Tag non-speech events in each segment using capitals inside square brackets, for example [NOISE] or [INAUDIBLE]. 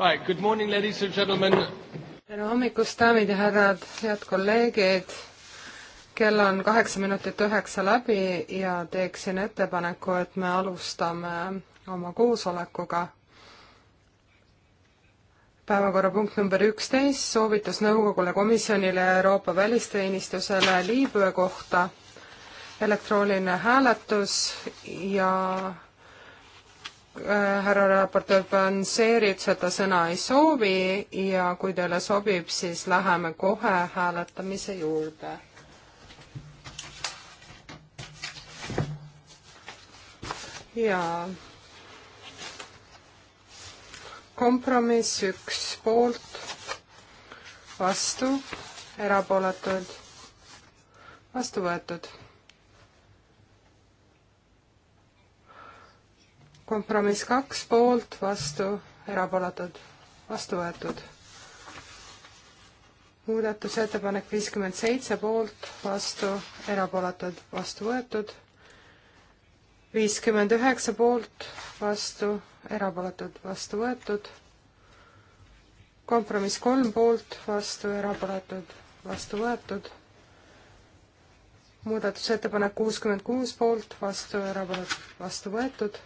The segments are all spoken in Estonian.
Right, good morning, ladies and gentlemen. tere hommikust, daamid ja härrad, head kolleegid. kell on kaheksa minutit üheksa läbi ja teeksin ettepaneku, et me alustame oma koosolekuga. päevakorrapunkt number üksteist, soovitus nõukogule, komisjonile ja Euroopa välisteenistusele Liibüa kohta, elektrooniline hääletus ja Äh, härra raportöör Panseerit seda sõna ei soovi ja kui teile sobib, siis läheme kohe hääletamise juurde. ja kompromiss üks poolt, vastu, erapooletud, vastu võetud kompromiss kaks poolt, vastu, erapooletud, vastu võetud. muudatusettepanek viiskümmend seitse poolt, vastu, erapooletud, vastu võetud. viiskümmend üheksa poolt, vastu, erapooletud, vastu võetud. kompromiss kolm poolt, vastu, erapooletud, vastu võetud muudatusettepanek kuuskümmend kuus poolt, vastu, erapooletud, vastu võetud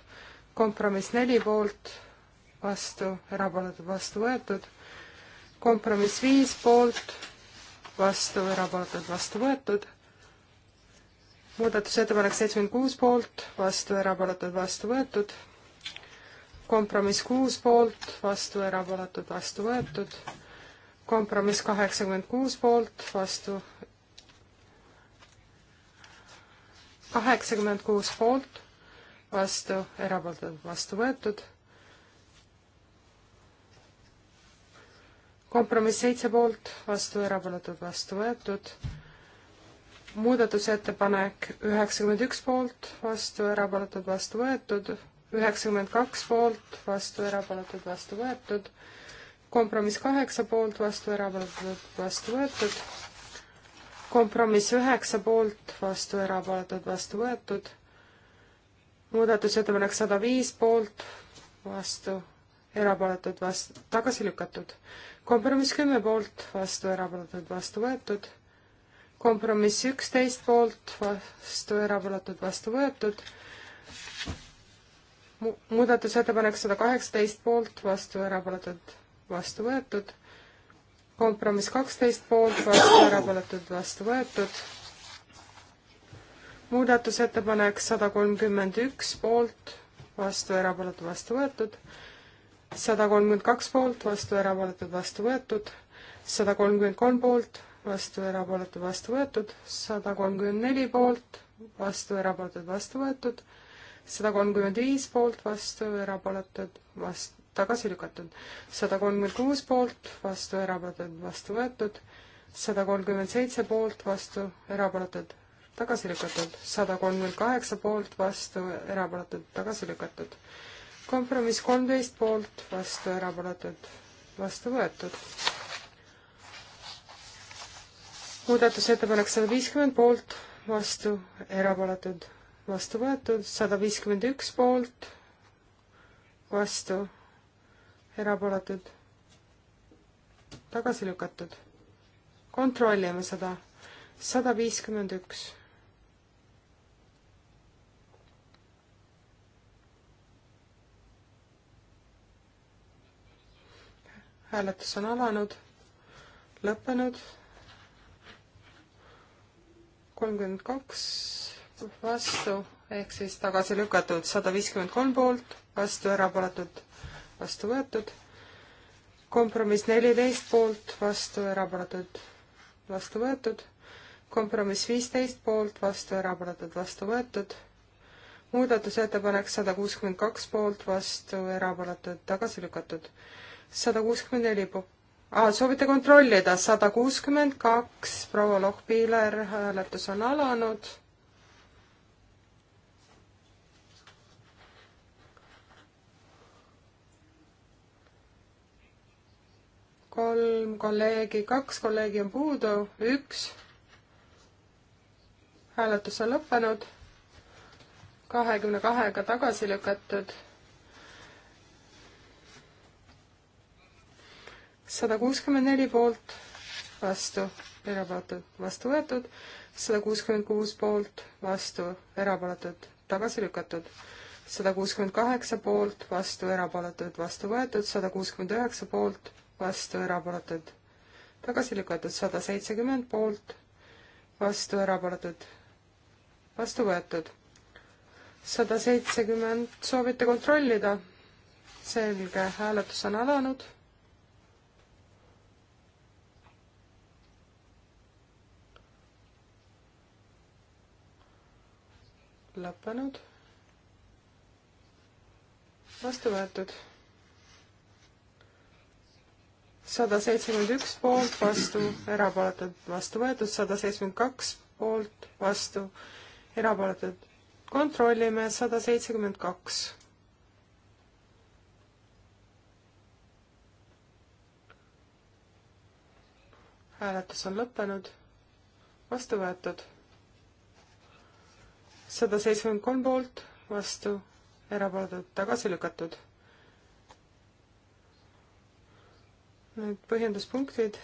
kompromiss neli poolt, vastu, erapooletud, vastu võetud. kompromiss viis poolt, vastu, erapooletud, vastu võetud. muudatusettepanek seitsekümmend kuus poolt, vastu, erapooletud, vastu võetud. kompromiss kuus poolt, vastu, erapooletud, vastu võetud. kompromiss kaheksakümmend kuus poolt, vastu, kaheksakümmend kuus poolt vastu, erapooletult vastu võetud. kompromiss seitse poolt, vastu, erapooletult vastu võetud. muudatusettepanek üheksakümmend üks poolt, vastu, erapooletult vastu võetud. üheksakümmend kaks poolt, vastu, erapooletult vastu võetud. kompromiss kaheksa poolt, vastu, erapooletult vastu võetud kompromiss üheksa poolt, vastu erapooletud, vastu võetud muudatusettepanek sada viis poolt, vastu, erapooletud, vastu, tagasi lükatud. kompromiss kümme poolt, vastu, erapooletud, vastu võetud. kompromiss üksteist poolt, vastu, erapooletud, vastu võetud. muudatusettepanek sada kaheksateist poolt, vastu, erapooletud, vastu võetud. kompromiss kaksteist poolt, vastu, erapooletud, vastu võetud muudatusettepanek sada kolmkümmend üks poolt, vastu, erapooletud, vastu võetud, sada kolmkümmend kaks poolt, vastu, erapooletud, vastu võetud, sada kolmkümmend kolm poolt, vastu, erapooletud, vastu võetud, sada kolmkümmend neli poolt, vastu, erapooletud, vastu võetud, sada kolmkümmend viis poolt, vastu, erapooletud, vastu, tagasi lükatud. sada kolmkümmend kuus poolt, vastu erapooletud, vastu võetud. sada kolmkümmend seitse poolt, vastu erapooletud, tagasi lükatud, sada kolmkümmend kaheksa poolt, vastu, erapooletud, tagasi lükatud. kompromiss kolmteist poolt, vastu, erapooletud, vastu võetud. muudatusettepanek sada viiskümmend poolt, vastu, erapooletud, vastu võetud, sada viiskümmend üks poolt, vastu, erapooletud, tagasi lükatud. kontrollime seda, sada viiskümmend üks hääletus on alanud, lõppenud, kolmkümmend kaks vastu, ehk siis tagasi lükatud sada viiskümmend kolm poolt, vastu erapooletud, vastu võetud, kompromiss neliteist poolt, vastu erapooletud, vastu võetud, kompromiss viisteist poolt, vastu erapooletud, vastu võetud muudatusettepanek sada kuuskümmend kaks poolt, vastu erapooletud, tagasi lükatud sada kuuskümmend neli pu-. aa, soovite kontrollida, sada kuuskümmend kaks, proua Lohpiiler, hääletus on alanud. kolm kolleegi, kaks kolleegi on puudu, üks. hääletus on lõppenud, kahekümne kahega tagasi lükatud sada kuuskümmend neli poolt, vastu, erapooletud, vastu võetud, sada kuuskümmend kuus poolt, vastu, erapooletud, tagasi lükatud, sada kuuskümmend kaheksa poolt, vastu, erapooletud, vastu võetud, sada kuuskümmend üheksa poolt, vastu, erapooletud, tagasi lükatud, sada seitsekümmend poolt, vastu, erapooletud, vastu võetud. sada seitsekümmend soovite kontrollida? selge, hääletus on alanud lõppenud. vastu võetud. sada seitsekümmend üks poolt, vastu, erapooletud, vastu võetud, sada seitsekümmend kaks poolt, vastu, erapooletud. kontrollime sada seitsekümmend kaks. hääletus on lõppenud, vastu võetud sada seitsekümmend kolm poolt, vastu, erapooletud, tagasi lükatud. nüüd põhjenduspunktid.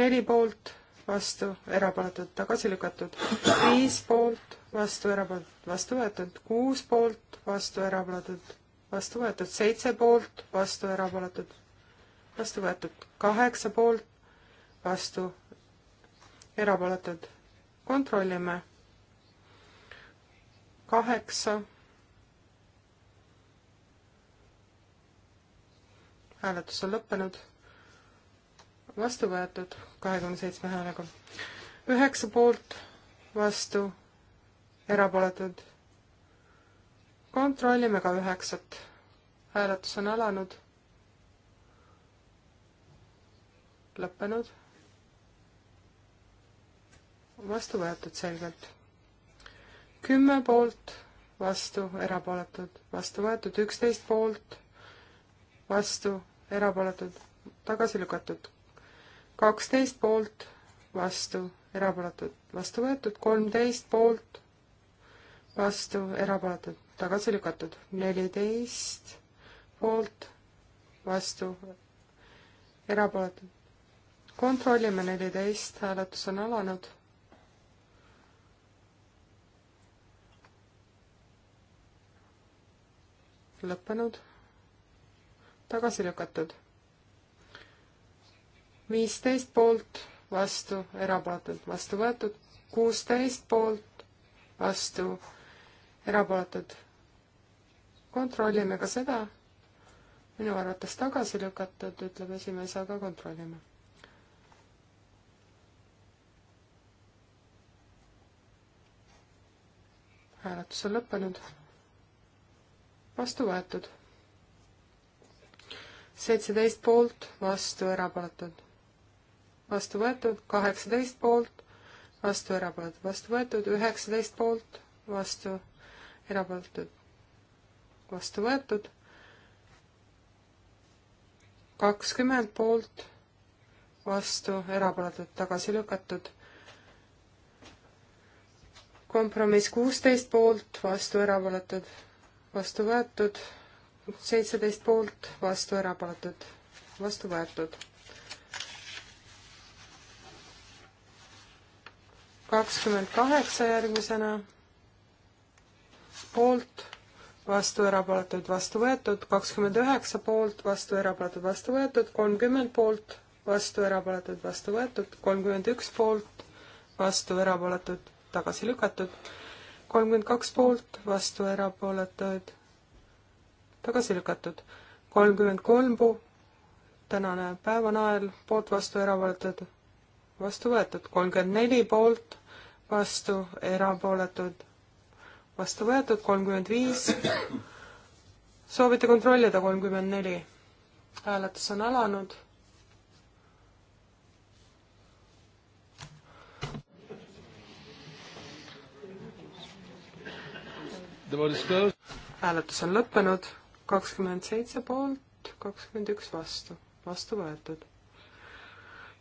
neli poolt, vastu, erapooletud, tagasi lükatud. viis poolt, vastu, erapooletud, vastu võetud. kuus poolt, vastu, erapooletud, vastu võetud. seitse poolt, vastu, erapooletud, vastu võetud. kaheksa poolt, vastu, erapooletud. kontrollime kaheksa. hääletus on lõppenud, vastu võetud kahekümne seitsme häälega. üheksa poolt, vastu, erapooletud. kontrollime ka üheksat. hääletus on alanud. lõppenud. vastu võetud selgelt kümme poolt, vastu, erapooletud, vastu võetud, üksteist poolt, vastu, erapooletud, tagasi lükatud. kaksteist poolt, vastu, erapooletud, vastu võetud, kolmteist poolt, vastu, erapooletud, tagasi lükatud, neliteist poolt, vastu, erapooletud. kontrollime neliteist, hääletus on alanud lõppenud, tagasi lükatud. viisteist poolt, vastu, erapooletud, vastu võetud, kuusteist poolt, vastu, erapooletud. kontrollime ka seda, minu arvates tagasi lükatud, ütleb esimees, aga kontrollime hääletus on lõppenud vastu võetud. seitseteist poolt, vastu erapooletud. vastu võetud, kaheksateist poolt, vastu erapooletud, vastu võetud, üheksateist poolt, vastu erapooletud, vastu võetud, kakskümmend poolt, vastu erapooletud, tagasi lükatud kompromiss kuusteist poolt, vastu erapooletud, vastu võetud, seitseteist poolt, vastu erapooletud, vastu võetud. kakskümmend kaheksa järgmisena poolt, vastu erapooletud, vastu võetud, kakskümmend üheksa poolt, vastu erapooletud, vastu võetud, kolmkümmend poolt, vastu erapooletud, vastu võetud, kolmkümmend üks poolt, vastu erapooletud, tagasi lükatud kolmkümmend kaks poolt, vastu erapooletuid tagasi lükatud. kolmkümmend kolm pu-, tänane päevanael, poolt, vastu, erapooletud, vastu võetud. kolmkümmend neli poolt, vastu, erapooletud, vastu võetud. kolmkümmend viis, soovite kontrollida kolmkümmend neli. hääletus on alanud hääletus on lõppenud, kakskümmend seitse poolt, kakskümmend üks vastu, vastu võetud.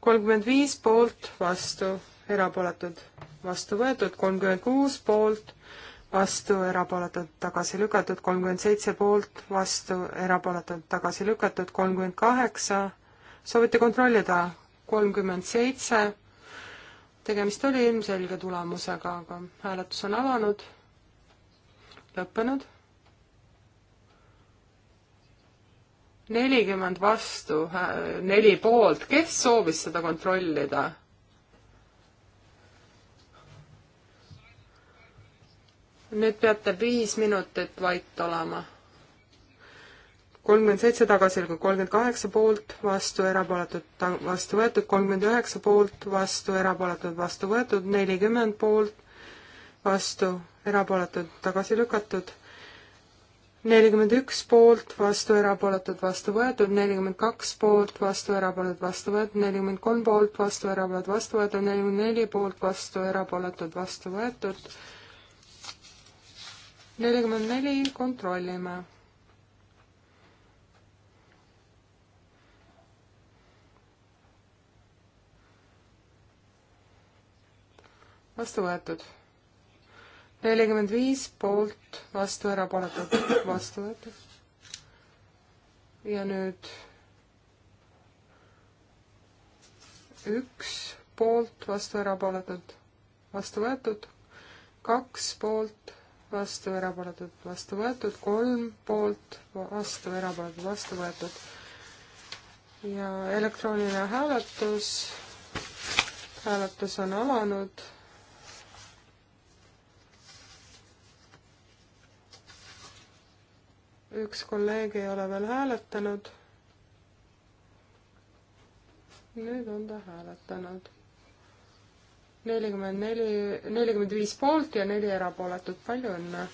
kolmkümmend viis poolt, vastu, erapooletud, vastu võetud, kolmkümmend kuus poolt, vastu, erapooletud, tagasi lükatud, kolmkümmend seitse poolt, vastu, erapooletud, tagasi lükatud, kolmkümmend kaheksa, soovite kontrollida, kolmkümmend seitse, tegemist oli ilmselge tulemusega, aga hääletus on alanud lõppenud. nelikümmend vastu, neli poolt, kes soovis seda kontrollida? nüüd peate viis minutit vait olema. kolmkümmend seitse tagasi oli kolmkümmend kaheksa poolt, vastu erapooletud, vastu võetud, kolmkümmend üheksa poolt, vastu erapooletud, vastu võetud, nelikümmend poolt, vastu erapooletud, tagasi lükatud. nelikümmend üks poolt, vastu, erapooletud, vastu võetud, nelikümmend kaks poolt, vastu, erapooletud, vastu võetud, nelikümmend kolm poolt, vastu, erapooletud, vastu võetud, nelikümmend neli poolt, vastu, erapooletud, vastu võetud. nelikümmend neli, kontrollime vastu võetud nelikümmend viis poolt, vastu, erapooletud, vastu võetud. ja nüüd üks poolt, vastu, erapooletud, vastu võetud, kaks poolt, vastu, erapooletud, vastu võetud, kolm poolt, vastu, erapooletud, vastu võetud. ja elektrooniline hääletus, hääletus on alanud üks kolleeg ei ole veel hääletanud. nüüd on ta hääletanud. nelikümmend neli, nelikümmend viis poolt ja neli erapooletut, palju õnne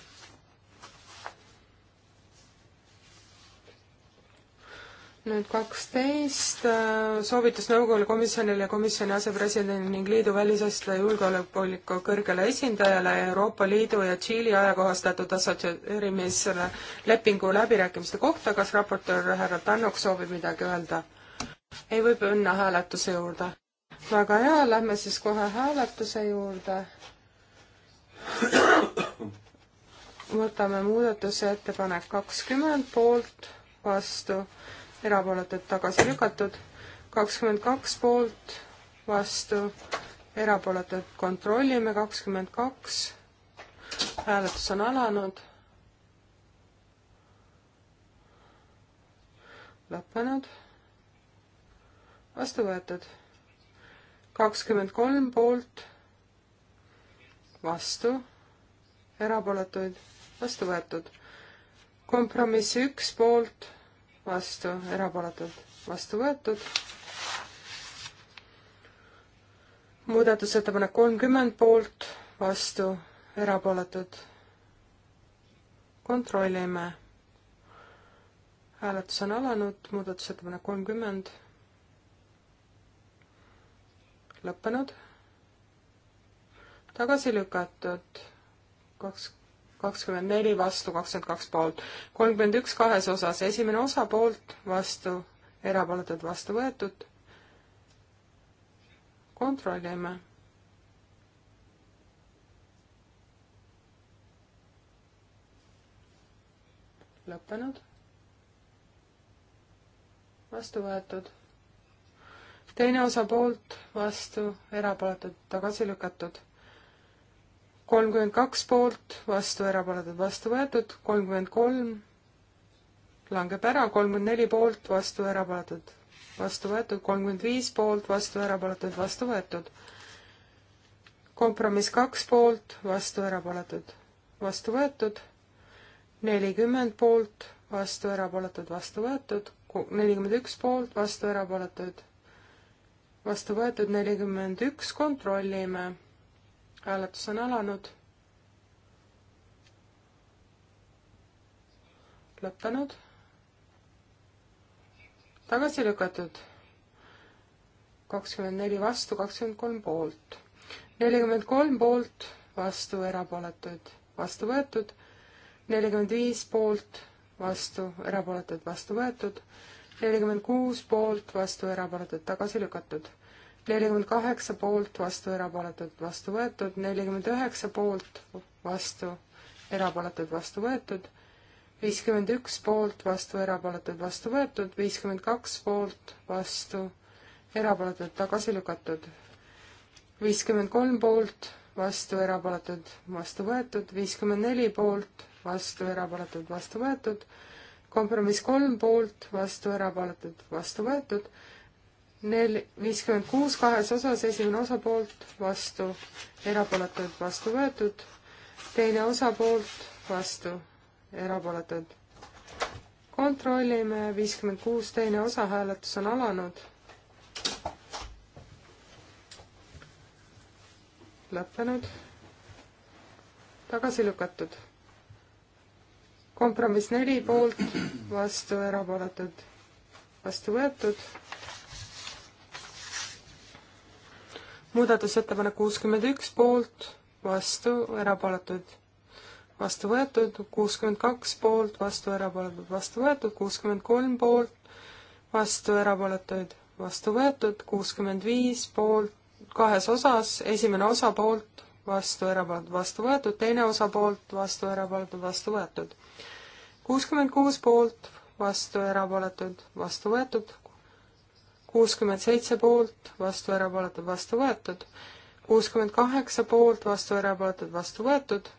nüüd kaksteist, äh, soovitus nõukogule, komisjonile, komisjoni asepresidendile ning liidu välisasjade julgeoleku kõrgele esindajale Euroopa Liidu ja Tšiili ajakohastatud assotsieerimislepingu läbirääkimiste kohta, kas raportöör härra Tannok soovib midagi öelda? ei, võib minna hääletuse juurde. väga hea, lähme siis kohe hääletuse juurde. võtame muudatuse ettepanek kakskümmend poolt, vastu erapooletud tagasi lükatud, kakskümmend kaks poolt, vastu, erapooletud kontrollime, kakskümmend kaks, hääletus on alanud, lõppenud, vastu võetud, kakskümmend kolm poolt, vastu, erapooletuid, vastu võetud, kompromissi üks poolt vastu, erapooletud, vastu võetud. muudatusettepanek kolmkümmend poolt, vastu, erapooletud. kontrollime. hääletus on alanud, muudatusettepanek kolmkümmend. lõppenud. tagasi lükatud kaks kakskümmend neli vastu, kakskümmend kaks poolt. kolmkümmend üks kahes osas, esimene osa poolt, vastu, erapooletud, vastu võetud. kontrollime. lõppenud. vastu võetud. teine osa poolt, vastu, erapooletud, tagasi lükatud kolmkümmend kaks poolt, vastu erapooletud, vastu võetud, kolmkümmend kolm langeb ära, kolmkümmend neli poolt, vastu erapooletud, vastu võetud, kolmkümmend viis poolt, vastu erapooletud, vastu võetud. kompromiss kaks poolt, vastu erapooletud, vastu võetud, nelikümmend poolt, vastu erapooletud, vastu võetud, nelikümmend üks poolt, vastu erapooletud, vastu võetud, nelikümmend üks, kontrollime hääletus on alanud. lõppenud. tagasi lükatud. kakskümmend neli vastu, kakskümmend kolm poolt. nelikümmend kolm poolt, vastu erapooletuid, vastu võetud. nelikümmend viis poolt, vastu erapooletuid, vastu võetud. nelikümmend kuus poolt, vastu erapooletuid, tagasi lükatud nelikümmend kaheksa poolt, vastu, erapooletud, vastu võetud, nelikümmend üheksa poolt, vastu, erapooletud, vastu võetud, viiskümmend üks poolt, vastu, erapooletud, vastu võetud, viiskümmend kaks poolt, vastu, erapooletud, tagasi lükatud, viiskümmend kolm poolt, vastu, erapooletud, vastu võetud, viiskümmend neli poolt, vastu, erapooletud, vastu võetud, kompromiss kolm poolt, vastu, erapooletud, vastu võetud, nel-, viiskümmend kuus kahes osas, esimene osa poolt, vastu, erapooletud, vastu võetud, teine osa poolt, vastu, erapooletud. kontrollime, viiskümmend kuus teine osa, hääletus on alanud. lõppenud. tagasi lükatud. kompromiss neli poolt, vastu, erapooletud, vastu võetud muudatusettepanek kuuskümmend üks poolt, vastu, erapooletuid vastu võetud, kuuskümmend kaks poolt, vastu erapooletuid vastu võetud, kuuskümmend kolm poolt, vastu erapooletuid vastu võetud, kuuskümmend viis poolt, kahes osas, esimene osa poolt, vastu erapooletud vastu võetud, teine osa poolt, vastu erapooletud vastu võetud. kuuskümmend kuus poolt, vastu erapooletud vastu võetud, kuuskümmend seitse poolt, vastu erapooletud, vastu võetud, kuuskümmend kaheksa poolt, vastu erapooletud, vastu võetud,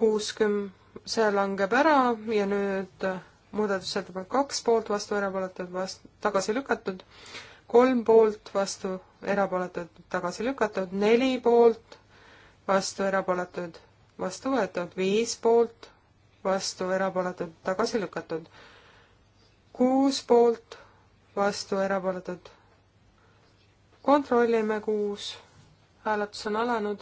kuuskümm-, see langeb ära ja nüüd muudatusettepanek kaks poolt, vastu erapooletud, vast-, tagasi lükatud, kolm poolt, vastu erapooletud, tagasi lükatud, neli poolt, vastu erapooletud, vastu võetud, viis poolt, vastu erapooletud, tagasi lükatud, kuus poolt vastu erapooletud. kontrollime kuus, hääletus on alanud.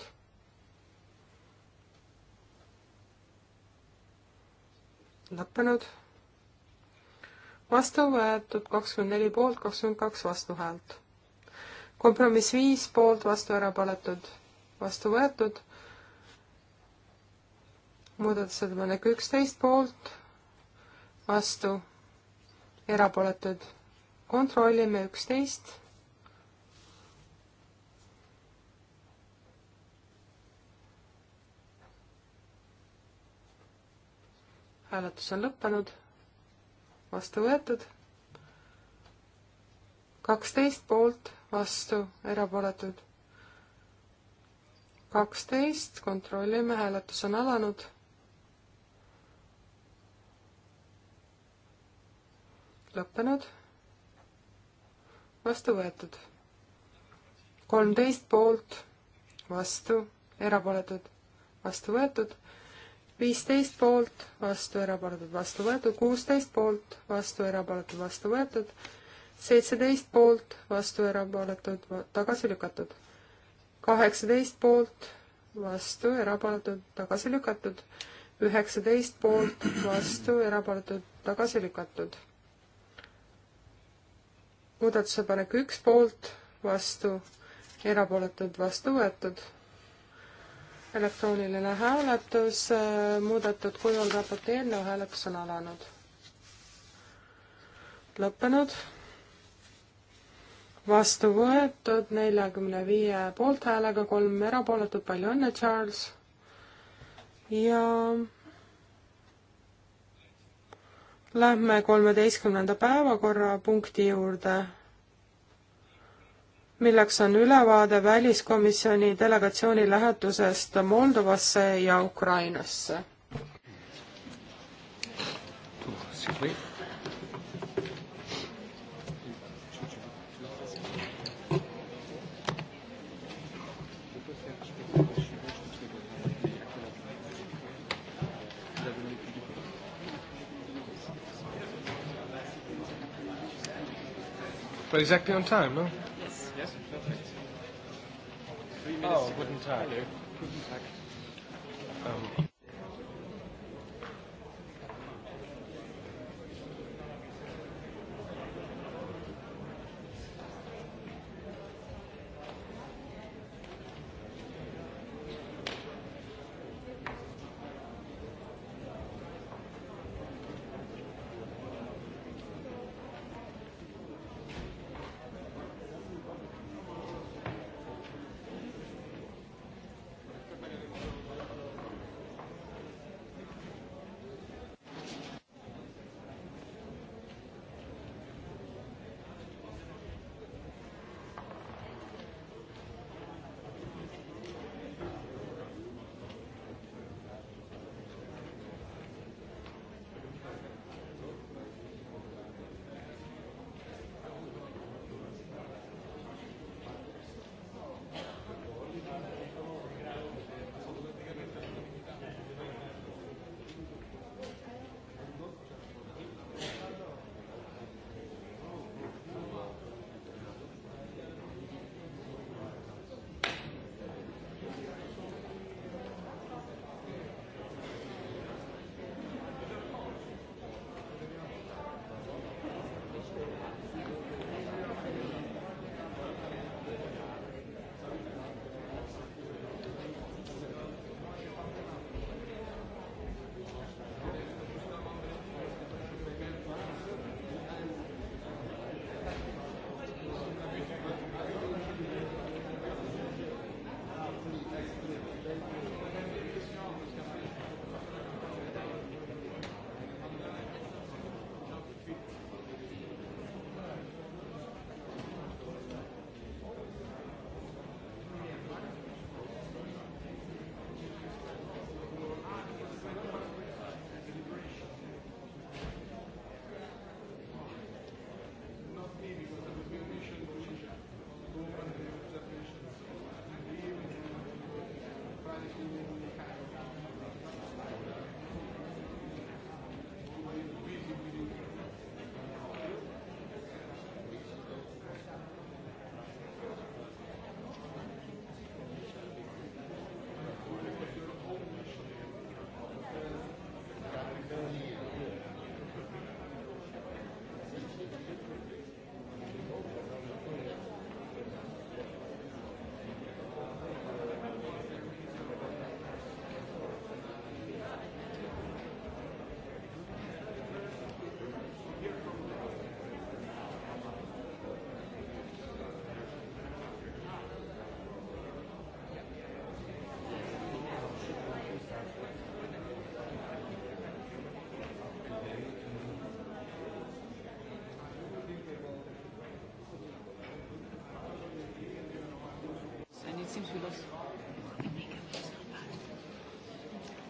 lõppenud. vastu võetud kakskümmend neli poolt, kakskümmend kaks vastuhäält. kompromiss viis poolt, vastu erapooletud, vastu võetud. muudatusettepanek üksteist poolt, vastu erapooletud kontrollime üksteist. hääletus on lõppenud, vastu võetud. kaksteist poolt, vastu, erapooletud. kaksteist, kontrollime, hääletus on alanud lõppenud vastu võetud. kolmteist poolt, vastu, erapooletud, vastu võetud. viisteist poolt, vastu, erapooletud, vastu võetud. kuusteist poolt, vastu, erapooletud, vastu võetud. seitseteist poolt, vastu, erapooletud, tagasi lükatud. kaheksateist poolt, vastu, erapooletud, tagasi lükatud. üheksateist poolt, vastu, erapooletud, tagasi lükatud muudatusettepanek üks poolt, vastu, erapooletud, vastu võetud. elektrooniline hääletus äh, muudetud kujul raporti eelnõu hääletus on alanud. lõppenud. vastu võetud neljakümne viie poolthäälega, kolm erapooletut, palju õnne, Charles! ja Lähme kolmeteistkümnenda päevakorrapunkti juurde, milleks on ülevaade väliskomisjoni delegatsiooni lähetusest Moldovasse ja Ukrainasse. Merci. We're exactly on time, no? Yes. Yes, perfect. Three minutes. Oh, guten Tag. Hello. Guten Tag. Um.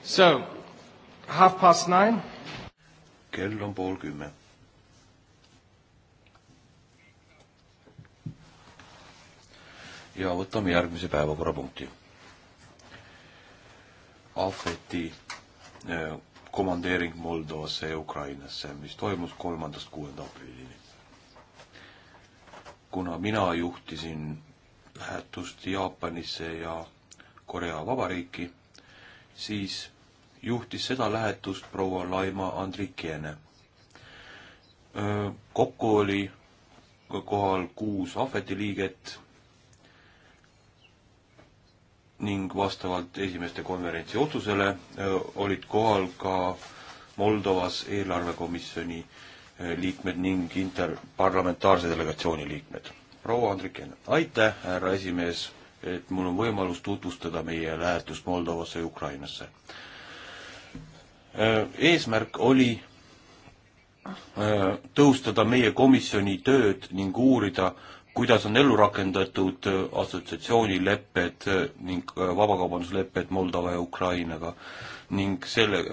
So, half past nine. kell on pool kümme. ja võtame järgmise päevakorrapunkti. Ahveti eh, komandeering Moldovasse ja Ukrainasse, mis toimus kolmandast kuuenda aprillini. kuna mina juhtisin lähetust Jaapanisse ja Korea Vabariiki, siis juhtis seda lähetust proua Laima Andrikiene. kokku oli kohal kuus ahveti liiget ning vastavalt esimeste konverentsi otsusele olid kohal ka Moldovas eelarvekomisjoni liikmed ning interparlamentaarse delegatsiooni liikmed proua Andriken, aitäh, härra esimees, et mul on võimalus tutvustada meie lähetust Moldovasse ja Ukrainasse. Äh, eesmärk oli äh, tõhustada meie komisjoni tööd ning uurida, kuidas on ellu rakendatud äh, assotsiatsioonilepped ning vabakaubanduslepped Moldova ja Ukrainaga ning selle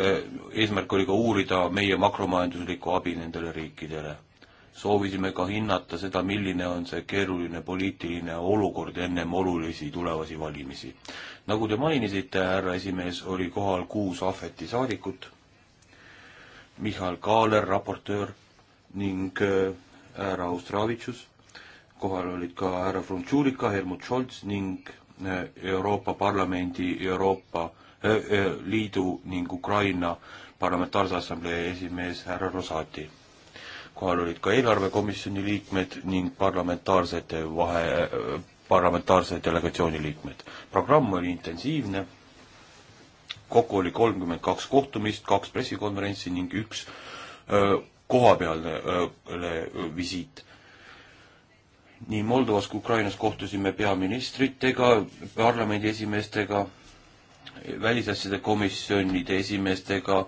eesmärk oli ka uurida meie makromajanduslikku abi nendele riikidele soovisime ka hinnata seda, milline on see keeruline poliitiline olukord ennem olulisi tulevasi valimisi. nagu te mainisite, härra esimees, oli kohal kuus ahveti saadikut, Michal Kaaler, raportöör, ning äh, härra Austravitšus, kohal olid ka härra Frunzulika, Helmut Scholz ning äh, Euroopa Parlamendi, Euroopa äh, äh, Liidu ning Ukraina Parlamentaarse Assamblee esimees härra Rosati kohal olid ka eelarvekomisjoni liikmed ning parlamentaarsete vahe, parlamentaarse delegatsiooni liikmed. programm oli intensiivne, kokku oli kolmkümmend kaks kohtumist, kaks pressikonverentsi ning üks öö, kohapealne öö, visiit nii Moldovas kui Ukrainas kohtusime peaministritega, parlamendi esimeestega, välisasjade komisjonide esimeestega,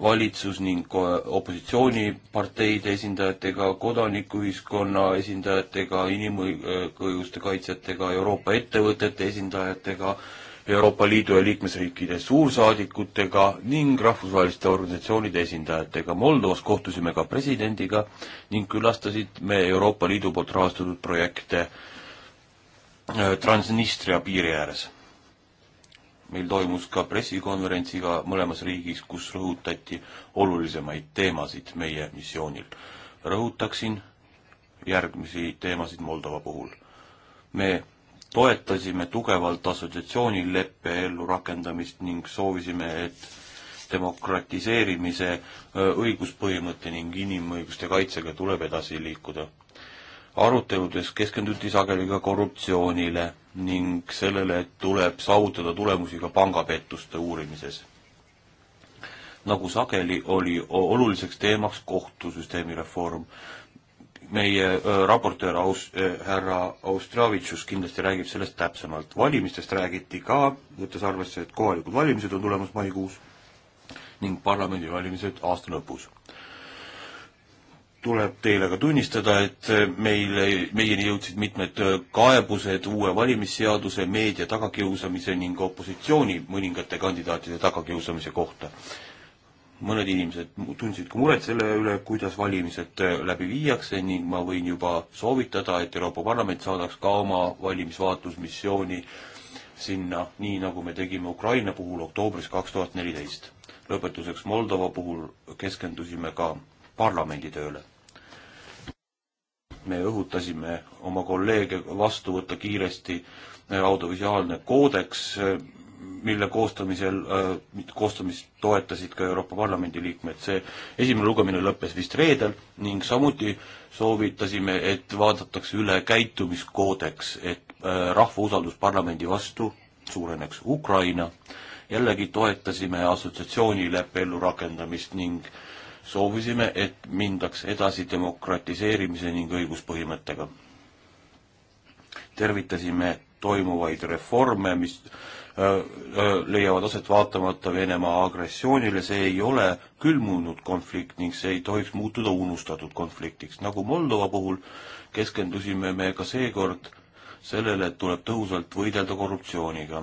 valitsus ning opositsiooniparteide esindajatega, kodanikuühiskonna esindajatega, inimõiguste kaitsjatega, Euroopa ettevõtete esindajatega, Euroopa Liidu ja liikmesriikide suursaadikutega ning rahvusvaheliste organisatsioonide esindajatega. Moldovas kohtusime ka presidendiga ning külastasid me Euroopa Liidu poolt rahastatud projekte äh, Transnistria piiri ääres meil toimus ka pressikonverents iga mõlemas riigis, kus rõhutati olulisemaid teemasid meie missioonil. rõhutaksin järgmisi teemasid Moldova puhul. me toetasime tugevalt assotsiatsioonileppe ellurakendamist ning soovisime, et demokratiseerimise äh, õiguspõhimõtte ning inimõiguste kaitsega tuleb edasi liikuda aruteludes keskenduti sageli ka korruptsioonile ning sellele, et tuleb saavutada tulemusi ka pangapettuste uurimises. nagu sageli oli oluliseks teemaks kohtusüsteemi reform. meie raportöör aus- äh,, härra Austravitšus kindlasti räägib sellest täpsemalt. valimistest räägiti ka, võttes arvesse, et kohalikud valimised on tulemas maikuus ning parlamendivalimised aasta lõpus tuleb teile ka tunnistada, et meile, meieni jõudsid mitmed kaebused uue valimisseaduse, meedia tagakiusamise ning opositsiooni mõningate kandidaatide tagakiusamise kohta. mõned inimesed tundsid ka muret selle üle, kuidas valimised läbi viiakse ning ma võin juba soovitada, et Euroopa Parlament saadaks ka oma valimisvaatlusmissiooni sinna, nii nagu me tegime Ukraina puhul oktoobris kaks tuhat neliteist. lõpetuseks Moldova puhul keskendusime ka parlamendi tööle me õhutasime oma kolleege vastu võtta kiiresti äh, audiovisuaalne koodeks, äh, mille koostamisel, äh, koostamist toetasid ka Euroopa Parlamendi liikmed. see esimene lugemine lõppes vist reedel ning samuti soovitasime, et vaadatakse üle käitumiskoodeks, et rahva usaldus parlamendi vastu suureneks. Ukraina, jällegi toetasime assotsiatsioonileppe ellurakendamist ning äh, soovisime, et mindaks edasi demokratiseerimise ning õiguspõhimõttega. tervitasime toimuvaid reforme, mis öö, öö, leiavad aset vaatamata Venemaa agressioonile, see ei ole külmunud konflikt ning see ei tohiks muutuda unustatud konfliktiks. nagu Moldova puhul keskendusime me ka seekord sellele, et tuleb tõhusalt võidelda korruptsiooniga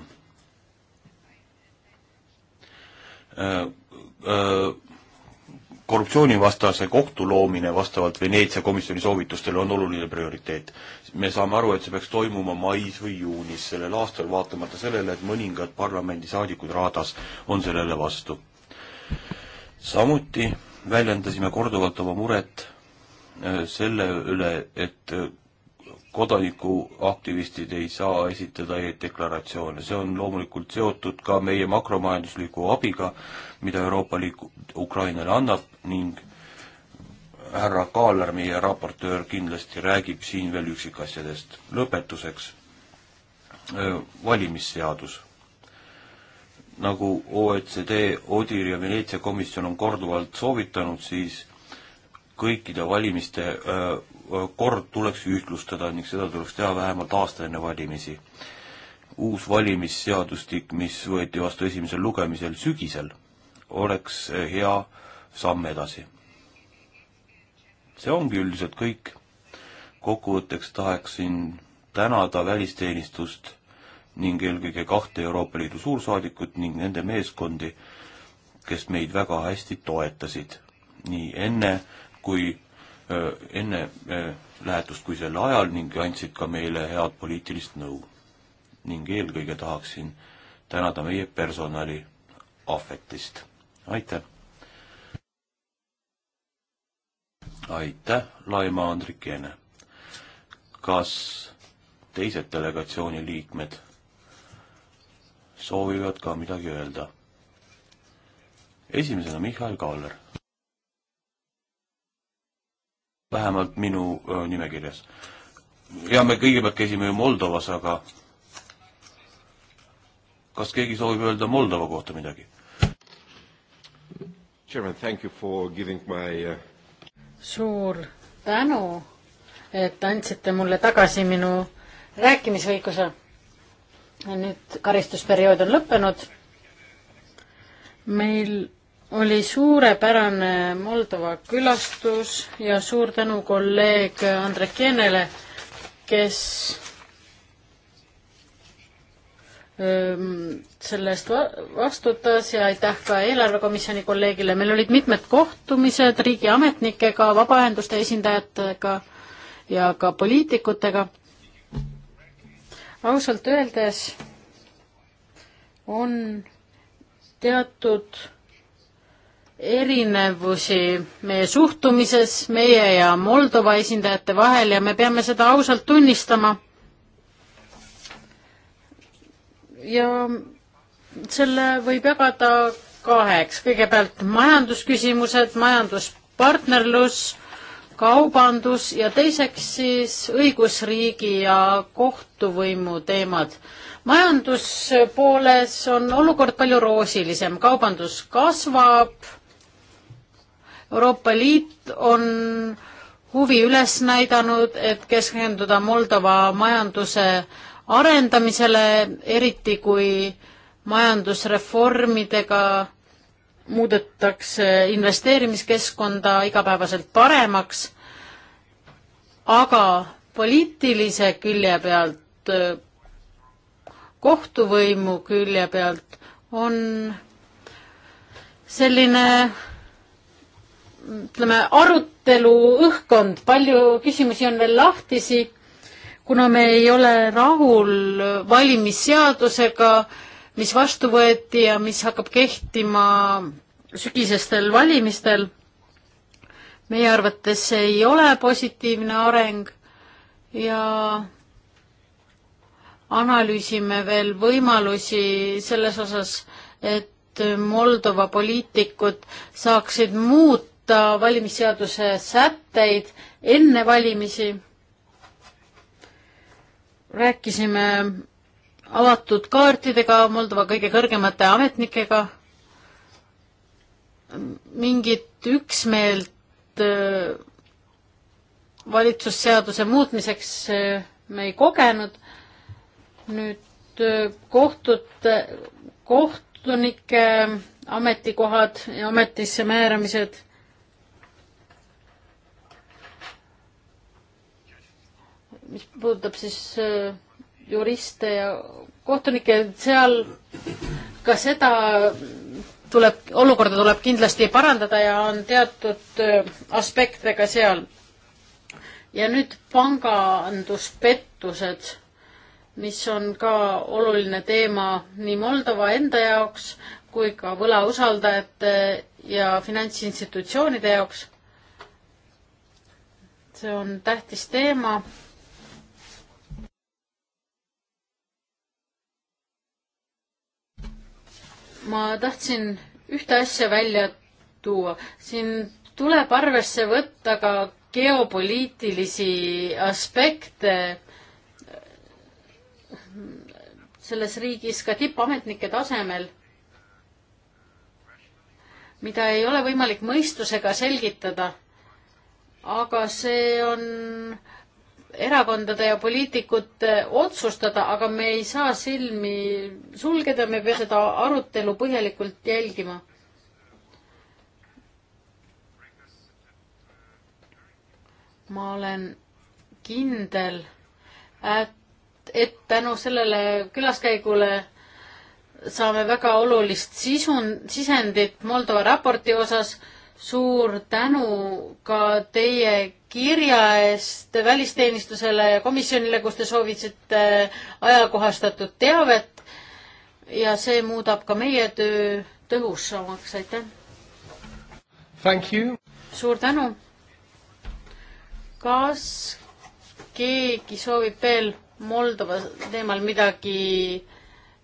korruptsioonivastase kohtu loomine vastavalt Veneetsia komisjoni soovitustele on oluline prioriteet. me saame aru, et see peaks toimuma mais või juunis sellel aastal, vaatamata sellele, et mõningad parlamendisaadikud Raadas on sellele vastu. samuti väljendasime korduvalt oma muret äh, selle üle, et äh, kodanikuaktivistid ei saa esitada e-deklaratsioone, see on loomulikult seotud ka meie makromajandusliku abiga, mida Euroopa Liit Ukrainale annab ning härra Kaaler, meie raportöör, kindlasti räägib siin veel üksikasjadest. lõpetuseks, valimisseadus. nagu OECD, ODIR ja Veneetsia komisjon on korduvalt soovitanud, siis kõikide valimiste öö, kord tuleks ühtlustada ning seda tuleks teha vähemalt aasta enne valimisi. uus valimisseadustik, mis võeti vastu esimesel lugemisel sügisel, oleks hea samm edasi. see ongi üldiselt kõik. kokkuvõtteks tahaksin tänada välisteenistust ning eelkõige kahte Euroopa Liidu suursaadikut ning nende meeskondi, kes meid väga hästi toetasid nii enne kui Äh, enne äh, lähetust kui selle ajal ning andsid ka meile head poliitilist nõu. ning eelkõige tahaksin tänada meie personali ahvetist. aitäh! aitäh, Laima Andrikene! kas teised delegatsiooni liikmed soovivad ka midagi öelda? esimesena Mihhail Kaaler vähemalt minu öö, nimekirjas. ja me kõigepealt käisime ju Moldovas, aga kas keegi soovib öelda Moldova kohta midagi? Chairman, thank you for giving my uh, suur tänu, et andsite mulle tagasi minu rääkimisõiguse. nüüd karistusperiood on lõppenud. meil oli suurepärane Moldova külastus ja suur tänu kolleeg Andrek Jänele, kes ähm, selle eest vastutas ja aitäh ka eelarvekomisjoni kolleegile. meil olid mitmed kohtumised riigiametnikega, vabaühenduste esindajatega ja ka poliitikutega. ausalt öeldes on teatud erinevusi meie suhtumises, meie ja Moldova esindajate vahel ja me peame seda ausalt tunnistama. ja selle võib jagada kaheks, kõigepealt majandusküsimused, majanduspartnerlus, kaubandus ja teiseks siis õigusriigi ja kohtuvõimu teemad majanduspooles on olukord palju roosilisem, kaubandus kasvab, Euroopa Liit on huvi üles näidanud, et keskenduda Moldova majanduse arendamisele, eriti kui majandusreformidega muudetakse investeerimiskeskkonda igapäevaselt paremaks, aga poliitilise külje pealt, kohtuvõimu külje pealt on selline ütleme, arutelu õhkkond, palju küsimusi on veel lahtisi, kuna me ei ole rahul valimisseadusega, mis vastu võeti ja mis hakkab kehtima sügisestel valimistel. meie arvates see ei ole positiivne areng ja analüüsime veel võimalusi selles osas, et Moldova poliitikud saaksid muuta muuta valimisseaduse sätteid enne valimisi. rääkisime avatud kaartidega, Moldova kõige kõrgemate ametnikega. mingit üksmeelt äh, valitsusseaduse muutmiseks äh, me ei kogenud. nüüd äh, kohtute, kohtunike ametikohad ja ametisse määramised mis puudutab siis äh, juriste ja kohtunikke, seal ka seda tuleb, olukorda tuleb kindlasti parandada ja on teatud äh, aspekte ka seal. ja nüüd panganduspettused, mis on ka oluline teema nii Moldova enda jaoks kui ka võlausaldajate ja finantsinstitutsioonide jaoks. see on tähtis teema ma tahtsin ühte asja välja tuua. siin tuleb arvesse võtta ka geopoliitilisi aspekte selles riigis ka tippametnike tasemel, mida ei ole võimalik mõistusega selgitada. aga see on erakondade ja poliitikute otsustada, aga me ei saa silmi sulgeda, me peame seda arutelu põhjalikult jälgima. ma olen kindel, et, et tänu sellele külaskäigule saame väga olulist sisu, sisendit Moldova raporti osas suur tänu ka teie kirja eest välisteenistusele ja komisjonile, kus te soovitasite ajakohastatud teavet ja see muudab ka meie töö tõhusamaks, aitäh! suur tänu! kas keegi soovib veel Moldova teemal midagi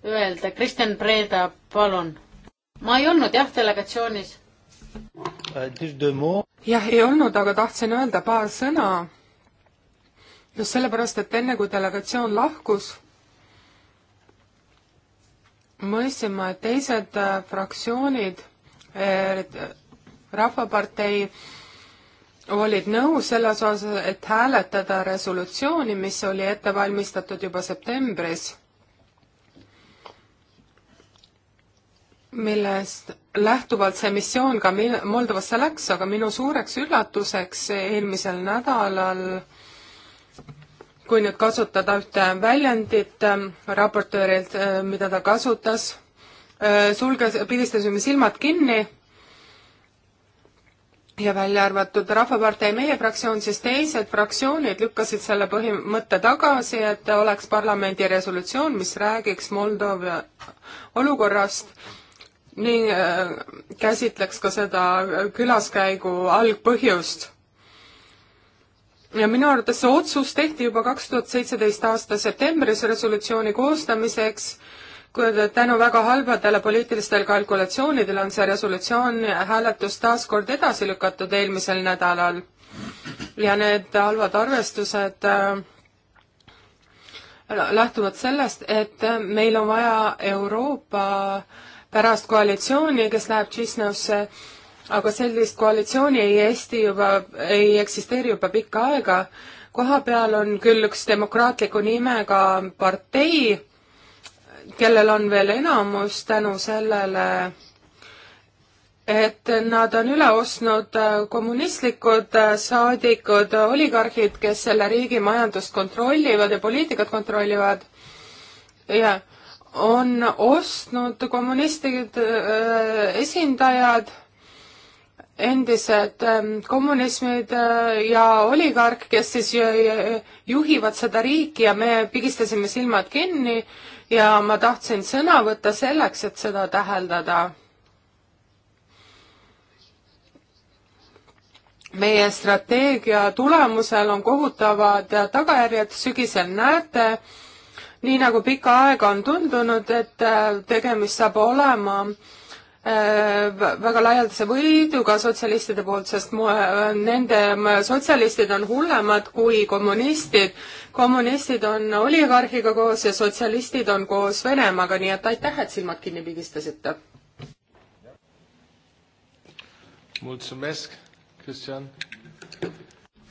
öelda? Kristjan Preda, palun! ma ei olnud jah, delegatsioonis Euh, jah, ei olnud, aga tahtsin öelda paar sõna. just sellepärast, et enne kui delegatsioon lahkus, mõistsin ma, et teised äh, fraktsioonid äh, Rahvapartei olid nõus selles osas, et hääletada resolutsiooni, mis oli ette valmistatud juba septembris, millest lähtuvalt see missioon ka min-, Moldovasse läks, aga minu suureks üllatuseks eelmisel nädalal kui nüüd kasutada ühte väljendit ähm, raportöörilt, äh, mida ta kasutas, äh, sulges, pigistasime silmad kinni ja välja arvatud Rahvapartei meie fraktsioon, siis teised fraktsioonid lükkasid selle põhimõtte tagasi, et oleks parlamendi resolutsioon, mis räägiks Moldova olukorrast ning äh, käsitleks ka seda külaskäigu algpõhjust. ja minu arvates see otsus tehti juba kaks tuhat seitseteist aasta septembris resolutsiooni koostamiseks, kuid tänu väga halbadele poliitilistele kalkulatsioonidele on see resolutsioon hääletus taas kord edasi lükatud eelmisel nädalal. ja need halvad arvestused äh, lähtuvad sellest, et meil on vaja Euroopa äh, pärast koalitsiooni, kes läheb Tšisnõusse, aga sellist koalitsiooni ei Eesti juba, ei eksisteeri juba pikka aega. koha peal on küll üks demokraatliku nimega partei, kellel on veel enamus tänu sellele, et nad on üle ostnud äh, kommunistlikud äh, saadikud, oligarhid, kes selle riigi majandust kontrollivad ja poliitikat kontrollivad. jah on ostnud kommunistid äh, esindajad, endised äh, kommunismid äh, ja oligark, kes siis juhivad seda riiki ja me pigistasime silmad kinni ja ma tahtsin sõna võtta selleks, et seda täheldada meie strateegia tulemusel on kohutavad tagajärjed, sügisel näete, nii nagu pikka aega on tundunud, et äh, tegemist saab olema äh, väga laialdase võiduga sotsialistide poolt, sest äh, nende sotsialistid on hullemad kui kommunistid. kommunistid on oligarhiga koos ja sotsialistid on koos Venemaaga, nii et aitäh, et silmad kinni pigistasite.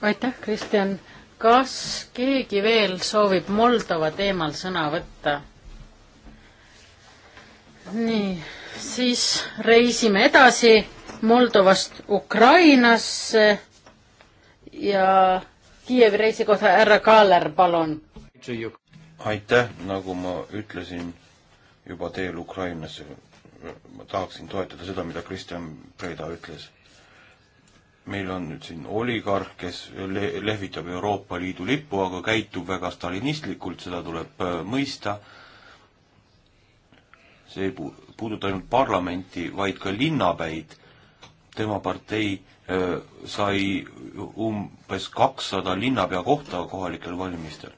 aitäh, Kristjan kas keegi veel soovib Moldova teemal sõna võtta? nii, siis reisime edasi Moldovast Ukrainasse ja Kiievi reisi kohta härra Kaaler, palun. aitäh, nagu ma ütlesin juba teel Ukrainasse, ma tahaksin toetada seda, mida Kristjan Preda ütles meil on nüüd siin oligarh, kes le-, lehvitab Euroopa Liidu lippu, aga käitub väga stalinistlikult, seda tuleb äh, mõista, see ei pu-, puuduta ainult parlamenti, vaid ka linnapäid, tema partei öö, äh, sai umbes kakssada linnapea kohta kohalikel valimistel.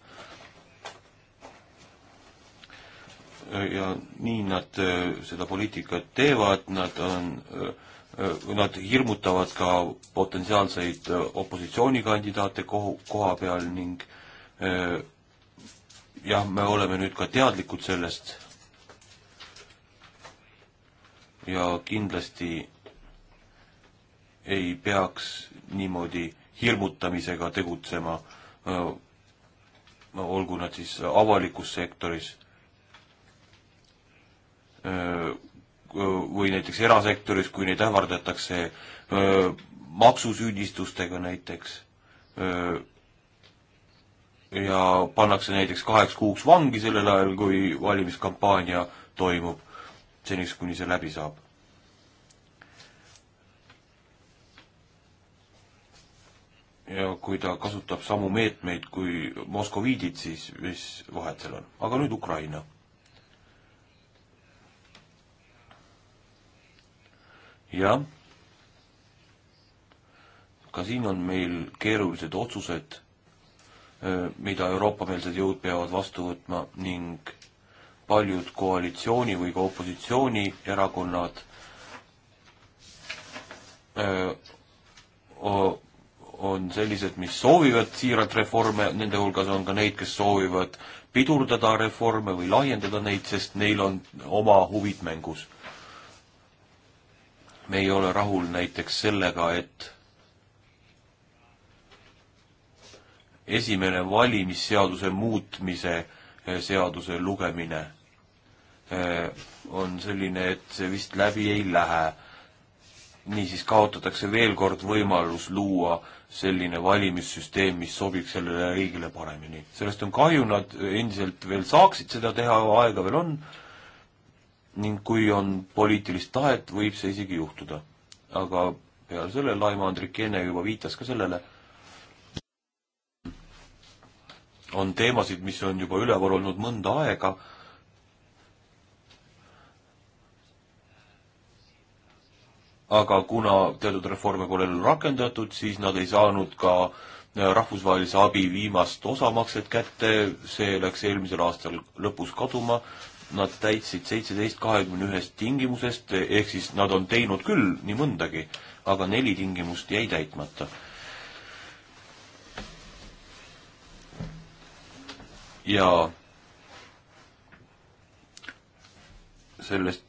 Äh, ja nii nad öö, seda poliitikat teevad, nad on öö, Äh, nad hirmutavad ka potentsiaalseid äh, opositsioonikandidaate kohu, koha peal ning äh, jah, me oleme nüüd ka teadlikud sellest. ja kindlasti ei peaks niimoodi hirmutamisega tegutsema, olgu nad siis avalikus sektoris või näiteks erasektoris, kui neid ähvardatakse maksusüüdistustega näiteks ja pannakse näiteks kaheks kuuks vangi sellel ajal, kui valimiskampaania toimub, seniks kuni see läbi saab. ja kui ta kasutab samu meetmeid kui moskoviidid, siis mis vahet seal on? aga nüüd Ukraina jah, ka siin on meil keerulised otsused, mida Euroopa-meelsed jõud peavad vastu võtma ning paljud koalitsiooni või ka opositsioonierakonnad on sellised, mis soovivad siiralt reforme, nende hulgas on ka neid, kes soovivad pidurdada reforme või laiendada neid, sest neil on oma huvid mängus me ei ole rahul näiteks sellega, et esimene valimisseaduse muutmise eh, seaduse lugemine eh, on selline, et see vist läbi ei lähe. niisiis kaotatakse veel kord võimalus luua selline valimissüsteem, mis sobiks sellele riigile paremini. sellest on kahju, nad endiselt veel saaksid seda teha, aega veel on ning kui on poliitilist tahet, võib see isegi juhtuda. aga peale selle, Laima-Andrik enne juba viitas ka sellele, on teemasid, mis on juba üleval olnud mõnda aega, aga kuna teatud reforme pole rakendatud, siis nad ei saanud ka rahvusvahelise abi viimast osamakset kätte, see läks eelmisel aastal lõpus kaduma nad täitsid seitseteist kahekümne ühest tingimusest, ehk siis nad on teinud küll nii mõndagi, aga neli tingimust jäi täitmata. ja sellest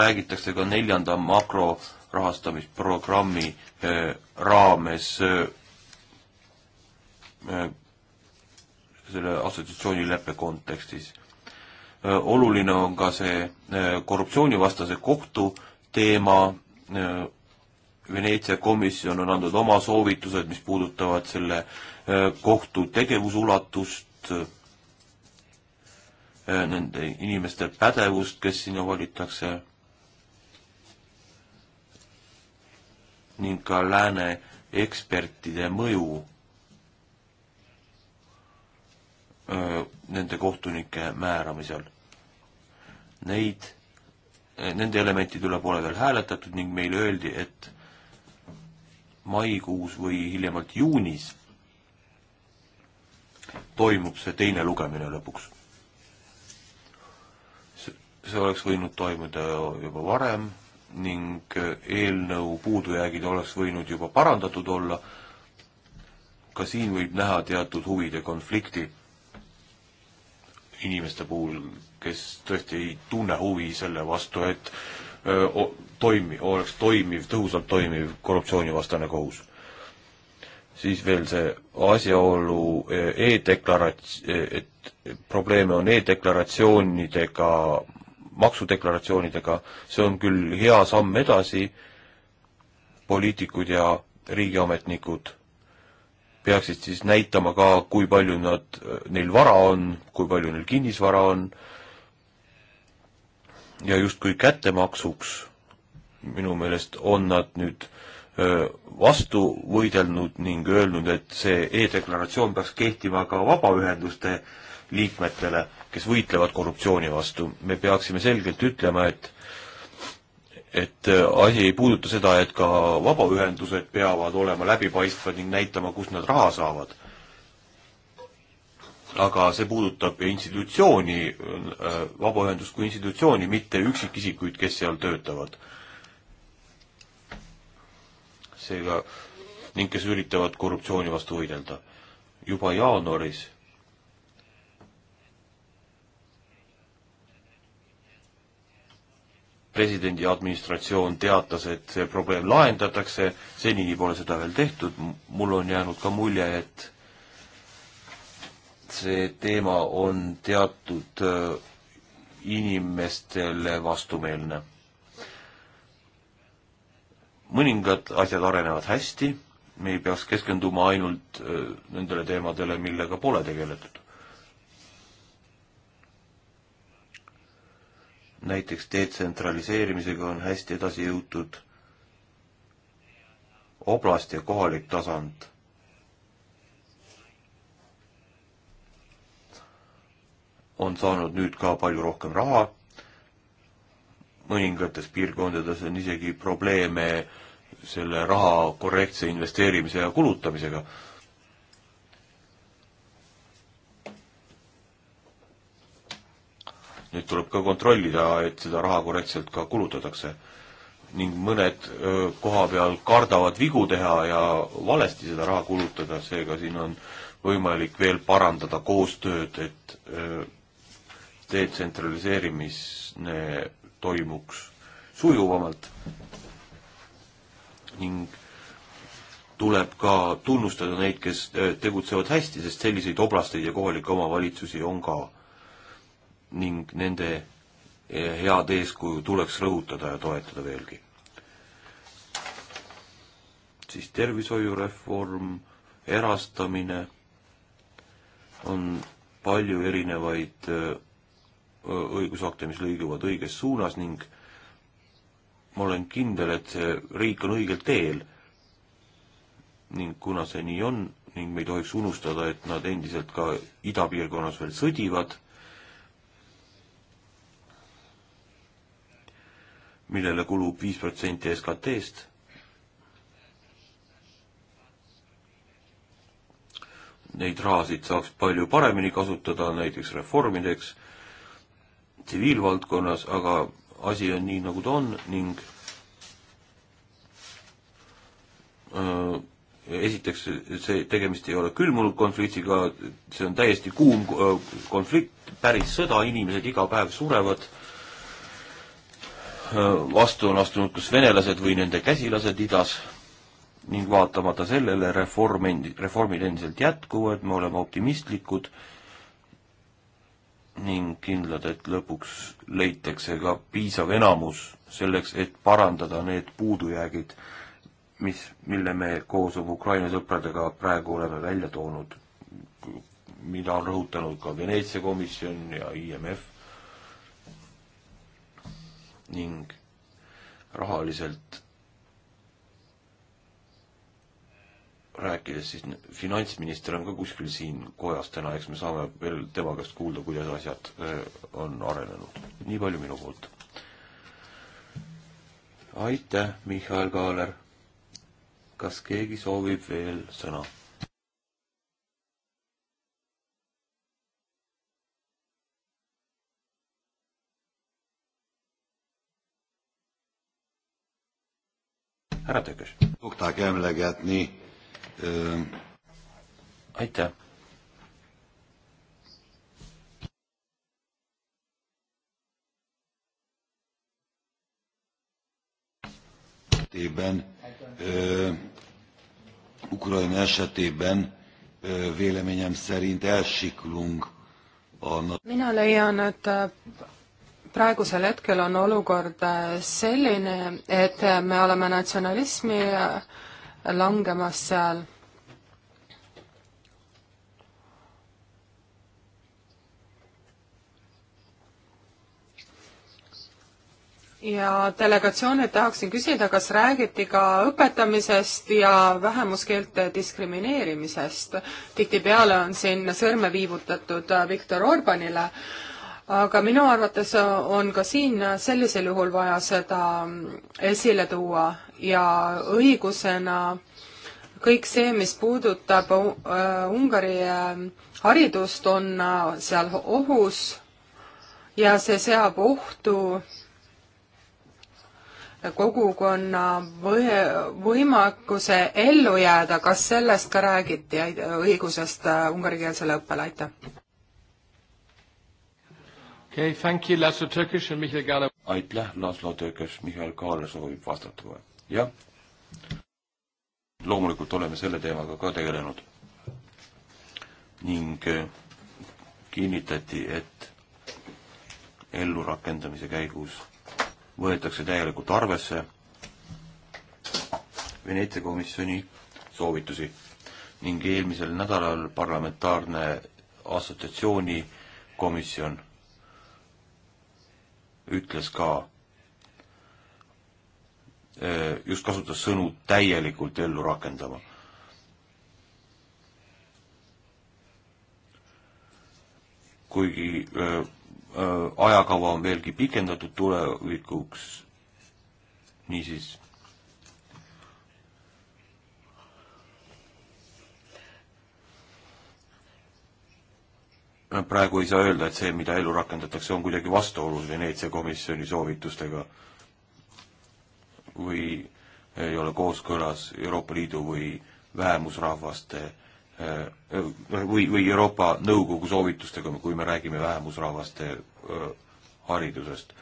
räägitakse ka neljanda makrorahastamisprogrammi eh, raames eh, eh, selle assotsiatsioonileppe kontekstis Äh, oluline on ka see äh, korruptsioonivastase kohtu teema, äh, Veneetsia komisjon on andnud oma soovitused, mis puudutavad selle kohtu tegevusulatust, nende inimeste pädevust, kes sinna valitakse, ning ka lääne ekspertide mõju nende kohtunike määramisel. Neid, nende elementide üle pole veel hääletatud ning meile öeldi, et maikuus või hiljemalt juunis toimub see teine lugemine lõpuks. see oleks võinud toimuda juba varem ning eelnõu puudujäägid oleks võinud juba parandatud olla, ka siin võib näha teatud huvide konflikti inimeste puhul, kes tõesti ei tunne huvi selle vastu, et öö, toimi, oleks toimiv, tõhusalt toimiv korruptsioonivastane kohus. siis veel see asjaolu e, e-deklarats-, e, et probleeme on e-deklaratsioonidega, maksudeklaratsioonidega, see on küll hea samm edasi, poliitikud ja riigiametnikud peaksid siis näitama ka, kui palju nad, neil vara on, kui palju neil kinnisvara on ja justkui kättemaksuks minu meelest on nad nüüd vastu võidelnud ning öelnud, et see e-deklaratsioon peaks kehtima ka vabaühenduste liikmetele, kes võitlevad korruptsiooni vastu. me peaksime selgelt ütlema, et et äh, asi ei puuduta seda, et ka vabaühendused peavad olema läbipaistvad ning näitama, kust nad raha saavad. aga see puudutab institutsiooni, äh, vabaühendust kui institutsiooni, mitte üksikisikuid, kes seal töötavad. seega ning kes üritavad korruptsiooni vastu võidelda. juba jaanuaris presidendi administratsioon teatas, et see probleem lahendatakse, senini pole seda veel tehtud, mul on jäänud ka mulje, et see teema on teatud äh, inimestele vastumeelne. mõningad asjad arenevad hästi, me ei peaks keskenduma ainult äh, nendele teemadele, millega pole tegeletud. näiteks detsentraliseerimisega on hästi edasi jõutud, oblast ja kohalik tasand. on saanud nüüd ka palju rohkem raha, mõningates piirkondades on isegi probleeme selle raha korrektse investeerimise ja kulutamisega nüüd tuleb ka kontrollida, et seda raha korrektselt ka kulutatakse. ning mõned koha peal kardavad vigu teha ja valesti seda raha kulutada, seega siin on võimalik veel parandada koostööd, et detsentraliseerimine toimuks sujuvamalt ning tuleb ka tunnustada neid, kes tegutsevad hästi, sest selliseid oblasteid ja kohalikke omavalitsusi on ka ning nende eh, head eeskuju tuleks rõhutada ja toetada veelgi. siis tervishoiureform, erastamine, on palju erinevaid eh, õigusakte, mis lõiguvad õiges suunas ning ma olen kindel, et see riik on õigel teel. ning kuna see nii on ning me ei tohiks unustada, et nad endiselt ka idapiirkonnas veel sõdivad millele kulub viis protsenti SKT-st. Neid rahasid saaks palju paremini kasutada näiteks reformideks tsiviilvaldkonnas, aga asi on nii, nagu ta on ning öö, äh, esiteks see, tegemist ei ole külmunud konfliktiga, see on täiesti kuum äh, konflikt, päris sõda, inimesed iga päev surevad Äh, vastu on astunud kas venelased või nende käsilased idas ning vaatamata sellele reform endi-, reformid endiselt jätkuvad, me oleme optimistlikud ning kindlad, et lõpuks leitakse ka piisav enamus selleks, et parandada need puudujäägid, mis, mille me koos oma Ukraina sõpradega praegu oleme välja toonud, mida on rõhutanud ka Veneetsia komisjon ja IMF ning rahaliselt rääkides, siis finantsminister on ka kuskil siin kojas täna, eks me saame veel tema käest kuulda, kuidas asjad on arenenud. nii palju minu poolt. aitäh, Mihhail Kaaler. kas keegi soovib veel sõna? härra Tökös. aitäh. esetében, ö, Ukrajna esetében ö, véleményem szerint elsiklunk a... Mina leian, et praegusel hetkel on olukord äh, selline, et me oleme natsionalismi äh, langemas seal. ja delegatsioonilt tahaksin küsida, kas räägiti ka õpetamisest ja vähemuskeelte diskrimineerimisest. tihtipeale on siin sõrme viivutatud äh, Viktor Orbanile äh,, aga minu arvates on ka siin sellisel juhul vaja seda esile tuua ja õigusena kõik see, mis puudutab äh, Ungari äh, haridust, on äh, seal ohus ja see seab ohtu kogukonna või, võimekuse ellu jääda, kas sellest ka räägiti, õigusest ungarikeelsele õppele, aitäh! okay,. aitäh, Laslo Tökes, Mihhail Kaal soovib vastata kohe. jah, loomulikult oleme selle teemaga ka tegelenud ning eh, kinnitati, et ellurakendamise käigus võetakse täielikult arvesse Veneetsia komisjoni soovitusi ning eelmisel nädalal parlamentaarne assotsiatsiooni komisjon ütles ka, eh, just kasutas sõnu täielikult ellu rakendama. kuigi öö, eh, öö, eh, ajakava on veelgi pikendatud tulevikuks, niisiis praegu ei saa öelda, et see, mida ellu rakendatakse, on kuidagi vastuolus Veneetsia komisjoni soovitustega või ei ole kooskõlas Euroopa Liidu või vähemusrahvaste eh, eh, või, või Euroopa Nõukogu soovitustega, kui me räägime vähemusrahvaste eh, haridusest.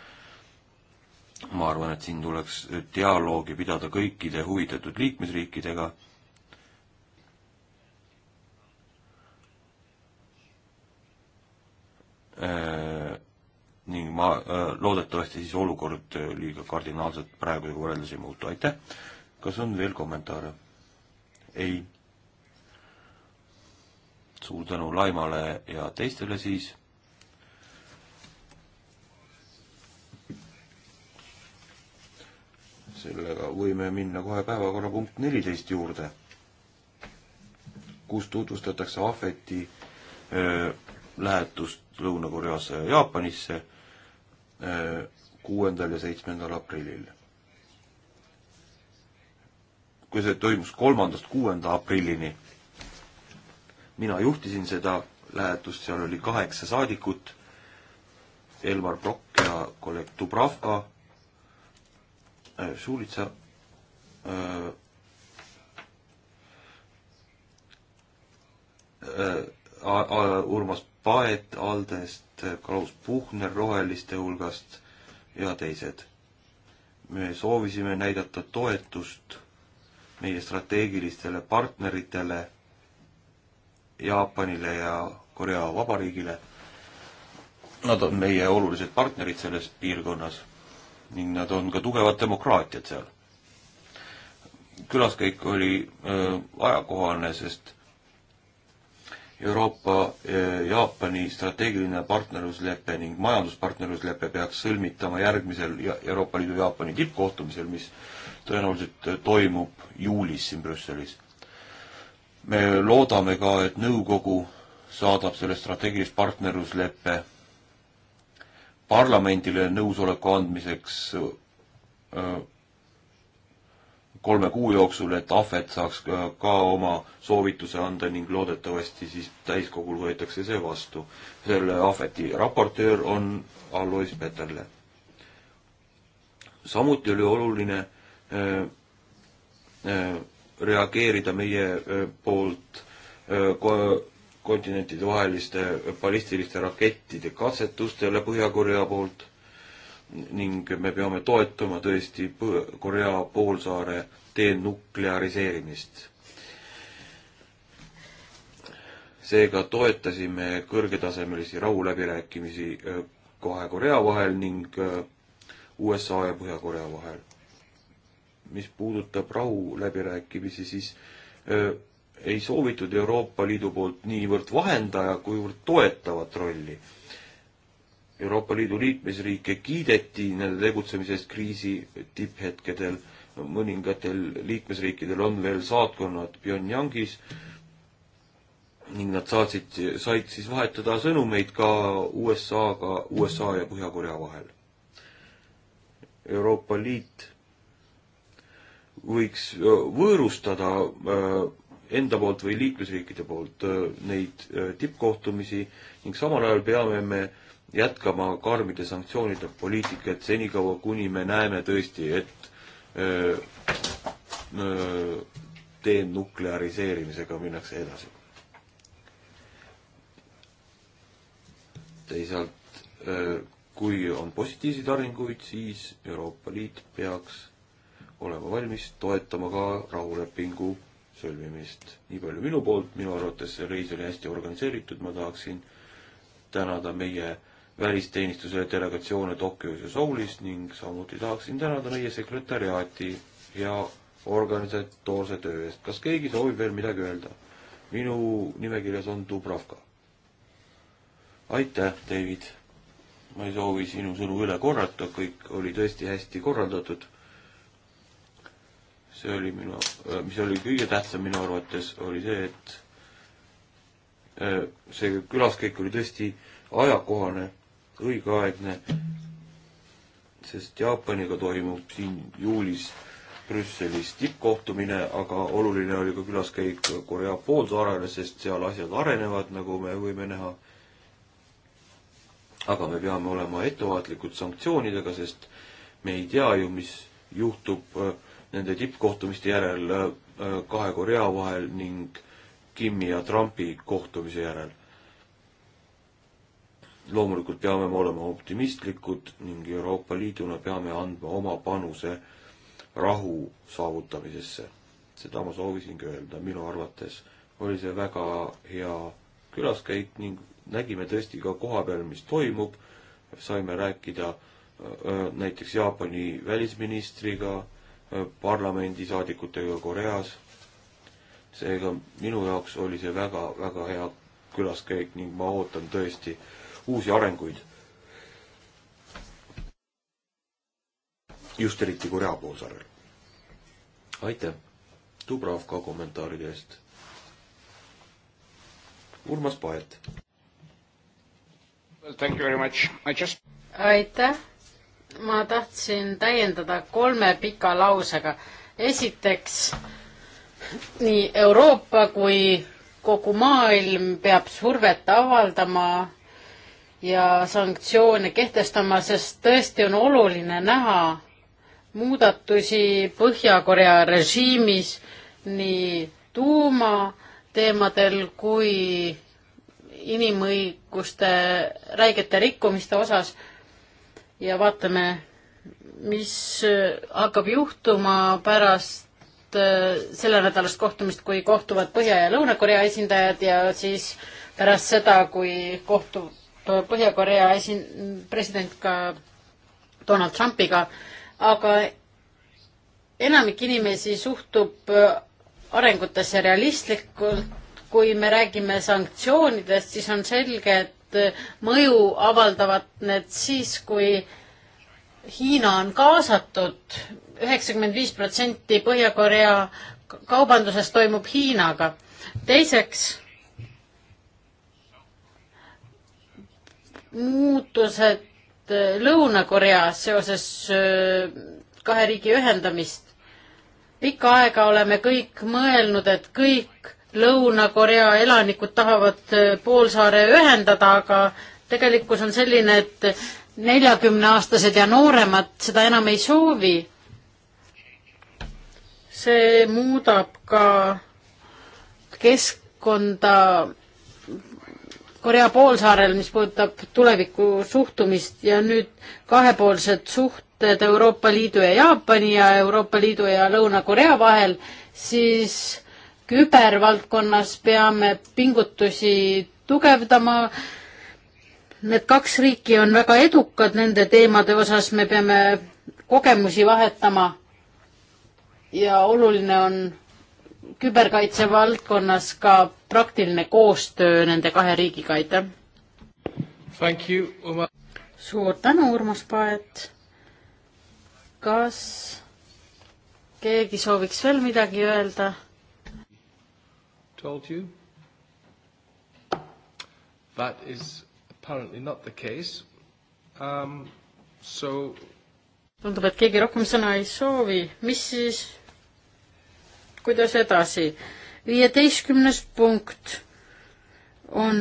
ma arvan, et siin tuleks dialoogi pidada kõikide huvitatud liikmesriikidega Äh, ning ma äh, loodetavasti siis olukord äh, liiga kardinaalselt praegu võrreldes ei muutu, aitäh. kas on veel kommentaare? ei. suur tänu Laimale ja teistele siis. sellega võime minna kohe päevakorrapunkt neliteist juurde, kus tutvustatakse Ahveti öö, lähetust Lõuna-Koreasse ja Jaapanisse eh, kuuendal ja seitsmendal aprillil. kui see toimus kolmandast kuuenda aprillini, mina juhtisin seda lähetust, seal oli kaheksa saadikut, Elmar Brokk ja kolleeg Dubravka, eh, Šulitsa, eh, Urmas Paet Aldest, Klaus Puhner Roheliste hulgast ja teised. me soovisime näidata toetust meie strateegilistele partneritele Jaapanile ja Korea Vabariigile. Nad on meie olulised partnerid selles piirkonnas ning nad on ka tugevad demokraatiad seal. külaskäik oli öö, äh, ajakohane, sest Euroopa eh, Jaapani strateegiline partnerluslepe ning majanduspartnerluslepe peaks sõlmitama järgmisel Euroopa Liidu Jaapani tippkohtumisel, mis tõenäoliselt eh, toimub juulis siin Brüsselis. me loodame ka, et nõukogu saadab selle strateegilist partnerlusleppe parlamendile nõusoleku andmiseks eh, kolme kuu jooksul, et Ahvet saaks ka, ka oma soovituse anda ning loodetavasti siis täiskogul võetakse see vastu. selle Ahveti raportöör on Alois Peterle. samuti oli oluline äh, äh, reageerida meie äh, poolt äh, ko-, kontinentidevaheliste ballistiliste rakettide katsetustele Põhja-Korea poolt ning me peame toetama tõesti Korea poolsaare denukleariseerimist. seega toetasime kõrgetasemelisi rahuläbirääkimisi äh, kahe Korea vahel ning äh, USA ja Põhja-Korea vahel. mis puudutab rahuläbirääkimisi, siis öö, äh, ei soovitud Euroopa Liidu poolt niivõrd vahendaja, kuivõrd toetavat rolli Euroopa Liidu liikmesriike kiideti nende tegutsemise eest kriisi tipphetkedel. mõningatel liikmesriikidel on veel saatkonnad Pyongyangis ning nad saatsid, said siis vahetada sõnumeid ka USA-ga, USA ja Põhja-Korea vahel. Euroopa Liit võiks võõrustada enda poolt või liikmesriikide poolt neid tippkohtumisi ning samal ajal peame me äh, jätkama karmide sanktsioonide poliitikat senikaua, kuni me näeme tõesti, et öö, öö, denukleariseerimisega minnakse edasi. teisalt, kui on positiivseid arenguid, siis Euroopa Liit peaks olema valmis toetama ka rahulepingu sõlmimist. nii palju minu poolt, minu arvates see reis oli hästi organiseeritud, ma tahaksin tänada meie äh, välisteenistuse delegatsioone Tokyos ja Soulis ning samuti tahaksin tänada meie sekretäriaati ja organisatoorse töö eest. kas keegi soovib veel midagi öelda? minu nimekirjas on Dubravka. aitäh, David! ma ei soovi sinu sõnu üle korrata, kõik oli tõesti hästi korraldatud. see oli minu, äh, mis oli kõige tähtsam minu arvates, oli see, et äh, see külaskäik oli tõesti ajakohane õigeaegne, sest Jaapaniga toimub siin juulis Brüsselis tippkohtumine, aga oluline oli ka külaskäik Korea poolsaarele, sest seal asjad arenevad, nagu me võime näha. aga me peame olema ettevaatlikud sanktsioonidega, sest me ei tea ju, mis juhtub äh, nende tippkohtumiste järel äh, kahe Korea vahel ning Kimi ja Trumpi kohtumise järel loomulikult peame me olema optimistlikud ning Euroopa Liiduna peame andma oma panuse rahu saavutamisesse. seda ma soovisingi öelda, minu arvates oli see väga hea külaskäik ning nägime tõesti ka kohapeal, mis toimub, saime rääkida näiteks Jaapani välisministriga, parlamendisaadikutega Koreas, seega minu jaoks oli see väga-väga hea külaskäik ning ma ootan tõesti äh, uusi arenguid. just eriti Korea poolsaarel. aitäh Dubravka kommentaaride eest. Urmas Paet. Well, thank you very much. I just... aitäh. ma tahtsin täiendada kolme pika lausega. esiteks, nii Euroopa kui kogu maailm peab survet avaldama ja sanktsioone kehtestama, sest tõesti on oluline näha muudatusi Põhja-Korea režiimis nii tuumateemadel kui inimõiguste räigete rikkumiste osas ja vaatame, mis hakkab juhtuma pärast äh, sellenädalast kohtumist, kui kohtuvad Põhja- ja Lõuna-Korea esindajad ja siis pärast seda, kui kohtu, Põhja-Korea esin-, president ka Donald Trumpiga, aga enamik inimesi suhtub arengutesse realistlikult, kui me räägime sanktsioonidest, siis on selge, et mõju avaldavad need siis, kui Hiina on kaasatud, üheksakümmend viis protsenti Põhja-Korea kaubandusest toimub Hiinaga. teiseks muutused äh, Lõuna-Koreas seoses äh, kahe riigi ühendamist. pikka aega oleme kõik mõelnud, et kõik Lõuna-Korea elanikud tahavad äh, poolsaare ühendada, aga tegelikkus on selline, et neljakümneaastased ja nooremad seda enam ei soovi. see muudab ka keskkonda Korea poolsaarel, mis puudutab tuleviku suhtumist ja nüüd kahepoolsed suhted Euroopa Liidu ja Jaapani ja Euroopa Liidu ja Lõuna-Korea vahel, siis kübervaldkonnas peame pingutusi tugevdama. Need kaks riiki on väga edukad nende teemade osas, me peame kogemusi vahetama. ja oluline on küberkaitse valdkonnas ka praktiline koostöö nende kahe riigiga, aitäh! suur tänu, Urmas Paet! kas keegi sooviks veel midagi öelda? Told you. That is apparently not the case um,. So. tundub, et keegi rohkem sõna ei soovi, mis siis kuidas edasi. viieteistkümnes punkt on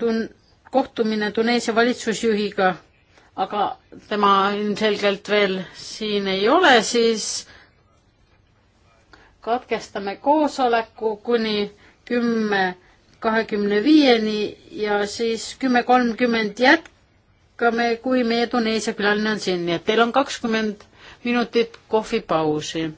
tun-, kohtumine Tuneesia valitsusjuhiga, aga tema ilmselgelt veel siin ei ole, siis katkestame koosoleku kuni kümme kahekümne viieni ja siis kümme kolmkümmend jätkame, kui meie Tuneesia külaline on siin, nii et teil on kakskümmend minutit kohvipausi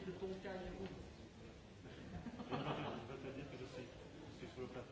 parler de ton cas, Yacoub. [LAUGHS] je ne veux pas te dire que je suis, je suis sur le plateau.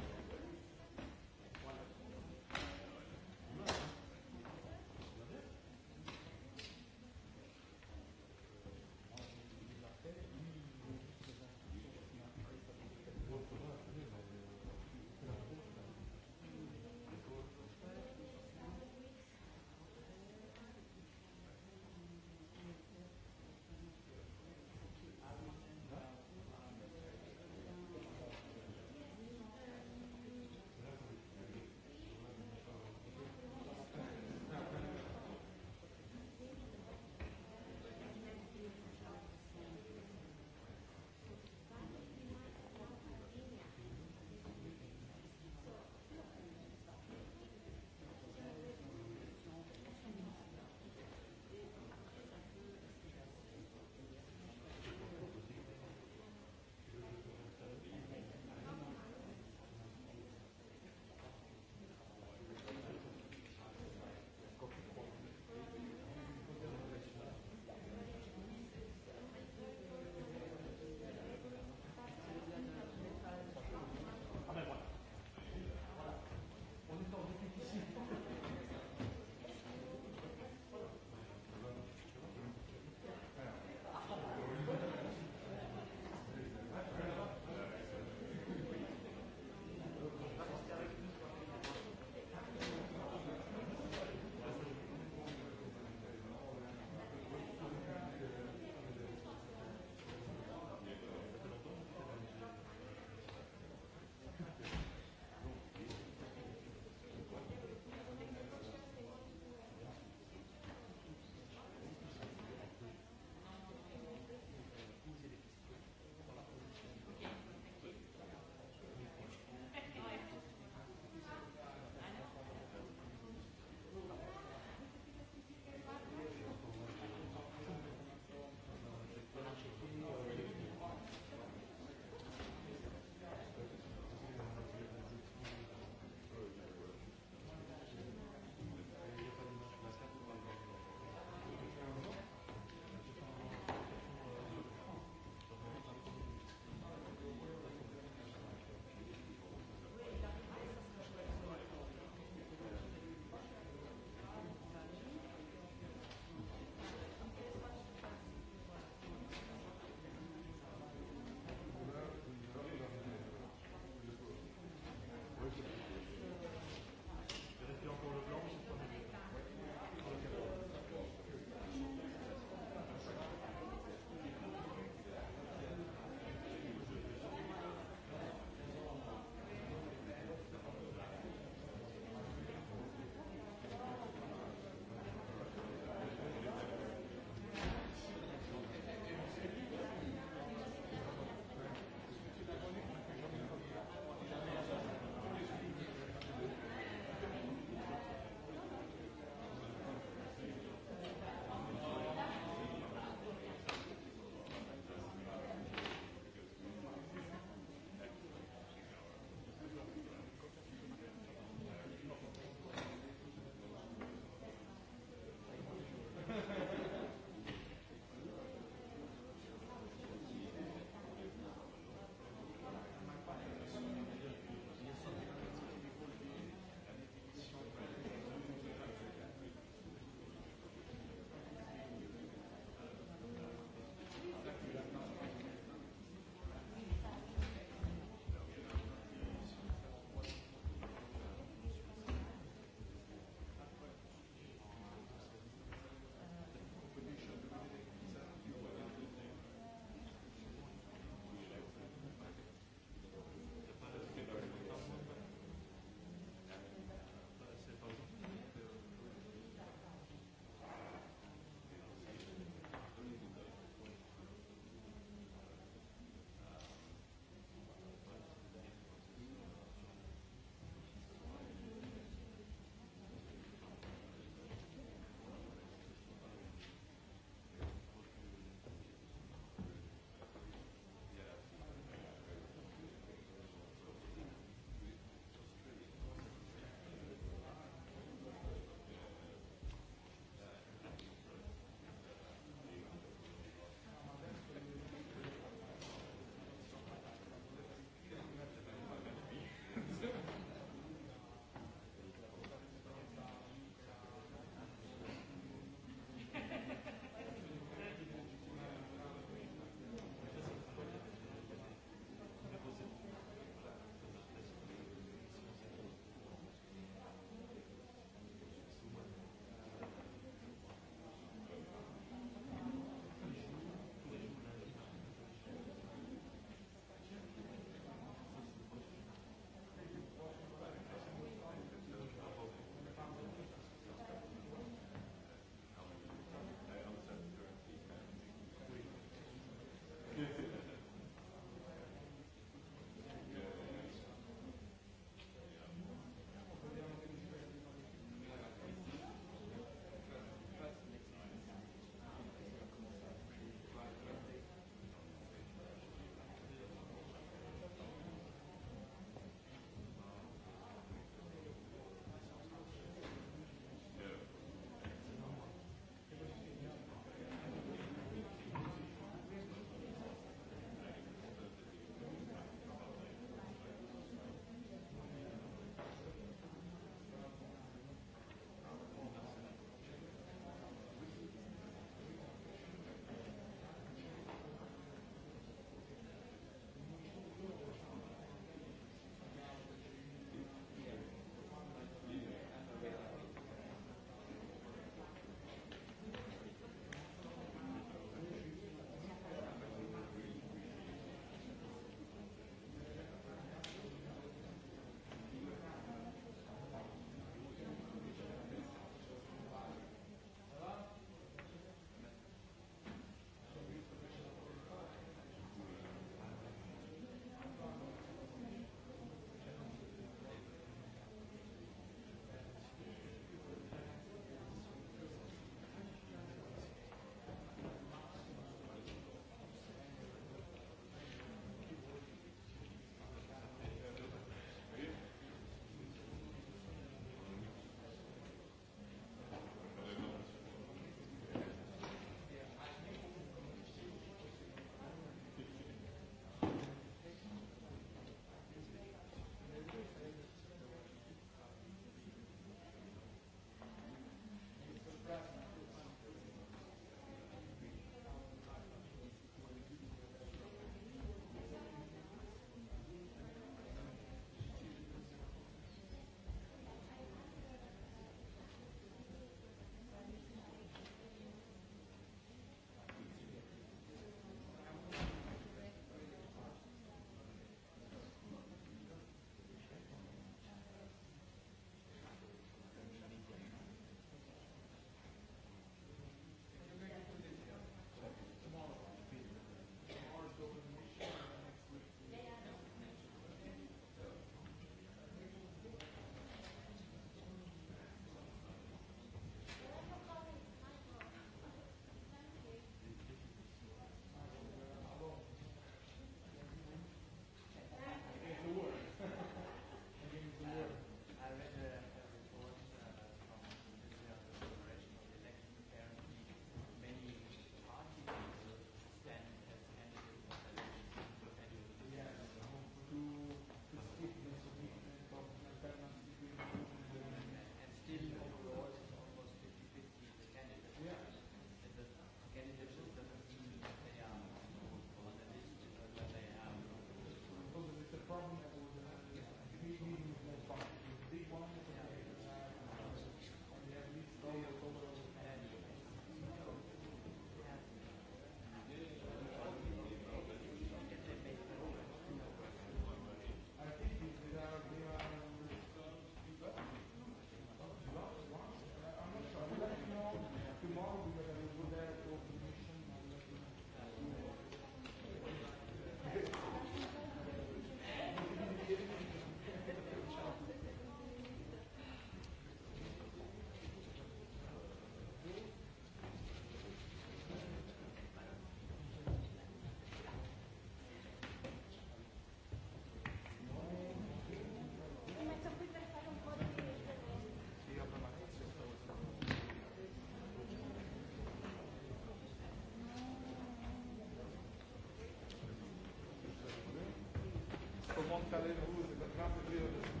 comment allez-vous?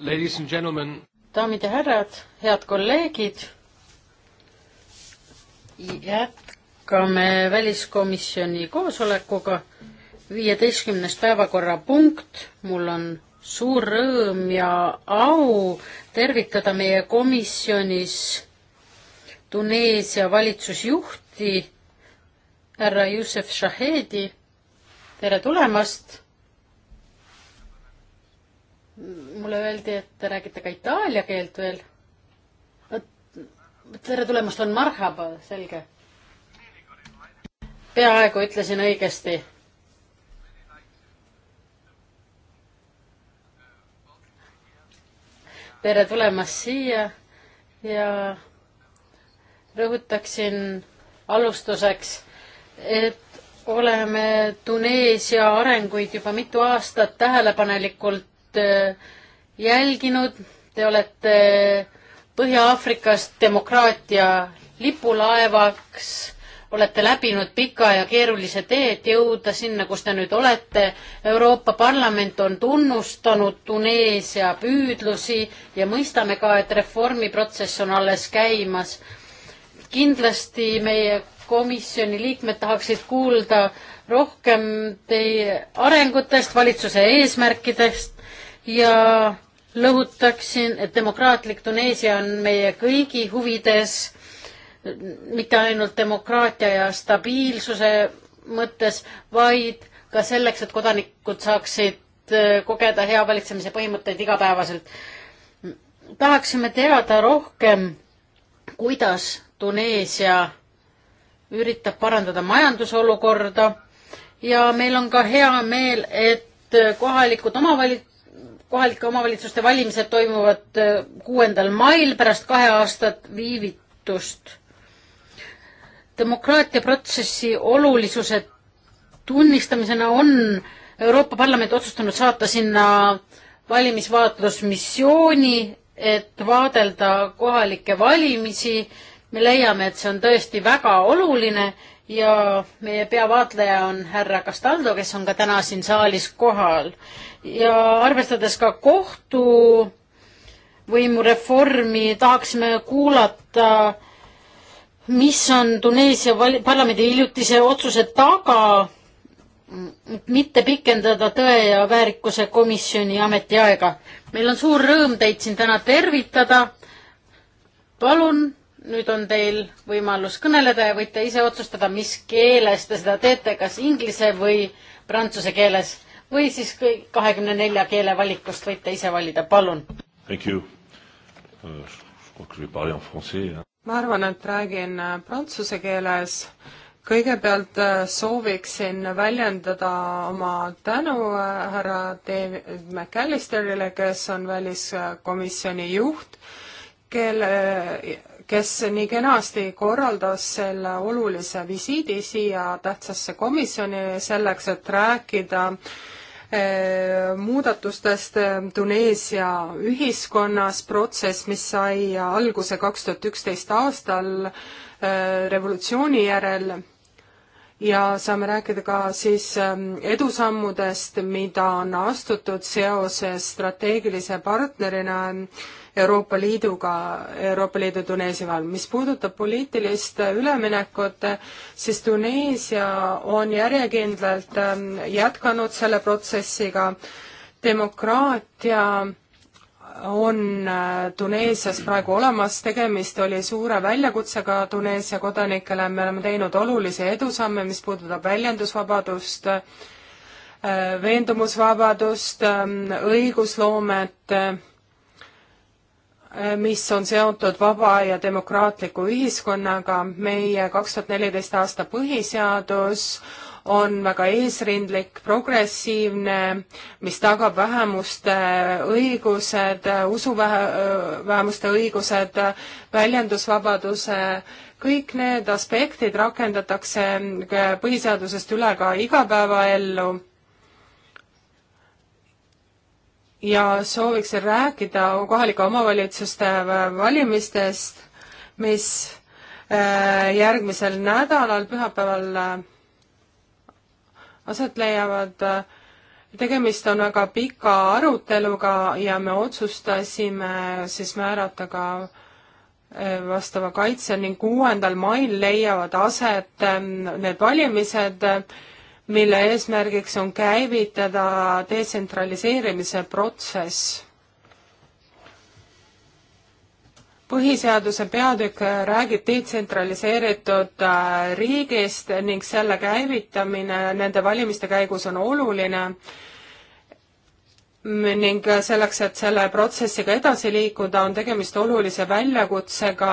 Ladies and gentlemen. daamid ja härrad, head kolleegid. jätkame väliskomisjoni koosolekuga. viieteistkümnes päevakorrapunkt. mul on suur rõõm ja au tervitada meie komisjonis Tuneesia valitsusjuhti härra Youssef Shahedi. tere tulemast mulle öeldi, et te räägite ka itaalia keelt veel. tere tulemast, on marhaba, selge. peaaegu ütlesin õigesti. tere tulemast siia ja rõhutaksin alustuseks, et oleme Tuneesia arenguid juba mitu aastat tähelepanelikult jälginud, te olete Põhja-Aafrikas demokraatia lipulaevaks, olete läbinud pika ja keerulise tee, et jõuda sinna, kus te nüüd olete. Euroopa Parlament on tunnustanud Tuneesia püüdlusi ja mõistame ka, et reformiprotsess on alles käimas. kindlasti meie komisjoni liikmed tahaksid kuulda rohkem teie arengutest, valitsuse eesmärkidest ja lõhutaksin, et demokraatlik Tuneesia on meie kõigi huvides, mitte ainult demokraatia ja stabiilsuse mõttes, vaid ka selleks, et kodanikud saaksid äh, kogeda hea valitsemise põhimõtteid igapäevaselt. tahaksime teada rohkem, kuidas Tuneesia üritab parandada majandusolukorda ja meil on ka hea meel, et kohalikud omavalitsused kohalike omavalitsuste valimised toimuvad äh, kuuendal mail pärast kahe aastat viivitust. demokraatia protsessi olulisuse tunnistamisena on Euroopa Parlament otsustanud saata sinna valimisvaatlusmissiooni, et vaadelda kohalikke valimisi. me leiame, et see on tõesti väga oluline ja meie peavaatleja on härra Castaldo, kes on ka täna siin saalis kohal ja arvestades ka kohtuvõimureformi, tahaksime kuulata, mis on Tuneesia parlamendi hiljutise otsuse taga, et mitte pikendada Tõe ja Väärikuse komisjoni ametiaega. meil on suur rõõm teid siin täna tervitada. palun nüüd on teil võimalus kõneleda ja võite ise otsustada, mis keeles te seda teete, kas inglise või prantsuse keeles või siis kõik kahekümne nelja keele valikust võite ise valida, palun. Euh, ma arvan, et räägin äh, prantsuse keeles. kõigepealt äh, sooviksin väljendada oma tänu äh, härra David McAllisterile, kes on väliskomisjoni juht, kelle kes nii kenasti korraldas selle olulise visiidi siia tähtsasse komisjoni selleks, et rääkida muudatustest ehm, Tuneesia ühiskonnas, protsess, mis sai alguse kaks tuhat üksteist aastal ehm, revolutsiooni järel ja saame rääkida ka siis ehm, edusammudest, mida on astutud seoses strateegilise partnerina äh, Euroopa Liiduga, Euroopa Liidu Tuneesia vahel. mis puudutab poliitilist üleminekut, siis Tuneesia on järjekindlalt ähm, jätkanud selle protsessiga, demokraatia on äh, Tuneesias praegu olemas, tegemist oli suure väljakutsega Tuneesia kodanikele, me oleme teinud olulisi edusamme, mis puudutab väljendusvabadust, äh, veendumusvabadust, ähm, õigusloomet Äh, mis on seotud vaba ja demokraatliku ühiskonnaga. meie kaks tuhat neliteist aasta põhiseadus on väga eesrindlik, progressiivne, mis tagab vähemuste õigused, usuvähemuste õigused, väljendusvabaduse, kõik need aspektid rakendatakse põhiseadusest üle ka igapäevaellu ja sooviksin rääkida kohalike omavalitsuste valimistest, mis äh, järgmisel nädalal, pühapäeval äh, aset leiavad. tegemist on väga pika aruteluga ja me otsustasime siis määrata ka äh, vastava kaitse ning kuuendal mail leiavad aset need valimised mille eesmärgiks on käivitada detsentraliseerimise protsess. põhiseaduse peatükk räägib detsentraliseeritud äh, riigist ning selle käivitamine nende valimiste käigus on oluline ning selleks, et selle protsessiga edasi liikuda, on tegemist olulise väljakutsega,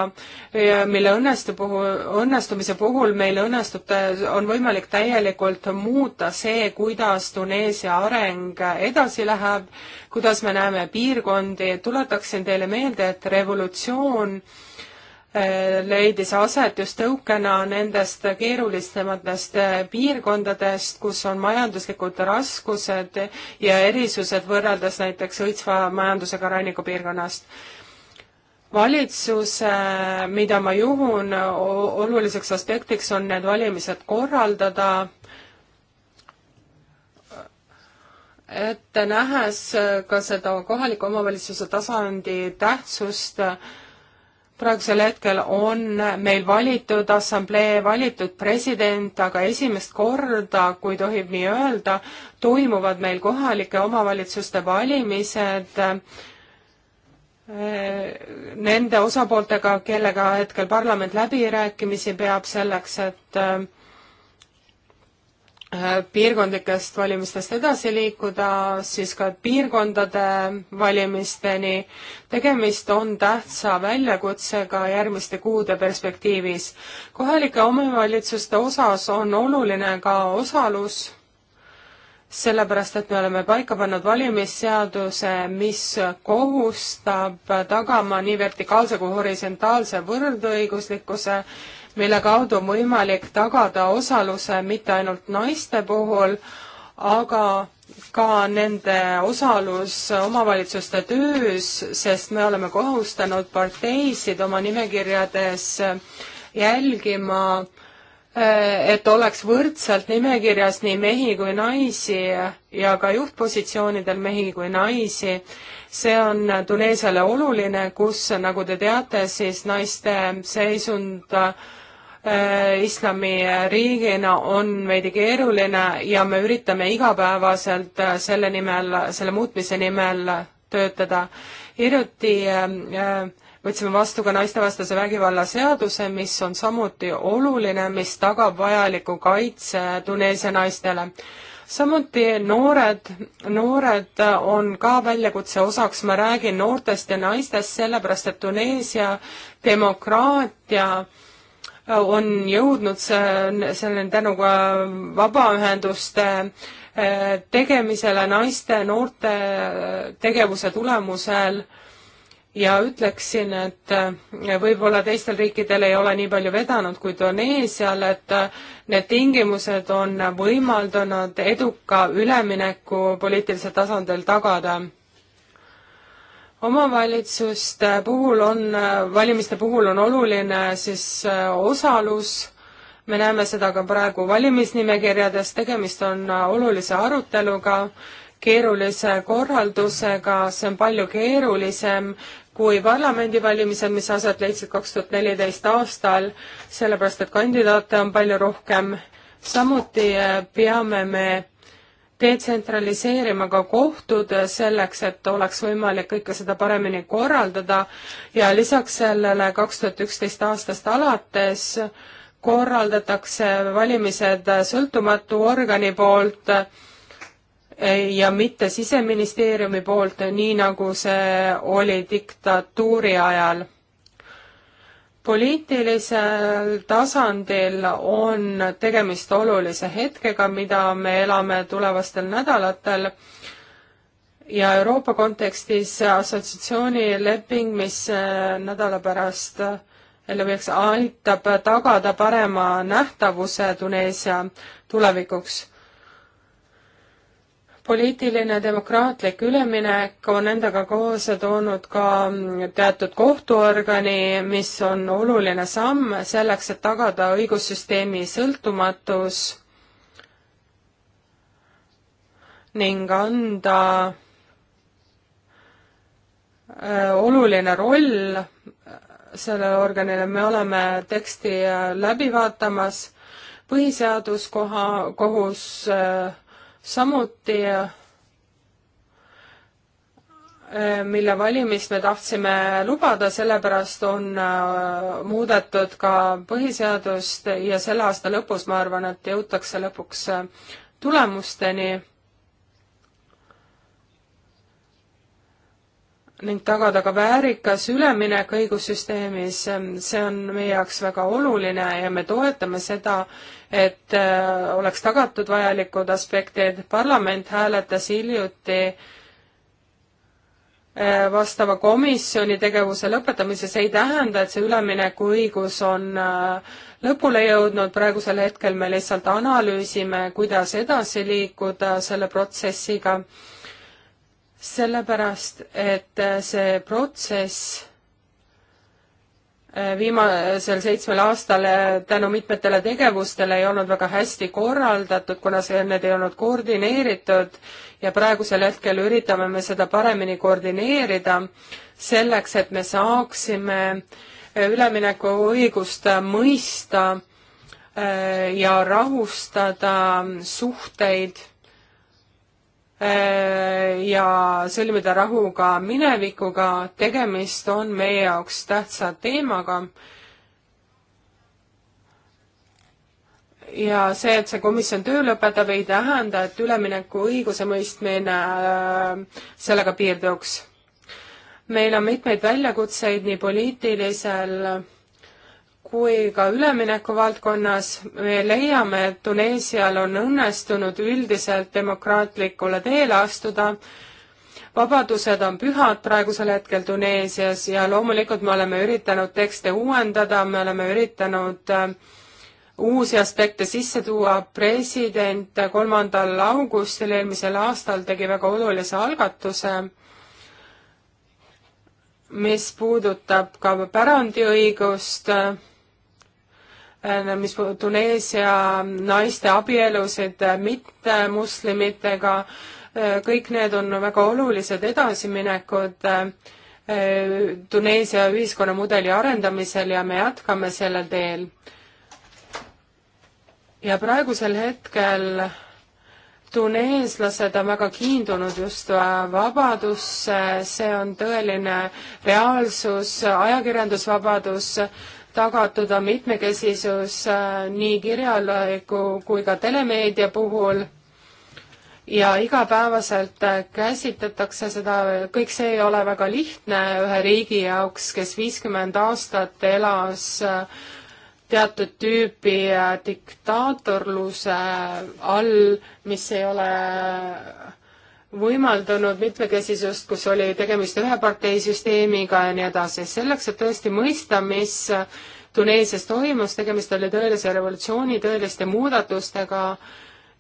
mille õnnestu puhul, õnnestumise puhul meil õnnestub, on võimalik täielikult muuta see, kuidas Tuneesia areng edasi läheb, kuidas me näeme piirkondi, tuletaksin teile meelde, et revolutsioon äh, leidis aset just tõukena nendest keerulisematest eh, piirkondadest, kus on majanduslikud raskused ja erisused võrreldes näiteks õitsva majandusega rannikupiirkonnast valitsus, mida ma juhun, oluliseks aspektiks on need valimised korraldada, et nähes ka seda kohaliku omavalitsuse tasandi tähtsust äh, praegusel hetkel on meil valitud assamblee, valitud president, aga esimest korda, kui tohib nii öelda, toimuvad meil kohalike omavalitsuste valimised eh, nende osapooltega, kellega hetkel parlament läbirääkimisi peab selleks, et eh, Äh, piirkondlikest valimistest edasi liikuda, siis ka piirkondade valimisteni. tegemist on tähtsa väljakutsega järgmiste kuude perspektiivis. kohalike omavalitsuste osas on oluline ka osalus, sellepärast et me oleme paika pannud valimisseaduse, mis kohustab tagama nii vertikaalse kui horisontaalse võrdõiguslikkuse mille kaudu on võimalik tagada osaluse mitte ainult naiste puhul, aga ka nende osalus omavalitsuste töös, sest me oleme kohustanud parteisid oma nimekirjades jälgima, et oleks võrdselt nimekirjas nii mehi kui naisi ja ka juhtpositsioonidel mehi kui naisi. see on Tuneesiale oluline, kus, nagu te teate, siis naiste seisund äh, Äh, islamiriigina on veidi keeruline ja me üritame igapäevaselt äh, selle nimel, selle muutmise nimel töötada. hiljuti äh, võtsime vastu ka naistevastase vägivalla seaduse, mis on samuti oluline, mis tagab vajaliku kaitse Tuneesia naistele. samuti noored, noored on ka väljakutse osaks, ma räägin noortest ja naistest, sellepärast et Tuneesia demokraatia äh, on jõudnud see, selle tänu ka vabaühenduste eh, tegemisele naiste, noorte eh, tegevuse tulemusel ja ütleksin, et eh, võib-olla teistel riikidel ei ole nii palju vedanud kui Tuneesial, et need tingimused on võimaldanud eduka ülemineku poliitilisel tasandil tagada omavalitsuste puhul on, valimiste puhul on oluline siis äh, osalus, me näeme seda ka praegu valimisnimekirjades, tegemist on äh, olulise aruteluga, keerulise korraldusega, see on palju keerulisem kui parlamendivalimised, mis aset leidsid kaks tuhat neliteist aastal, sellepärast et kandidaate on palju rohkem. samuti äh, peame me detsentraliseerima ka kohtud selleks, et oleks võimalik kõike seda paremini korraldada ja lisaks sellele kaks tuhat üksteist aastast alates korraldatakse valimised sõltumatu organi poolt ja mitte siseministeeriumi poolt, nii nagu see oli diktatuuri ajal poliitilisel tasandil on tegemist olulise hetkega, mida me elame tulevastel nädalatel ja Euroopa kontekstis assotsiatsiooni leping, mis äh, nädala pärast äh, ellu viiakse, aitab tagada parema nähtavuse Tuneesia tulevikuks poliitiline demokraatlik üleminek on endaga kaasa toonud ka teatud kohtuorgani, mis on oluline samm selleks, et tagada õigussüsteemi sõltumatus ning anda äh, oluline roll äh, sellele organile, me oleme teksti äh, läbi vaatamas, põhiseaduskoha, kohus äh, samuti eh, mille valimist me tahtsime lubada, sellepärast on eh, muudetud ka põhiseadust ja selle aasta lõpus, ma arvan, et jõutakse lõpuks eh, tulemusteni ning tagada ka väärikas üleminek õigussüsteemis, see on meie jaoks väga oluline ja me toetame seda, et äh, oleks tagatud vajalikud aspektid. parlament hääletas hiljuti äh, vastava komisjoni tegevuse lõpetamise, see ei tähenda, et see üleminekuõigus on äh, lõpule jõudnud, praegusel hetkel me lihtsalt analüüsime, kuidas edasi liikuda selle protsessiga sellepärast, et äh, see protsess äh, viimasel seitsmel aastal äh, tänu mitmetele tegevustele ei olnud väga hästi korraldatud, kuna see, need ei olnud koordineeritud ja praegusel hetkel üritame me seda paremini koordineerida, selleks et me saaksime üleminekuõigust mõista ja rahustada suhteid Äh, ja sõlmida rahu ka minevikuga, tegemist on meie jaoks tähtsa teemaga. ja see, et see komisjon töö lõpetab, ei tähenda, et ülemineku õigusemõistmine äh, sellega piirduks. meil on mitmeid väljakutseid nii poliitilisel kui ka ülemineku valdkonnas me leiame, et Tuneesial on õnnestunud üldiselt demokraatlikule teele astuda, vabadused on pühad praegusel hetkel Tuneesias ja loomulikult me oleme üritanud tekste uuendada, me oleme üritanud äh, uusi aspekte sisse tuua, president kolmandal augustil eelmisel aastal tegi väga olulise algatuse, mis puudutab ka pärandiõigust, Äh, mis Tuneesia naiste abielusid äh, mittemuslimitega, äh, kõik need on väga olulised edasiminekud Tuneesia ühiskonnamudeli arendamisel ja me jätkame sellel teel. ja praegusel hetkel tuneeslased on väga kiindunud just vabadusse, see on tõeline reaalsus, ajakirjandusvabadus, tagatud on mitmekesisus äh, nii kirjaliku kui ka telemeedia puhul ja igapäevaselt äh, käsitletakse seda, kõik see ei ole väga lihtne ühe riigi jaoks, kes viiskümmend aastat elas äh, teatud tüüpi diktaatorluse all, mis ei ole võimaldanud mitmekesisust, kus oli tegemist ühe partei süsteemiga ja nii edasi, selleks, et tõesti mõista, mis Tuneesias toimus, tegemist oli tõelise revolutsiooni, tõeliste muudatustega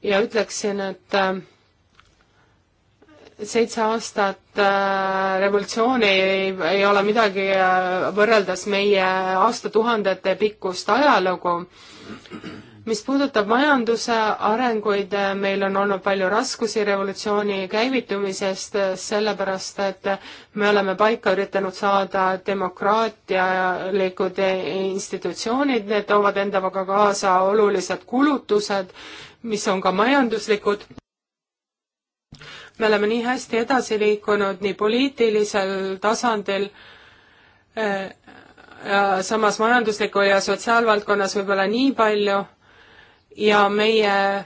ja ütleksin, et äh, seitse aastat äh, revolutsiooni ei, ei ole midagi äh, võrreldes meie aastatuhandete pikkust ajalugu mis puudutab majanduse arenguid, eh, meil on olnud palju raskusi revolutsiooni käivitumisest, eh, sellepärast et eh, me oleme paika üritanud saada demokraatialikud institutsioonid, need toovad endaga kaasa olulised kulutused, mis on ka majanduslikud me oleme nii hästi edasi liikunud nii poliitilisel tasandil ja samas majandusliku ja sotsiaalvaldkonnas võib-olla nii palju, ja meie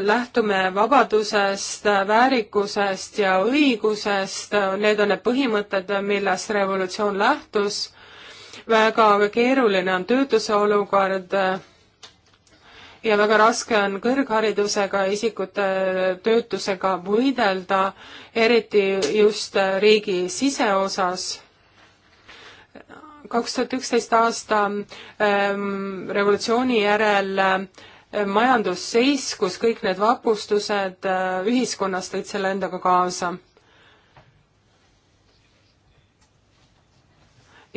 lähtume vabadusest, väärikusest ja õigusest, need on need põhimõtted, millest revolutsioon lähtus. väga keeruline on töötuse olukord ja väga raske on kõrgharidusega isikute töötusega võidelda, eriti just riigi siseosas kaks tuhat üksteist aasta ähm, revolutsiooni järel äh, majandusseis, kus kõik need vapustused äh, ühiskonnas tõid selle endaga kaasa.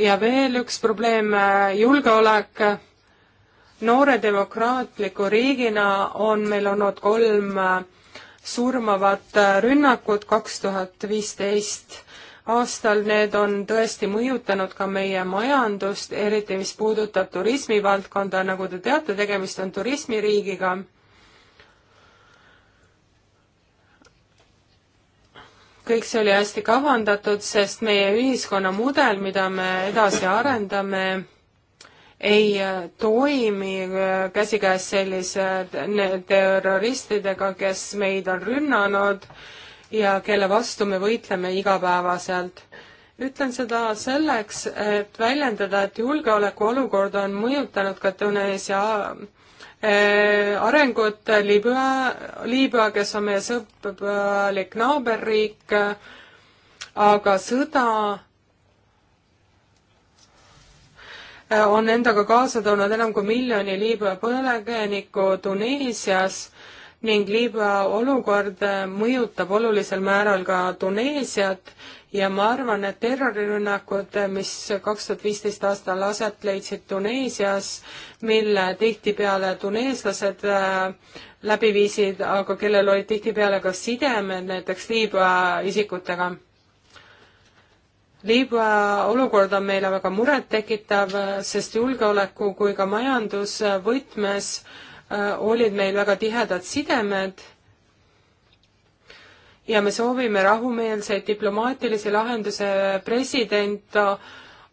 ja veel üks probleem äh,, julgeolek. noore demokraatliku riigina on meil olnud kolm äh, surmavat äh, rünnakut kaks tuhat viisteist aastal, need on tõesti mõjutanud ka meie majandust, eriti mis puudutab turismivaldkonda, nagu te teate, tegemist on turismiriigiga. kõik see oli hästi kavandatud, sest meie ühiskonna mudel, mida me edasi arendame, ei toimi käsikäes sellise terroristidega, kes meid on rünnanud ja kelle vastu me võitleme igapäevaselt. ütlen seda selleks, et väljendada, et julgeolekuolukord on mõjutanud ka Tuneesia äh, arengut, Liibüa, Liibüa, kes on meie sõbralik naaberriik, aga sõda äh, on endaga kaasa toonud enam kui miljoni Liibüa põlenikku Tuneesias ning Liibüa olukord mõjutab olulisel määral ka Tuneesiat ja ma arvan, et terrorirünnakud, mis kaks tuhat viisteist aastal aset leidsid Tuneesias, mille tihtipeale tuneeslased äh, läbi viisid, aga kellel olid tihtipeale ka sidemed näiteks Liibüa isikutega Liibüa olukord on meile väga murettekitav, sest julgeoleku kui ka majandusvõtmes Äh, olid meil väga tihedad sidemed ja me soovime rahumeelseid diplomaatilisi lahenduse president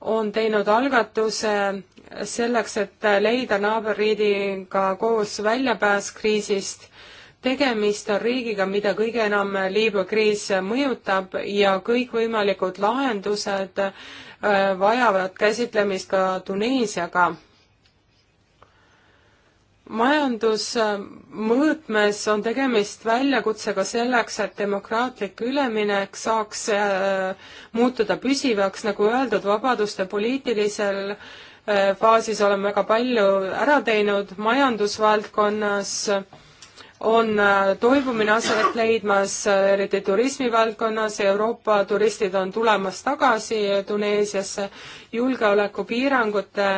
on teinud algatuse selleks, et leida naaberriigiga koos väljapääs kriisist. tegemist on riigiga, mida kõige enam Liibüa kriis mõjutab ja kõikvõimalikud lahendused äh, vajavad käsitlemist ka Tuneesiaga majandusmõõtmes on tegemist väljakutsega selleks, et demokraatlik üleminek saaks äh, muutuda püsivaks, nagu öeldud, vabaduste poliitilisel äh, faasis oleme väga palju ära teinud, majandusvaldkonnas on äh, toibumine aset leidmas, eriti turismivaldkonnas, Euroopa turistid on tulemas tagasi Tuneesiasse julgeolekupiirangute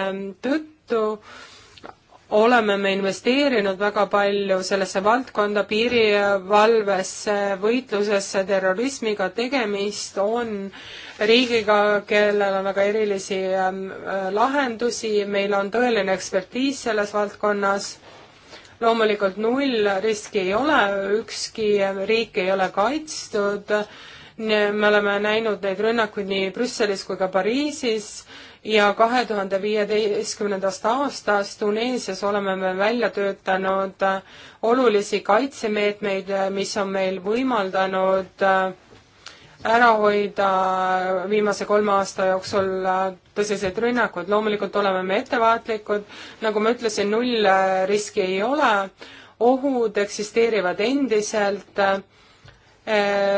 tõttu oleme me investeerinud väga palju sellesse valdkonda, piirivalvesse, võitlusesse terrorismiga, tegemist on riigiga, kellel on väga erilisi ähm, äh, lahendusi, meil on tõeline ekspertiis selles valdkonnas loomulikult null riski ei ole, ükski ähm, riik ei ole kaitstud, me oleme näinud neid rünnakuid nii Brüsselis kui ka Pariisis ja kahe tuhande viieteistkümnendast aastast Tuneesias oleme me välja töötanud äh, olulisi kaitsemeetmeid, äh, mis on meil võimaldanud äh, ära hoida viimase kolme aasta jooksul tõsiseid rünnakuid. loomulikult oleme me ettevaatlikud, nagu ma ütlesin, null riski ei ole, ohud eksisteerivad endiselt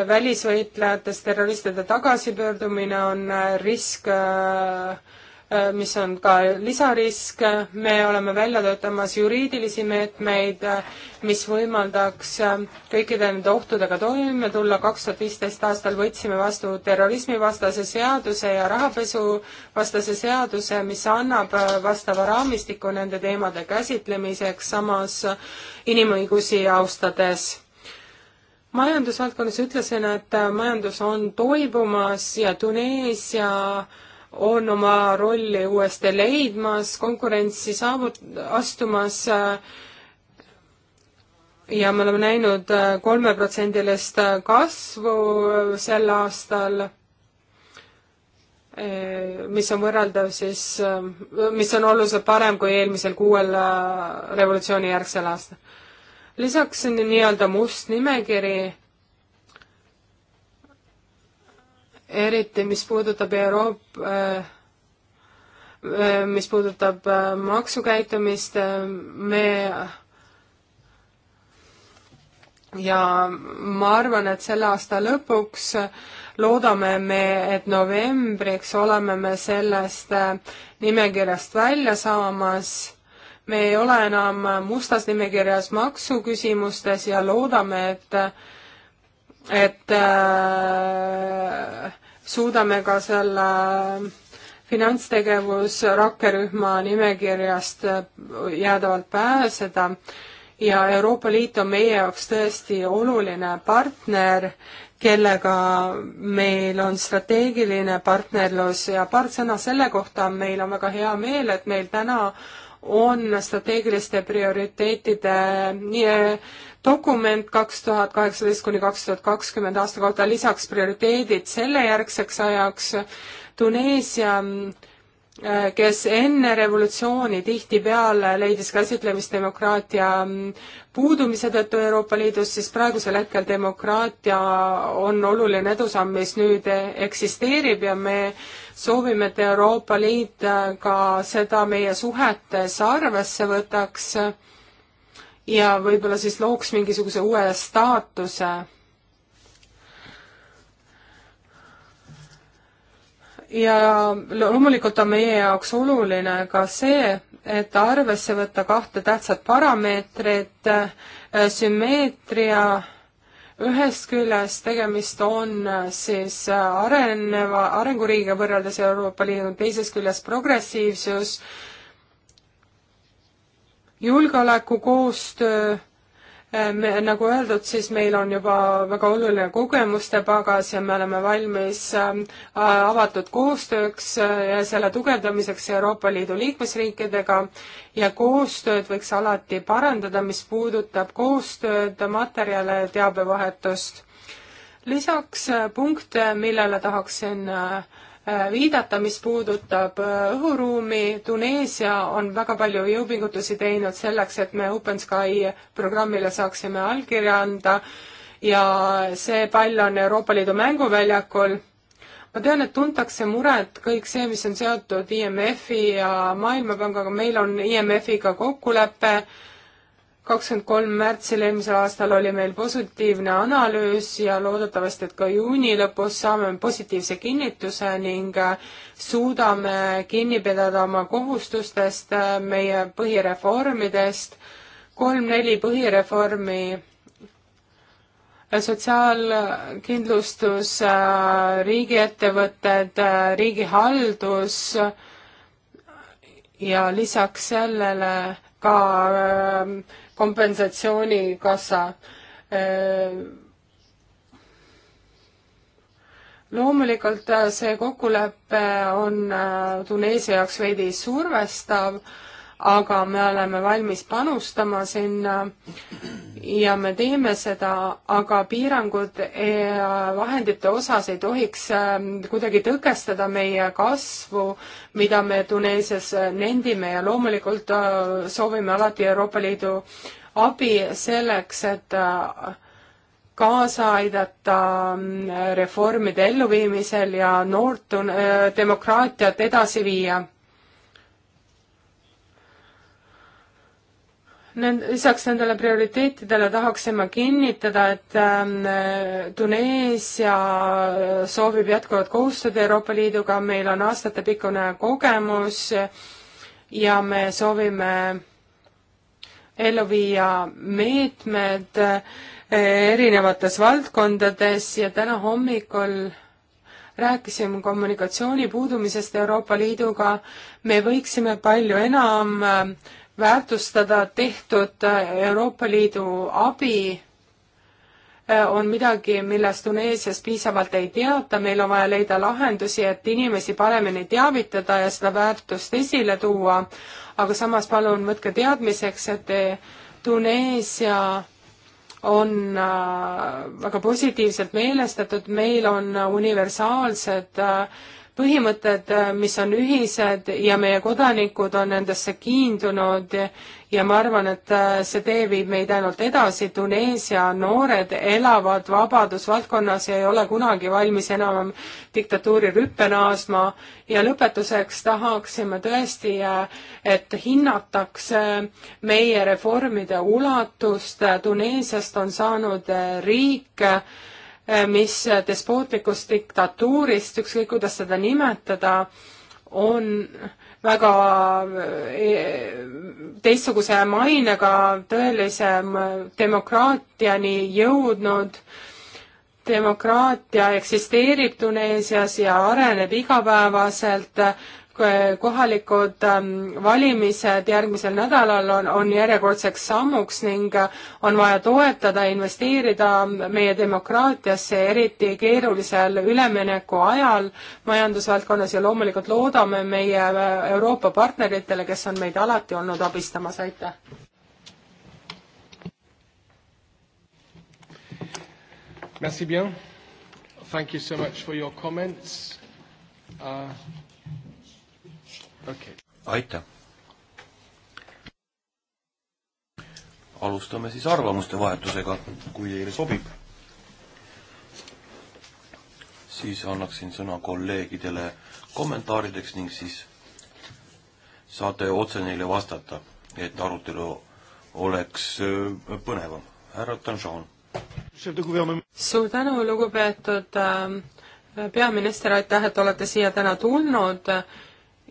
välisvõitlejatest terroristide tagasipöördumine on risk Äh, mis on ka lisarisk, me oleme välja töötamas juriidilisi meetmeid, äh, mis võimaldaks äh, kõikide nende ohtudega toime tulla, kaks tuhat viisteist aastal võtsime vastu terrorismivastase seaduse ja rahapesuvastase seaduse, mis annab vastava raamistiku nende teemade käsitlemiseks, samas inimõigusi austades majandusvaldkonnas ütlesin, et majandus on toibumas ja Tuneesia äh, on oma rolli uuesti leidmas, konkurentsi saavut-, astumas äh, ja me oleme näinud äh, kolmeprotsendilist äh, kasvu sel aastal mis on võrreldav siis, mis on oluliselt parem kui eelmisel kuuel revolutsioonijärgsel aastal. lisaks nii-öelda must nimekiri eriti mis puudutab Euroopa äh, äh, mis puudutab äh, maksukäitumist, me ja ma arvan, et selle aasta lõpuks loodame me, et novembriks oleme me sellest nimekirjast välja saamas. me ei ole enam mustas nimekirjas maksuküsimustes ja loodame, et et äh, suudame ka selle finantstegevus rakkerühma nimekirjast äh, jäädavalt pääseda ja Euroopa Liit on meie jaoks tõesti oluline partner, kellega meil on strateegiline partnerlus ja paar sõna selle kohta, meil on väga hea meel, et meil täna on strateegiliste prioriteetide nii dokument kaks tuhat kaheksateist kuni kaks tuhat kakskümmend aasta kohta, lisaks prioriteedid sellejärgseks ajaks, Tuneesia äh, kes enne revolutsiooni tihtipeale leidis käsitlemist demokraatia mm, puudumise tõttu Euroopa Liidus, siis praegusel hetkel demokraatia on oluline edusamm, mis nüüd eksisteerib ja me soovime, et Euroopa Liit äh, ka seda meie suhetes arvesse võtaks ja võib-olla siis looks mingisuguse uue staatuse ja loomulikult on meie jaoks oluline ka see, et arvesse võtta kahte tähtsat parameetrit, äh, sümmeetria, ühest küljest tegemist on äh, siis äh, areneva, arenguriigiga võrreldes Euroopa Liiduga, teisest küljest progressiivsus julgeolekukoostöö äh, me, nagu öeldud, siis meil on juba väga oluline kogemuste pagas ja me oleme valmis ähm, äh, avatud koostööks äh, ja selle tugevdamiseks Euroopa Liidu liikmesriikidega ja koostööd võiks alati parandada, mis puudutab koostööd, materjale, teabevahetust. lisaks punkte, millele tahaksin äh, Äh, viidata, mis puudutab äh, õhuruumi. Tuneesia on väga palju jõupingutusi teinud selleks, et me Open Sky programmile saaksime allkirja anda ja see pall on Euroopa Liidu mänguväljakul. ma tean, et tuntakse muret kõik see, mis on seotud IMF-i ja Maailmapangaga, meil on IMF-iga kokkulepe kakskümmend kolm märtsil eelmisel aastal oli meil positiivne analüüs ja loodetavasti, et ka juuni lõpus saame positiivse kinnituse ning äh, suudame kinni pidada oma kohustustest, äh, meie põhireformidest, kolm-neli põhireformi, äh, sotsiaalkindlustus, riigiettevõtted, riigihaldus ja lisaks sellele ka äh, kompensatsioonikassa. loomulikult see kokkulepe on äh, Tuneesia jaoks veidi survestav aga me oleme valmis panustama sinna ja me teeme seda, aga piirangud vahendite osas ei tohiks ähm, kuidagi tõkestada meie kasvu, mida me Tuneesias nendime ja loomulikult äh, soovime alati Euroopa Liidu abi selleks, et äh, kaasa aidata ähm, reformide elluviimisel ja noort äh, demokraatiat edasi viia Need, lisaks nendele prioriteetidele tahaksime kinnitada, et äh, Tuneesia soovib jätkuvat koostööd Euroopa Liiduga, meil on aastatepikkune kogemus ja me soovime ellu viia meetmed äh, erinevates valdkondades ja täna hommikul rääkisime kommunikatsiooni puudumisest Euroopa Liiduga, me võiksime palju enam äh, väärtustada tehtud äh, Euroopa Liidu abi äh, on midagi, millest Tuneesias piisavalt ei teata, meil on vaja leida lahendusi, et inimesi paremini teavitada ja seda väärtust esile tuua, aga samas palun võtke teadmiseks, et äh, Tuneesia on väga positiivselt meelestatud, meil on universaalsed põhimõtted, äh, mis on ühised ja meie kodanikud on nendesse kiindunud ja ma arvan, et äh, see tee viib meid ainult edasi, Tuneesia noored elavad vabadusvaldkonnas ja ei ole kunagi valmis enam diktatuuri rüppe naasma ja lõpetuseks tahaksime tõesti, äh, et hinnatakse meie reformide ulatust, Tuneesiast on saanud riik, Äh, mis despootlikust diktatuurist, ükskõik kuidas seda nimetada, on väga äh, teistsuguse mainega tõelise demokraatiani jõudnud. demokraatia eksisteerib Tuneesias ja areneb igapäevaselt Eh, kohalikud ähm, valimised järgmisel nädalal on, on järjekordseks sammuks ning äh, on vaja toetada, investeerida meie demokraatiasse, eriti keerulisel ülemineku ajal majandusvaldkonnas ja loomulikult loodame meie äh, Euroopa partneritele, kes on meid alati olnud abistamas, aitäh! Merci bien. Thank you so much for your comments. Uh, okay.. aitäh. alustame siis arvamuste vahetusega, kui teile sobib. siis annaksin sõna kolleegidele kommentaarideks ning siis saate otse neile vastata, et arutelu oleks äh, põnevam. härra Tanšon. suur tänu, lugupeetud äh, peaminister, aitäh, et olete siia täna tulnud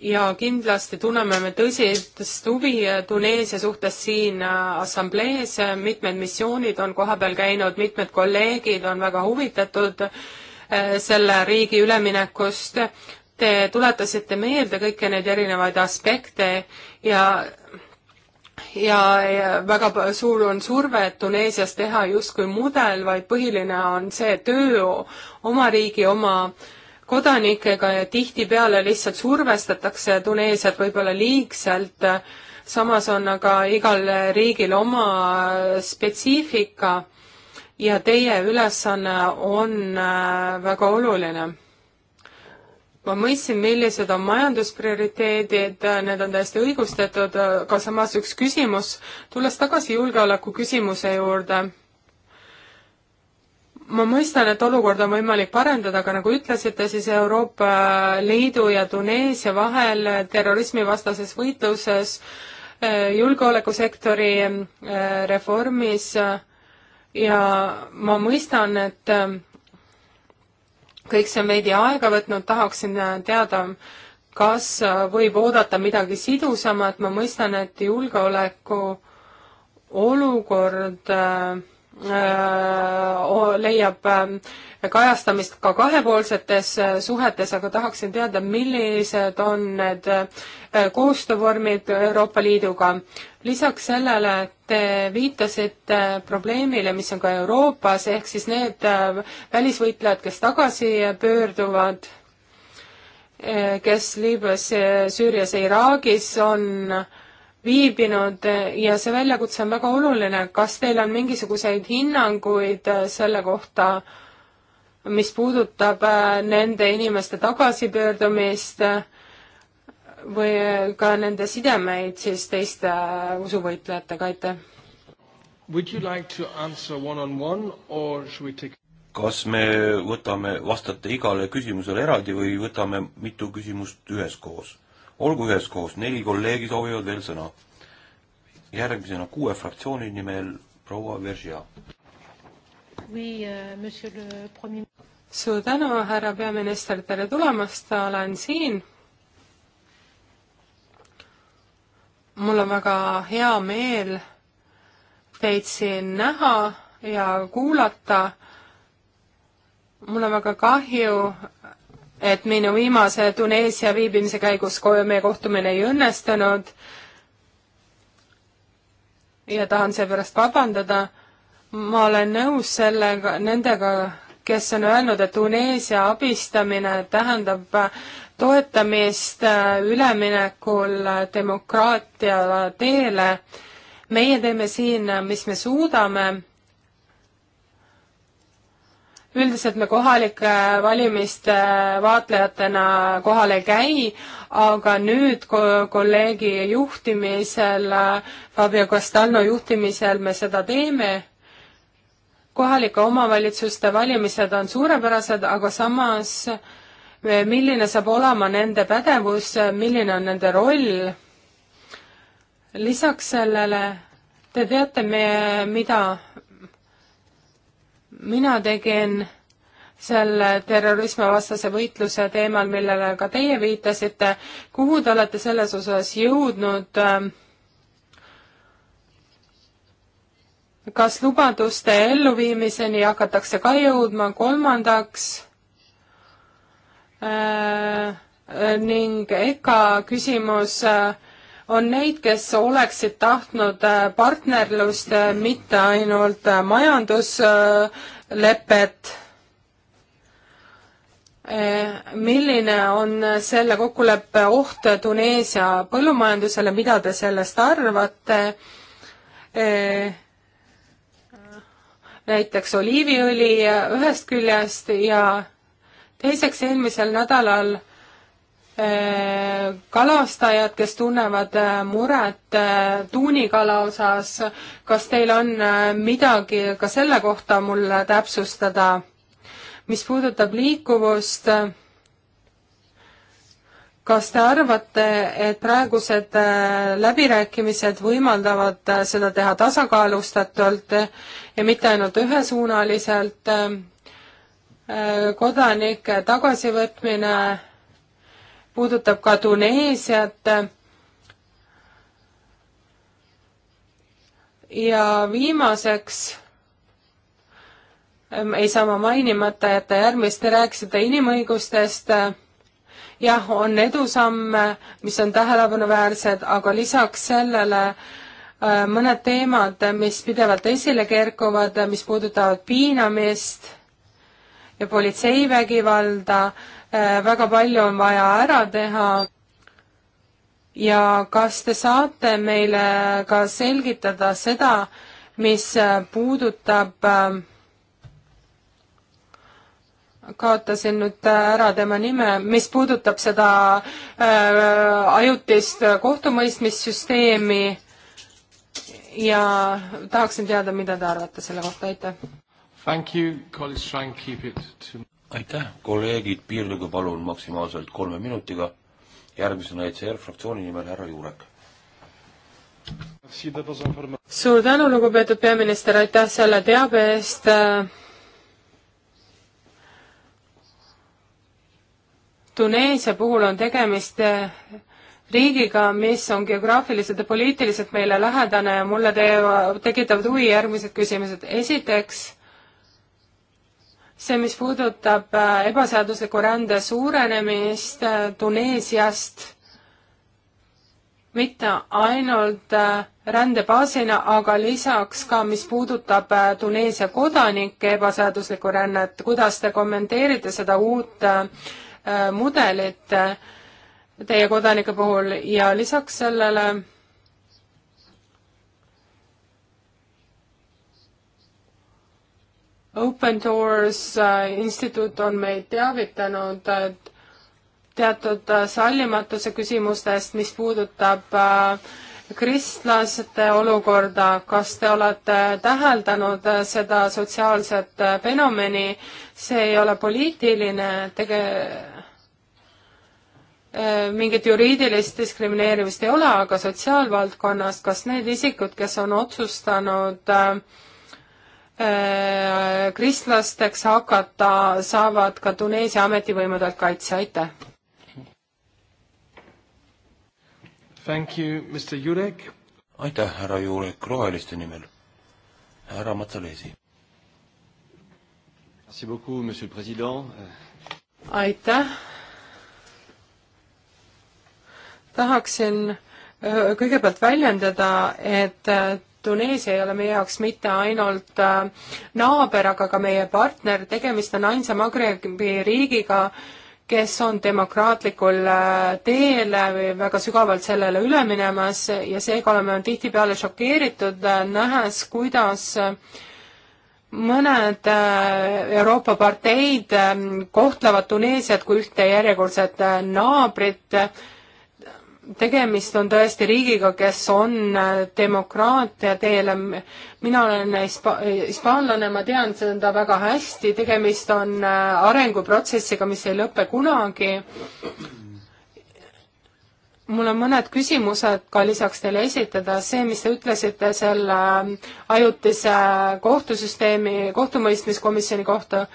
ja kindlasti tunneme me tõsist huvi Tuneesia suhtes siin äh, assamblees, mitmed missioonid on kohapeal käinud, mitmed kolleegid on väga huvitatud äh, selle riigi üleminekust. Te tuletasite meelde kõiki neid erinevaid aspekte ja ja, ja väga suur on surve, et Tuneesias teha justkui mudel, vaid põhiline on see töö oma riigi, oma äh, kodanikega ja tihtipeale lihtsalt survestatakse Tuneesiat võib-olla liigselt, samas on aga igal riigil oma spetsiifika ja teie ülesanne on äh, väga oluline. ma mõistsin, millised on majandusprioriteedid, äh, need on täiesti õigustatud, äh, aga samas üks küsimus, tulles tagasi julgeoleku küsimuse juurde ma mõistan, et olukorda on võimalik parendada, aga nagu ütlesite, siis Euroopa Liidu ja Tuneesia vahel terrorismivastases võitluses, eh, julgeolekusektori eh, reformis eh, ja ma mõistan, et kõik see on veidi aega võtnud, tahaksin teada, kas võib oodata midagi sidusamat, ma mõistan, et julgeoleku olukord äh, leiab ähm, kajastamist ka kahepoolsetes äh, suhetes, aga tahaksin teada, millised on need äh, koostöövormid Euroopa Liiduga. lisaks sellele te viitasite probleemile, mis on ka Euroopas, ehk siis need äh, välisvõitlejad, kes tagasi pöörduvad, kes Liibüas, Süürias ja Iraagis on äh, viibinud ja see väljakutse on väga oluline. kas teil on mingisuguseid hinnanguid selle kohta, mis puudutab äh, nende inimeste tagasipöördumist äh, või äh, ka nende sidemeid siis teiste usuvõitlejatega, aitäh! Would you like to answer one on one or should we take kas me võtame, vastate igale küsimusele eraldi või võtame mitu küsimust üheskoos? olgu üheskoos, neli kolleegi soovivad veel sõna. järgmisena kuue fraktsiooni nimel proua Veržia. Euh, suur tänu, härra peaminister, tere tulemast, olen siin. mul on väga hea meel teid siin näha ja kuulata. mul on väga kahju, et minu viimase Tuneesia viibimise käigus meie kohtumine ei õnnestunud ja tahan seepärast vabandada. ma olen nõus sellega, nendega, kes on öelnud, et Tuneesia abistamine tähendab toetamist äh, üleminekul äh, demokraatia teele. meie teeme siin, äh, mis me suudame üldiselt me kohalike valimiste vaatlejatena kohal ei käi, aga nüüd kolleegi juhtimisel, Fabio Castalno juhtimisel me seda teeme. kohalike omavalitsuste valimised on suurepärased, aga samas milline saab olema nende pädevus, milline on nende roll. lisaks sellele, te teate, me, mida mina tegin selle terrorismivastase võitluse teemal, millele ka teie viitasite, kuhu te olete selles osas jõudnud äh, kas lubaduste elluviimiseni hakatakse ka jõudma, kolmandaks äh, ning EKA küsimus äh, on neid, kes oleksid tahtnud äh, partnerlust äh, mitte ainult äh, majandus äh, lepet. Eh, milline on selle kokkuleppe oht Tuneesia põllumajandusele, mida te sellest arvate? Eh, näiteks oliiviõli ühest küljest ja teiseks eelmisel nädalal äh, Äh, kalastajad, kes tunnevad äh, muret äh, tuunikala osas, kas teil on midagi ka selle kohta mulle täpsustada? mis puudutab liikuvust, kas te arvate, et praegused läbirääkimised võimaldavad seda teha tasakaalustatult ja mitte ainult ühesuunaliselt, kodanike tagasivõtmine puudutab ka Tuneesiat ja viimaseks ähm, ei saa ma mainimata jätta järgmist, te rääkisite inimõigustest, jah, on edusamme, mis on tähelepanuväärsed, aga lisaks sellele äh, mõned teemad, mis pidevalt esile kerkuvad, mis puudutavad piinamist ja politseivägivalda, Äh, väga palju on vaja ära teha ja kas te saate meile ka selgitada seda, mis äh, puudutab äh, kaotasin nüüd ära tema nime, mis puudutab seda äh, ajutist kohtumõistmissüsteemi ja tahaksin teada, mida te arvate selle kohta, aitäh. Thank you, colleagues, try and keep it to aitäh, kolleegid, piirduge palun maksimaalselt kolme minutiga. järgmisena ECR fraktsiooni nimel härra Juurek. suur tänu, lugupeetud peaminister, aitäh selle teabe eest Tuneesia puhul on tegemist riigiga, mis on geograafiliselt ja poliitiliselt meile lähedane ja mulle teevad, tekitavad huvi järgmised küsimused. esiteks, see, mis puudutab äh, ebaseadusliku rände suurenemist äh, Tuneesiast, mitte ainult äh, rändebaasina, aga lisaks ka, mis puudutab Tuneesia kodanike ebaseaduslikku rännet, kuidas te kommenteerite seda uut mudelit teie kodanike puhul ja lisaks sellele Open Doors äh, instituut on meid teavitanud äh, teatud äh, sallimatuse küsimustest, mis puudutab kristlaste olukorda, kas te olete täheldanud seda sotsiaalset fenomeni, see ei ole poliitiline tege-, mingit juriidilist diskrimineerimist ei ole, aga sotsiaalvaldkonnas, kas need isikud, kes on otsustanud äh, Äh, kristlasteks hakata saavad ka Tuneesia ametivõimudelt kaitse, aitäh! Thank you, Mr Jurek! aitäh, härra Jurek, Roheliste nimel, härra Matsalesi! Merci beaucoup, monsieur le president! aitäh! tahaksin äh, kõigepealt väljendada, et äh, Tuneesia ei ole meie jaoks mitte ainult äh, naaber, aga ka meie partner, tegemist on ainsa Magrebi riigiga, kes on demokraatlikul äh, teel väga sügavalt sellele üle minemas ja seega oleme tihtipeale šokeeritud, äh, nähes, kuidas mõned Euroopa parteid kohtlevad Tuneesiat kui ühte järjekordset naabrit tegemist on tõesti riigiga, kes on äh, demokraatia teel, mina olen hispa-, hispaanlane, ma tean seda väga hästi, tegemist on äh, arenguprotsessiga, mis ei lõpe kunagi. mul on mõned küsimused ka lisaks teile esitada, see, mis te ütlesite selle äh, ajutise kohtusüsteemi, kohtumõistmiskomisjoni kohta,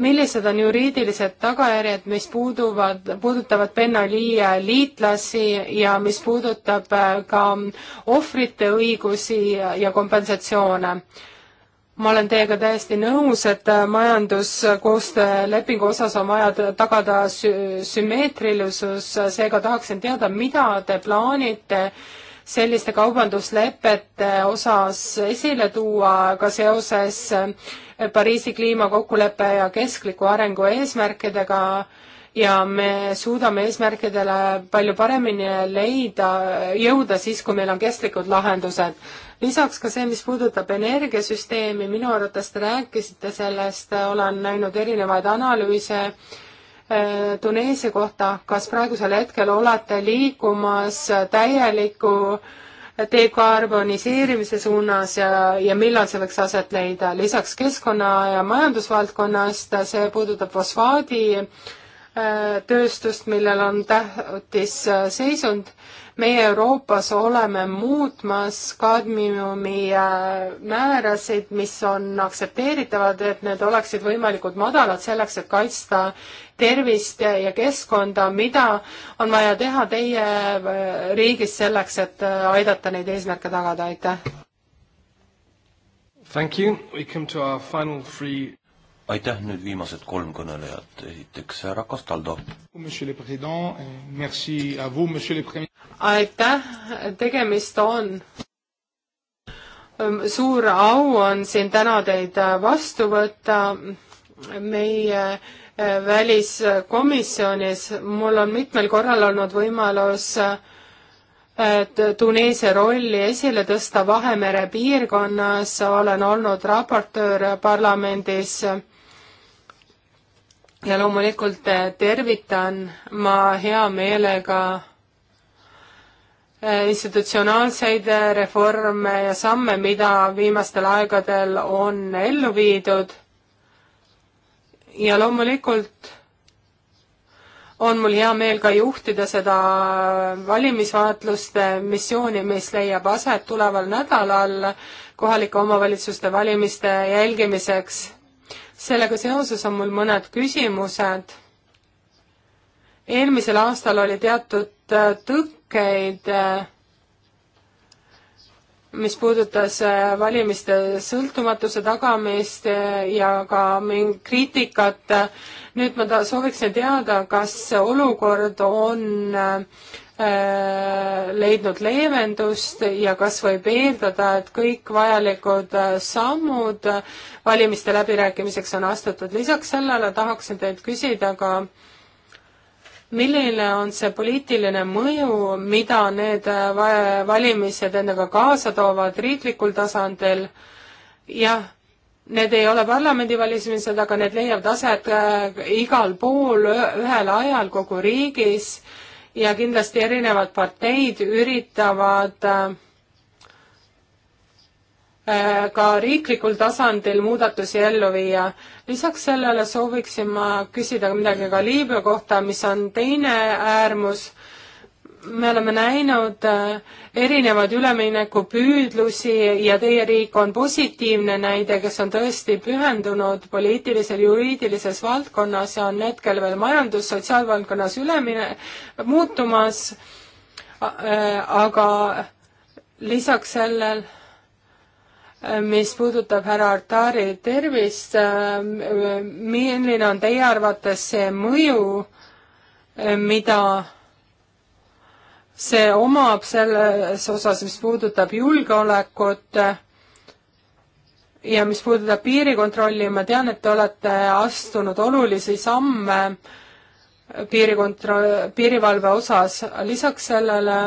millised on juriidilised tagajärjed, mis puuduvad, puudutavad Benali liitlasi ja mis puudutab äh, ka ohvrite õigusi ja kompensatsioone? ma olen teiega täiesti nõus, et äh, majanduskoostöö lepingu osas on vaja tagada sü-, sümmeetrilisus, seega tahaksin teada, mida te plaanite äh, selliste kaubanduslepete osas esile tuua ka seoses eh, Pariisi kliimakokkuleppe ja keskliku arengu eesmärkidega ja me suudame eesmärkidele palju paremini leida, jõuda siis, kui meil on kestlikud lahendused. lisaks ka see, mis puudutab energiasüsteemi, minu arvates te rääkisite sellest, olen näinud erinevaid analüüse äh, Äh, Tuneesia kohta, kas praegusel hetkel olete liikumas täieliku dekarboniseerimise suunas ja, ja millal see võiks aset leida. lisaks keskkonna ja majandusvaldkonnast, see puudutab fosfaadi äh, tööstust, millel on tähtis äh, seisund. meie Euroopas oleme muutmas kadmiumi määrasid, mis on aktsepteeritavad, et need oleksid võimalikult madalad selleks, et kaitsta tervist ja keskkonda, mida on vaja teha teie äh, riigis selleks, et äh, aidata neid eesmärke tagada, aitäh! Thank you, we come to our final three aitäh, nüüd viimased kolm kõnelejat, esiteks härra Castaldo. aitäh, tegemist on ähm, suur au on siin täna teid äh, vastu võtta. meie väliskomisjonis, mul on mitmel korral olnud võimalus äh, Tuneesia rolli esile tõsta Vahemere piirkonnas, olen olnud raportöör parlamendis ja loomulikult äh, tervitan ma hea meelega äh, institutsionaalseid reforme ja samme, mida viimastel aegadel on ellu viidud ja loomulikult on mul hea meel ka juhtida seda valimisvaatluste missiooni, mis leiab aset tuleval nädalal kohalike omavalitsuste valimiste jälgimiseks. sellega seoses on mul mõned küsimused. eelmisel aastal oli teatud tõkkeid mis puudutas äh, valimiste sõltumatuse tagamist äh, ja ka mingit kriitikat. nüüd ma ta-, sooviksin teada, kas olukord on äh, äh leidnud leevendust ja kas võib eeldada, et kõik vajalikud sammud valimiste läbirääkimiseks on astutud. lisaks sellele tahaksin teilt küsida ka äh, milline on see poliitiline mõju, mida need äh, valimised endaga kaasa toovad riiklikul tasandil, jah, need ei ole parlamendivalimised, aga need leiavad aset äh, igal pool ühel ajal kogu riigis ja kindlasti erinevad parteid üritavad äh, Äh, ka riiklikul tasandil muudatusi ellu viia. lisaks sellele sooviksin ma küsida midagi ka Liibüa kohta, mis on teine äärmus. me oleme näinud äh, erinevaid üleminekupüüdlusi ja teie riik on positiivne näide, kes on tõesti pühendunud poliitilisel, juriidilises valdkonnas ja on hetkel veel majandus-, sotsiaalvaldkonnas ülemine-, muutumas, äh, aga lisaks sellel mis puudutab härra Artari tervist, ähm, milline on teie arvates see mõju, äh, mida see omab selles osas, mis puudutab julgeolekut äh, ja mis puudutab piirikontrolli, ma tean, et te olete astunud olulisi samme äh, piirikontra-, piirivalve osas. lisaks sellele,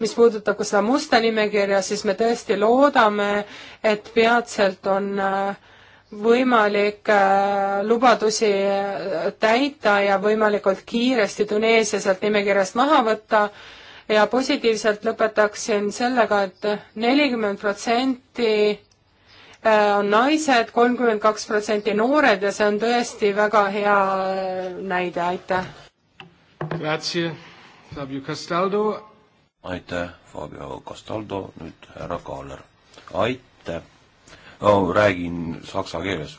mis puudutab ka seda musta nimekirja, siis me tõesti loodame, et peatselt on äh, võimalik äh, lubadusi äh, täita ja võimalikult kiiresti Tuneesia sealt nimekirjast maha võtta ja positiivselt lõpetaksin sellega et, et nelikümmend protsenti Äh, on naised, kolmkümmend kaks protsenti noored ja see on tõesti väga hea äh, näide, aitäh. Grazie, Fabio Castaldo. aitäh, Fabio Castaldo, nüüd härra Kaaler. aitäh oh,. räägin saksa keeles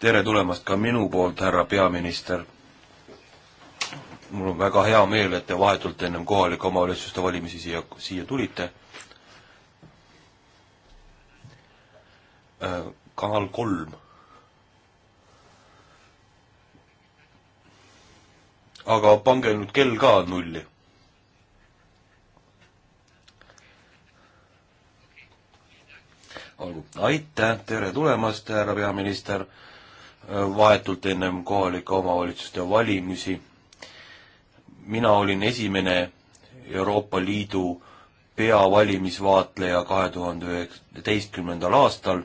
tere tulemast ka minu poolt, härra peaminister mul on väga hea meel, et te vahetult ennem kohalike omavalitsuste valimisi siia, siia tulite. Äh, kanal kolm. aga pange nüüd kell ka nulli. olgu, aitäh, tere tulemast, härra peaminister, äh, vahetult ennem kohalike omavalitsuste valimisi mina olin esimene Euroopa Liidu peavalimisvaatleja kahe tuhande üheksateistkümnendal aastal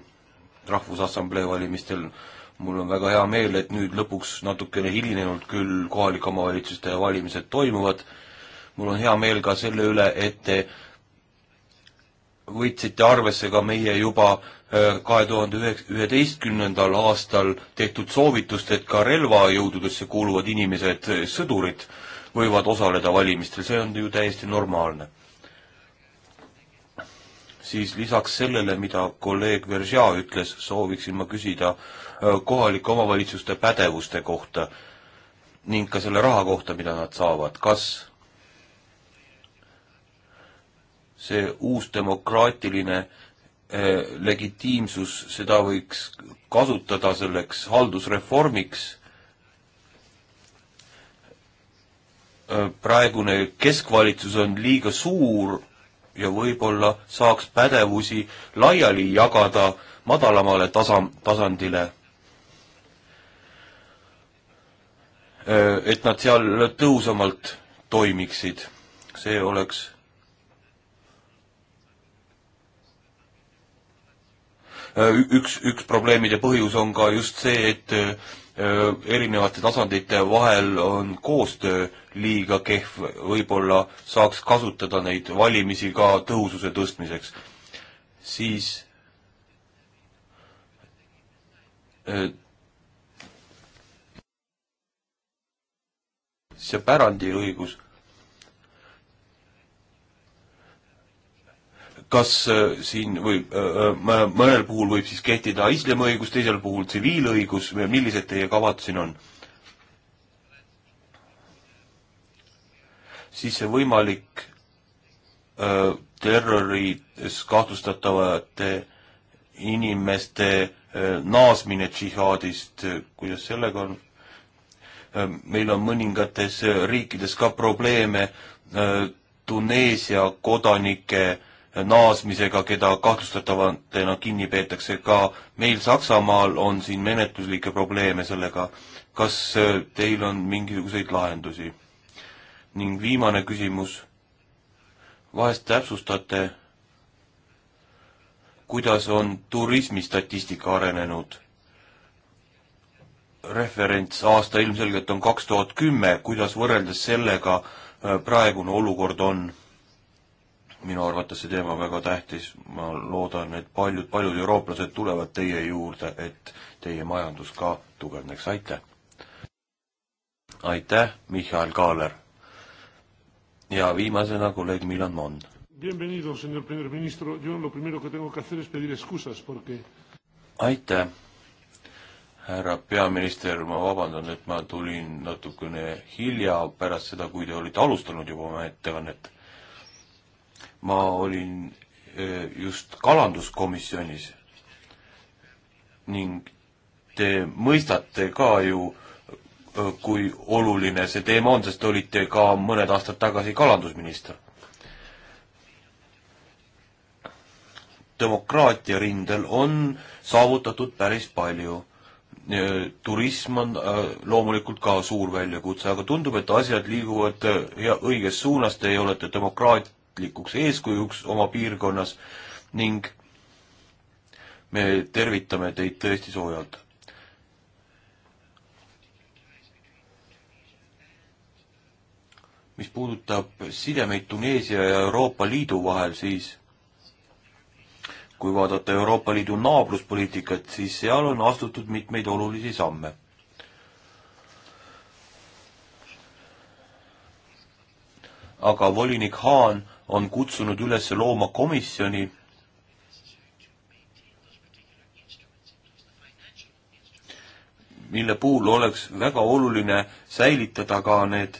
Rahvusassamblee valimistel. mul on väga hea meel, et nüüd lõpuks natukene hilinenult küll kohalike omavalitsuste valimised toimuvad. mul on hea meel ka selle üle, et te võtsite arvesse ka meie juba äh, kahe tuhande üheteistkümnendal aastal tehtud soovitust, et ka relvajõududesse kuuluvad inimesed, sõdurid, võivad osaleda valimistel, see on ju täiesti normaalne. siis lisaks sellele, mida kolleeg Veržia ütles, sooviksin ma küsida äh, kohalike omavalitsuste pädevuste kohta ning ka selle raha kohta, mida nad saavad, kas see uus demokraatiline äh, legitiimsus, seda võiks kasutada selleks haldusreformiks Äh, praegune keskvalitsus on liiga suur ja võib-olla saaks pädevusi laiali jagada madalamale tasa, tasandile. Äh, et nad seal tõhusamalt toimiksid, see oleks äh, üks, üks probleemide põhjus on ka just see, et erinevate tasandite vahel on koostöö liiga kehv, võib-olla saaks kasutada neid valimisi ka tõhususe tõstmiseks, siis äh, see pärandiõigus, kas äh, siin võib, äh, mõnel puhul võib siis kehtida islamiõigus, teisel puhul tsiviilõigus, millised teie kavad siin on? siis see võimalik öö, terroris kahtlustatavate inimeste öö, naasmine džihaadist, kuidas sellega on? meil on mõningates riikides ka probleeme öö, Tuneesia kodanike naasmisega, keda kahtlustatavatena kinni peetakse, ka meil Saksamaal on siin menetluslikke probleeme sellega. kas teil on mingisuguseid lahendusi? ning viimane küsimus. vahest täpsustate, kuidas on turismistatistika arenenud? referentsaasta ilmselgelt on kaks tuhat kümme, kuidas võrreldes sellega äh, praegune olukord on? minu arvates see teema väga tähtis, ma loodan, et paljud, paljud eurooplased tulevad teie juurde, et teie majandus ka tugevneks, aitäh! aitäh, Mihhail Kaaler! ja viimasena kolleeg Milan Mon. Bienvenido, senor primer ministro, yo lo primero que tengo que hacer es pedir excusas porque aitäh, härra peaminister, ma vabandan, et ma tulin natukene hilja pärast seda, kui te olite alustanud juba oma ettekannet. ma olin eh, just kalanduskomisjonis ning te mõistate ka ju, kui oluline see teema on, sest te olite ka mõned aastad tagasi kalandusminister. demokraatia rindel on saavutatud päris palju. turism on loomulikult ka suur väljakutse, aga tundub, et asjad liiguvad ja õiges suunas, te olete demokraatlikuks eeskujuks oma piirkonnas ning me tervitame teid tõesti soojalt mis puudutab sidemeid Tuneesia ja Euroopa Liidu vahel, siis kui vaadata Euroopa Liidu naabruspoliitikat, siis seal on astutud mitmeid olulisi samme. aga volinik Haan on kutsunud üles looma komisjoni, mille puhul oleks väga oluline säilitada ka need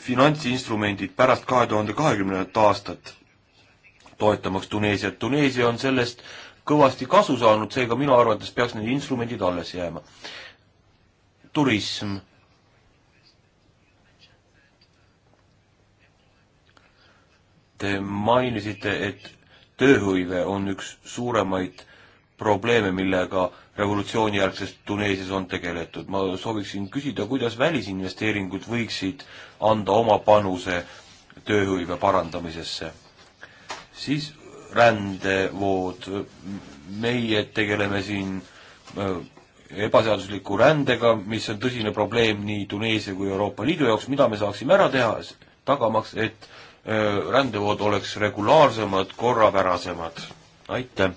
finantsinstrumendid pärast kahe tuhande kahekümnendat aastat, toetamaks Tuneesiat. Tuneesia on sellest kõvasti kasu saanud, seega minu arvates peaks need instrumendid alles jääma. turism. Te mainisite, et tööhõive on üks suuremaid probleeme, millega revolutsioonijärgses Tuneesias on tegeletud. ma sooviksin küsida, kuidas välisinvesteeringud võiksid anda oma panuse tööhõive parandamisesse. siis rändevood, meie tegeleme siin äh, ebaseadusliku rändega, mis on tõsine probleem nii Tuneesia kui Euroopa Liidu jaoks, mida me saaksime ära teha, tagamaks, et äh, rändevood oleks regulaarsemad, korrapärasemad. aitäh!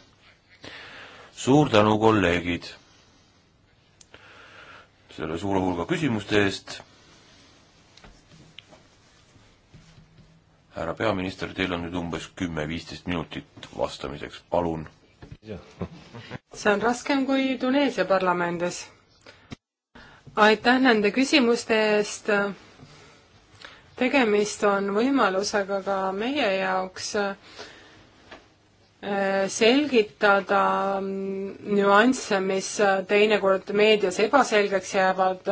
suur tänu, kolleegid, selle suure hulga küsimuste eest. härra peaminister, teil on nüüd umbes kümme-viisteist minutit vastamiseks, palun. see on raskem kui Tuneesia parlamendis. aitäh nende küsimuste eest. tegemist on võimalusega ka meie jaoks äh, Äh, selgitada mm, nüansse, mis äh, teinekord meedias ebaselgeks jäävad.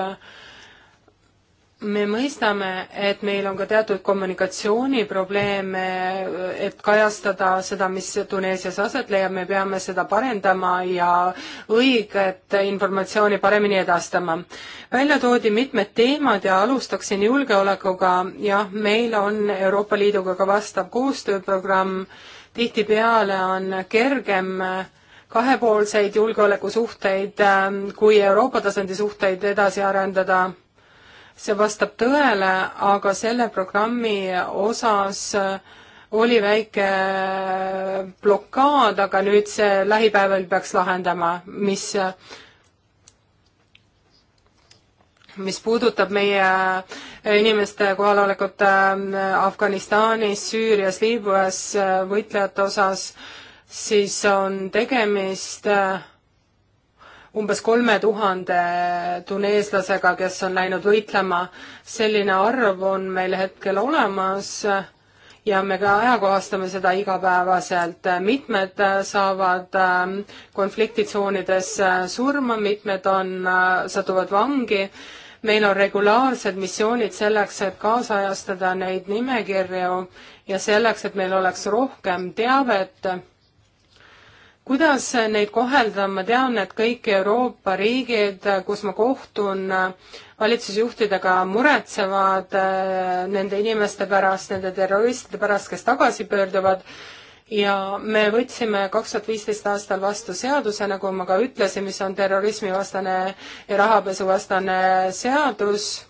me mõistame, et meil on ka teatud kommunikatsiooniprobleeme, et kajastada seda, mis Tuneesias aset leiab, me peame seda parendama ja õiget informatsiooni paremini edastama. välja toodi mitmed teemad ja alustaksin julgeolekuga, jah, meil on Euroopa Liiduga ka vastav koostööprogramm tihtipeale on kergem kahepoolseid julgeolekusuhteid ähm, kui Euroopa tasandi suhteid edasi arendada see vastab tõele, aga selle programmi osas äh, oli väike äh, blokaad, aga nüüd see lähipäevil peaks lahendama, mis äh, mis puudutab meie inimeste kohalolekut äh, Afganistanis, Süürias, Liibüas äh, võitlejate osas, siis on tegemist äh, umbes kolme tuhande tuneeslasega, kes on läinud võitlema. selline arv on meil hetkel olemas ja me ka ajakohastame seda igapäevaselt. mitmed saavad konfliktitsoonides surma, mitmed on, satuvad vangi meil on regulaarsed missioonid selleks, et kaasajastada neid nimekirju ja selleks, et meil oleks rohkem teavet. kuidas neid kohelda, ma tean, et kõik Euroopa riigid, kus ma kohtun, valitsusjuhtidega muretsevad äh, nende inimeste pärast, nende terroristide pärast, kes tagasi pöörduvad ja me võtsime kaks tuhat viisteist aastal vastu seaduse, nagu ma ka ütlesin, mis on terrorismivastane ja rahapesuvastane seadus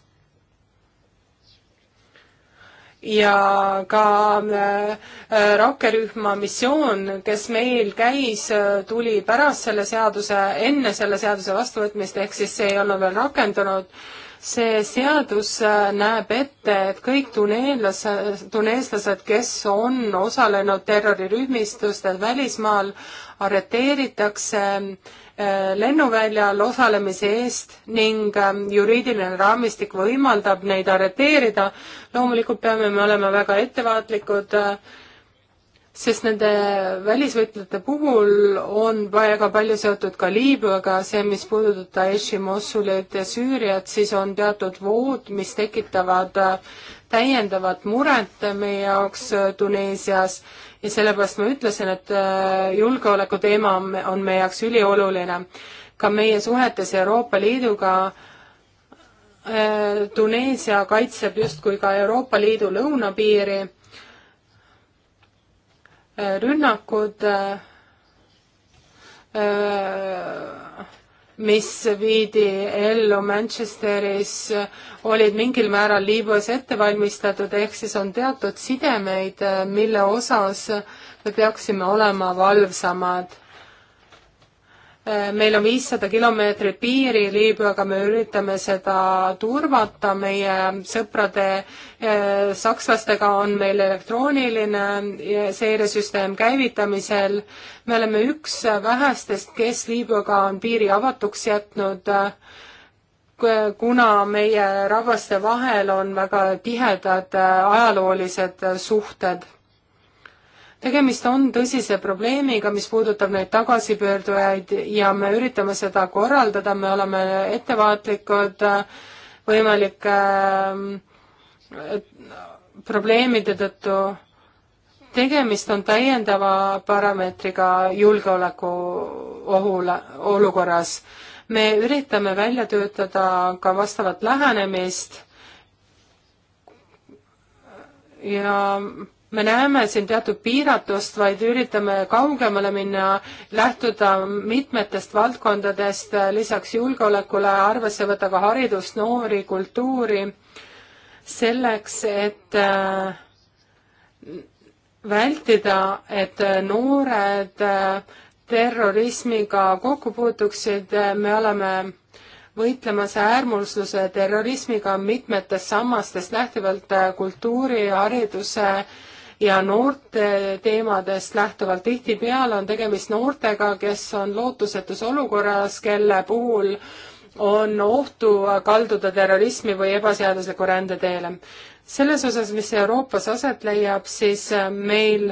ja ka äh, rakkerühma missioon, kes meil käis, äh, tuli pärast selle seaduse, enne selle seaduse vastuvõtmist, ehk siis see ei olnud veel rakendunud see seadus äh, näeb ette, et kõik tuneellased, tuneeslased, kes on osalenud terrorirühmistustel välismaal, arreteeritakse äh, lennuväljal osalemise eest ning äh, juriidiline raamistik võimaldab neid arreteerida. loomulikult peame me olema väga ettevaatlikud äh, sest nende välisvõitlejate puhul on väga palju seotud ka Liibüaga, see, mis puudutab Daeshi, Mosulit ja Süüriat, siis on teatud vood, mis tekitavad äh, täiendavat muret meie jaoks äh, Tuneesias ja sellepärast ma ütlesin, et äh, julgeoleku teema on meie jaoks ülioluline. ka meie suhetes Euroopa Liiduga Tuneesia kaitseb justkui ka Euroopa Liidu lõunapiiri rünnakud, äh, äh, mis viidi ellu Manchesteris, olid mingil määral Liibüas ette valmistatud, ehk siis on teatud sidemeid, äh, mille osas me peaksime olema valvsamad meil on viissada kilomeetrit piiri Liibüaga, me üritame seda turvata, meie sõprade eh, sakslastega on meil elektrooniline eh, seiresüsteem käivitamisel. me oleme üks vähestest, kes Liibüaga on piiri avatuks jätnud, eh, kuna meie rahvaste vahel on väga tihedad ajaloolised suhted tegemist on tõsise probleemiga, mis puudutab neid tagasipöördujaid ja me üritame seda korraldada, me oleme ettevaatlikud äh, võimalike äh, probleemide tõttu. tegemist on täiendava parameetriga julgeoleku ohule, olukorras. me üritame välja töötada ka vastavat lähenemist ja me näeme siin teatud piiratust, vaid üritame kaugemale minna, lähtuda mitmetest valdkondadest, lisaks julgeolekule arvesse võtta ka haridust, noori, kultuuri, selleks, et äh, vältida, et noored äh, terrorismiga kokku puutuksid, me oleme võitlemas äärmusluse terrorismiga mitmetest sammastest lähtuvalt äh, kultuuri, hariduse äh, ja noorte teemadest lähtuvalt tihtipeale on tegemist noortega, kes on lootusetus olukorras, kelle puhul on ohtu kalduda terrorismi või ebaseadusliku rände teele. selles osas, mis Euroopas aset leiab, siis äh, meil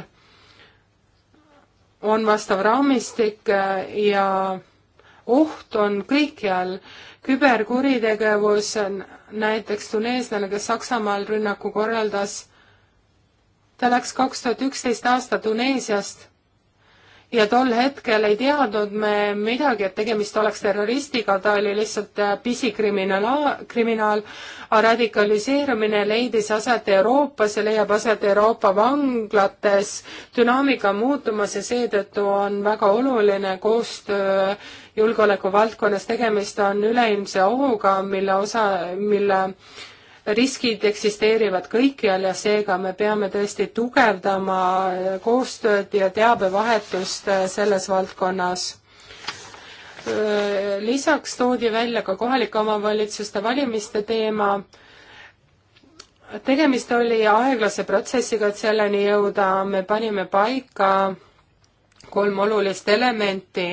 on vastav raamistik äh, ja oht on kõikjal. küberkuritegevus, näiteks tuneeslane, kes Saksamaal rünnaku korraldas, ta läks kaks tuhat üksteist aasta Tuneesiast ja tol hetkel ei teadnud me midagi, et tegemist oleks terroristiga, ta oli lihtsalt äh, pisikriminaal, kriminaal. radikaliseerumine leidis aset Euroopas ja leiab aset Euroopa vanglates. dünaamika on muutumas ja seetõttu on väga oluline koostöö julgeoleku valdkonnas, tegemist on üleilmse ohuga, mille osa, mille riskid eksisteerivad kõikjal ja seega me peame tõesti tugevdama äh, koostööd ja teabevahetust äh, selles valdkonnas. Äh, lisaks toodi välja ka kohalike omavalitsuste valimiste teema tegemist oli aeglase protsessiga, et selleni jõuda, me panime paika kolm olulist elementi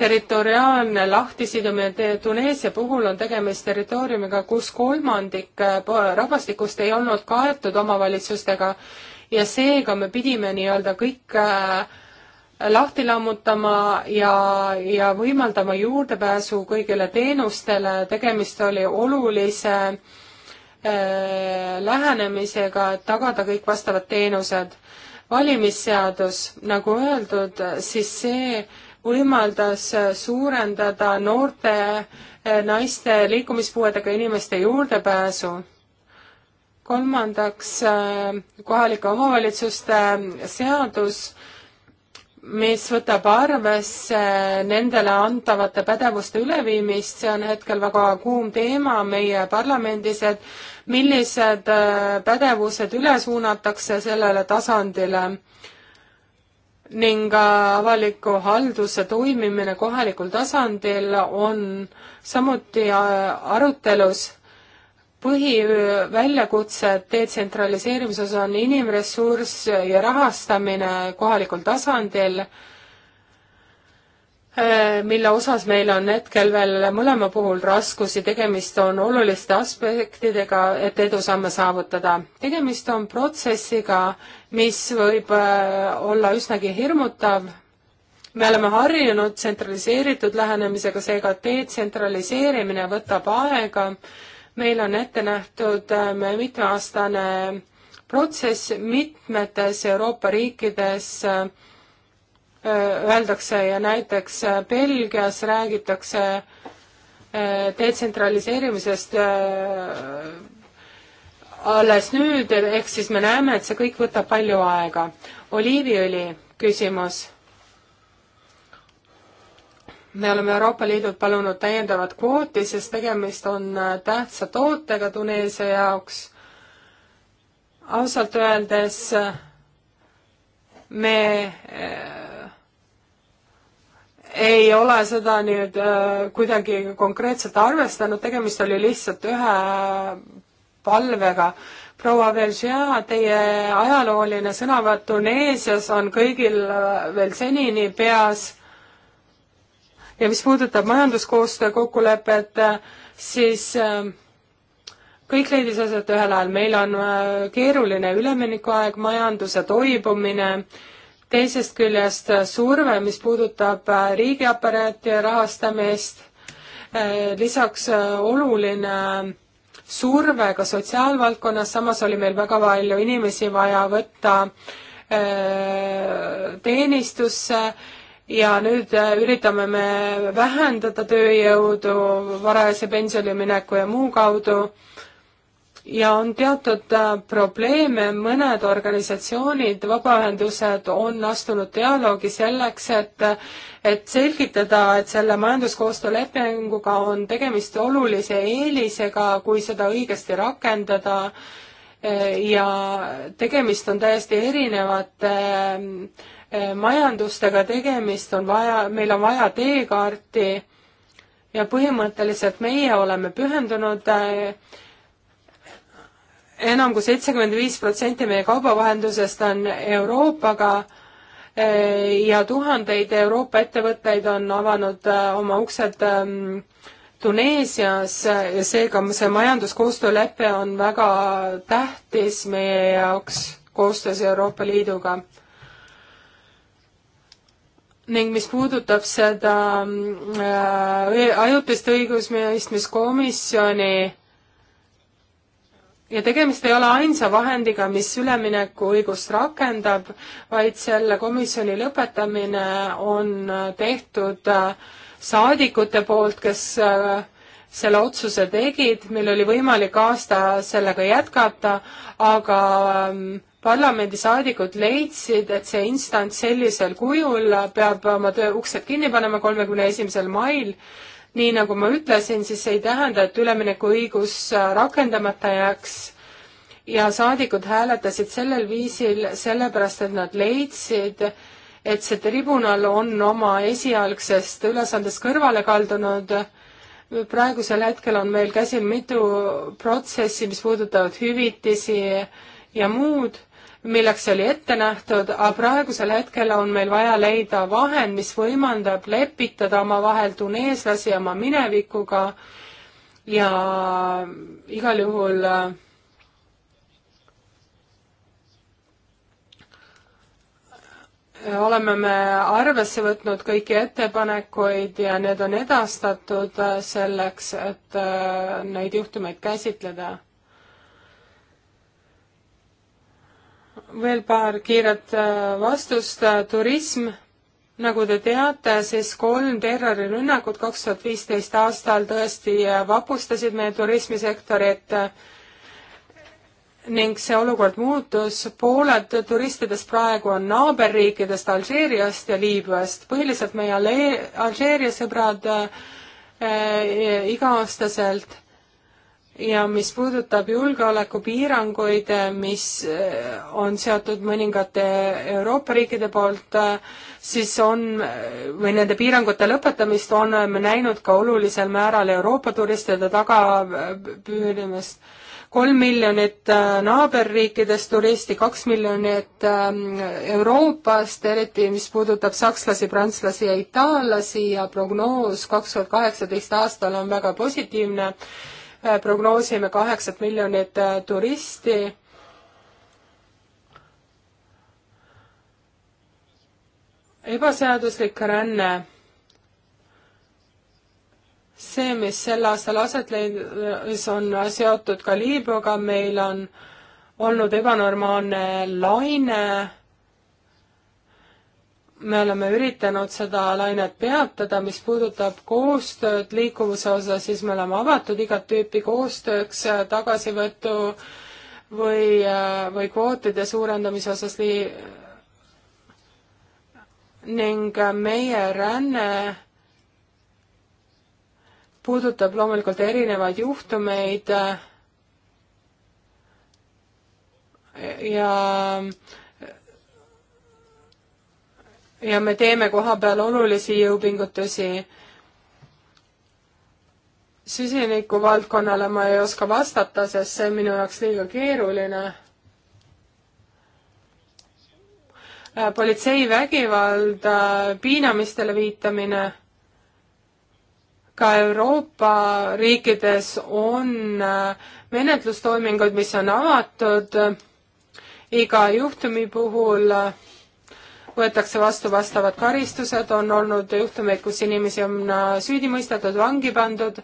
territoriaalne lahtisidumine Tuneesia puhul on tegemist territooriumiga, kus kolmandik äh, rahvastikust ei olnud kaetud omavalitsustega ja seega me pidime nii-öelda kõik äh, lahti lammutama ja, ja võimaldama juurdepääsu kõigile teenustele, tegemist oli olulise äh, lähenemisega, et tagada kõik vastavad teenused. valimisseadus, nagu öeldud, siis see äh, võimaldas suurendada noorte eh, naiste liikumispuuetega inimeste juurdepääsu. kolmandaks, eh, kohalike omavalitsuste seadus, mis võtab arvesse nendele antavate pädevuste üleviimist, see on hetkel väga kuum teema meie parlamendis, et millised eh, pädevused üle suunatakse sellele tasandile ning avaliku halduse toimimine kohalikul tasandil on samuti äh, arutelus. põhiväljakutsed äh, detsentraliseerimises on inimressurss ja rahastamine kohalikul tasandil, äh, mille osas meil on hetkel veel mõlema puhul raskusi, tegemist on oluliste aspektidega, et edusamme saavutada. tegemist on protsessiga, mis võib äh, olla üsnagi hirmutav. me oleme harjunud tsentraliseeritud lähenemisega, seega detsentraliseerimine võtab aega. meil on ette nähtud äh, mitmeaastane protsess mitmetes Euroopa riikides äh, öeldakse ja näiteks Belgias räägitakse detsentraliseerimisest alles nüüd, ehk siis me näeme, et see kõik võtab palju aega. oliiviõli küsimus. me oleme Euroopa Liidult palunud täiendavat kvooti, sest tegemist on äh, tähtsa tootega Tuneesia jaoks. ausalt öeldes me äh, ei ole seda nüüd äh, kuidagi konkreetselt arvestanud, tegemist oli lihtsalt ühe palvega. proua Belgia, teie ajalooline sõnavõtt Tuneesias on kõigil äh, veel senini peas ja mis puudutab majanduskoostöö kokkulepet, äh, siis äh, kõik leidis aset ühel ajal, meil on keeruline üleminekuaeg, majanduse toibumine, teisest küljest surve, mis puudutab riigiaparaati rahastamist, lisaks oluline surve ka sotsiaalvaldkonnas, samas oli meil väga palju inimesi vaja võtta äh, teenistusse ja nüüd äh, üritame me vähendada tööjõudu varajase pensionile mineku ja muu kaudu ja on teatud äh, probleeme, mõned organisatsioonid, vabaühendused on astunud dialoogi selleks, et et selgitada, et selle majanduskoostöö lepinguga on tegemist olulise eelisega, kui seda õigesti rakendada äh, ja tegemist on täiesti erinevate äh, majandustega, tegemist on vaja, meil on vaja teekaarti ja põhimõtteliselt meie oleme pühendunud äh, enam kui seitsekümmend viis protsenti meie kaubavahendusest on Euroopaga eh, ja tuhandeid Euroopa ettevõtteid on avanud eh, oma uksed ehm, Tuneesias ja seega see majanduskoostöölepe on väga tähtis meie jaoks koostöös Euroopa Liiduga. ning mis puudutab seda äh, ajutist õigusmõistmiskomisjoni, ja tegemist ei ole ainsa vahendiga, mis üleminekuõigust rakendab, vaid selle komisjoni lõpetamine on tehtud äh, saadikute poolt, kes äh, selle otsuse tegid, meil oli võimalik aasta sellega jätkata, aga ähm, parlamendisaadikud leidsid, et see instants sellisel kujul peab oma töö uksed kinni panema kolmekümne esimesel mail nii nagu ma ütlesin, siis see ei tähenda, et üleminekuõigus äh, rakendamata jääks ja saadikud hääletasid sellel viisil sellepärast, et nad leidsid, et see tribunal on oma esialgsest ülesandest kõrvale kaldunud. praegusel hetkel on meil käsil mitu protsessi, mis puudutavad hüvitisi ja muud milleks oli ette nähtud, aga praegusel hetkel on meil vaja leida vahend, mis võimaldab lepitada omavahel tuneeslasi oma minevikuga ja igal juhul äh, oleme me arvesse võtnud kõiki ettepanekuid ja need on edastatud äh, selleks, et äh, neid juhtumeid käsitleda veel paar kiiret äh, vastust, äh, turism, nagu te teate, siis kolm terrorirünnakut kaks tuhat viisteist aastal tõesti äh, vapustasid meie turismisektorit ning see olukord muutus, pooled turistidest praegu on naaberriikidest Alžeeriast ja Liibüast, põhiliselt meie Alžeeria sõbrad äh, iga-aastaselt ja mis puudutab julgeolekupiiranguid, eh, mis eh, on seotud mõningate Euroopa riikide poolt, eh, siis on, või nende piirangute lõpetamist oleme näinud ka olulisel määral Euroopa turistide tagapüüdimist. kolm miljonit naaberriikidest turisti, kaks miljonit Euroopast, eriti mis puudutab sakslasi, prantslasi ja itaallasi ja prognoos kaks tuhat kaheksateist aastal on väga positiivne Äh, prognoosime kaheksat miljonit äh, turisti. ebaseaduslik ränne. see, mis sel aastal aset leidis, on seotud ka Liibüaga, meil on olnud ebanormaalne laine me oleme üritanud seda lainet peatada, mis puudutab koostööd liikuvuse osas, siis me oleme avatud igat tüüpi koostööks äh, tagasivõtu või, äh, või kvootide suurendamise osas li-, ning äh, meie ränne puudutab loomulikult erinevaid juhtumeid ja ja me teeme koha peal olulisi jõupingutusi. süsiniku valdkonnale ma ei oska vastata, sest see on minu jaoks liiga keeruline. Äh, politseivägivald, äh, piinamistele viitamine ka Euroopa riikides on äh, menetlustoiminguid, mis on avatud iga juhtumi puhul võetakse vastu vastavad karistused, on olnud juhtumeid, kus inimesi on äh, süüdi mõistetud, vangi pandud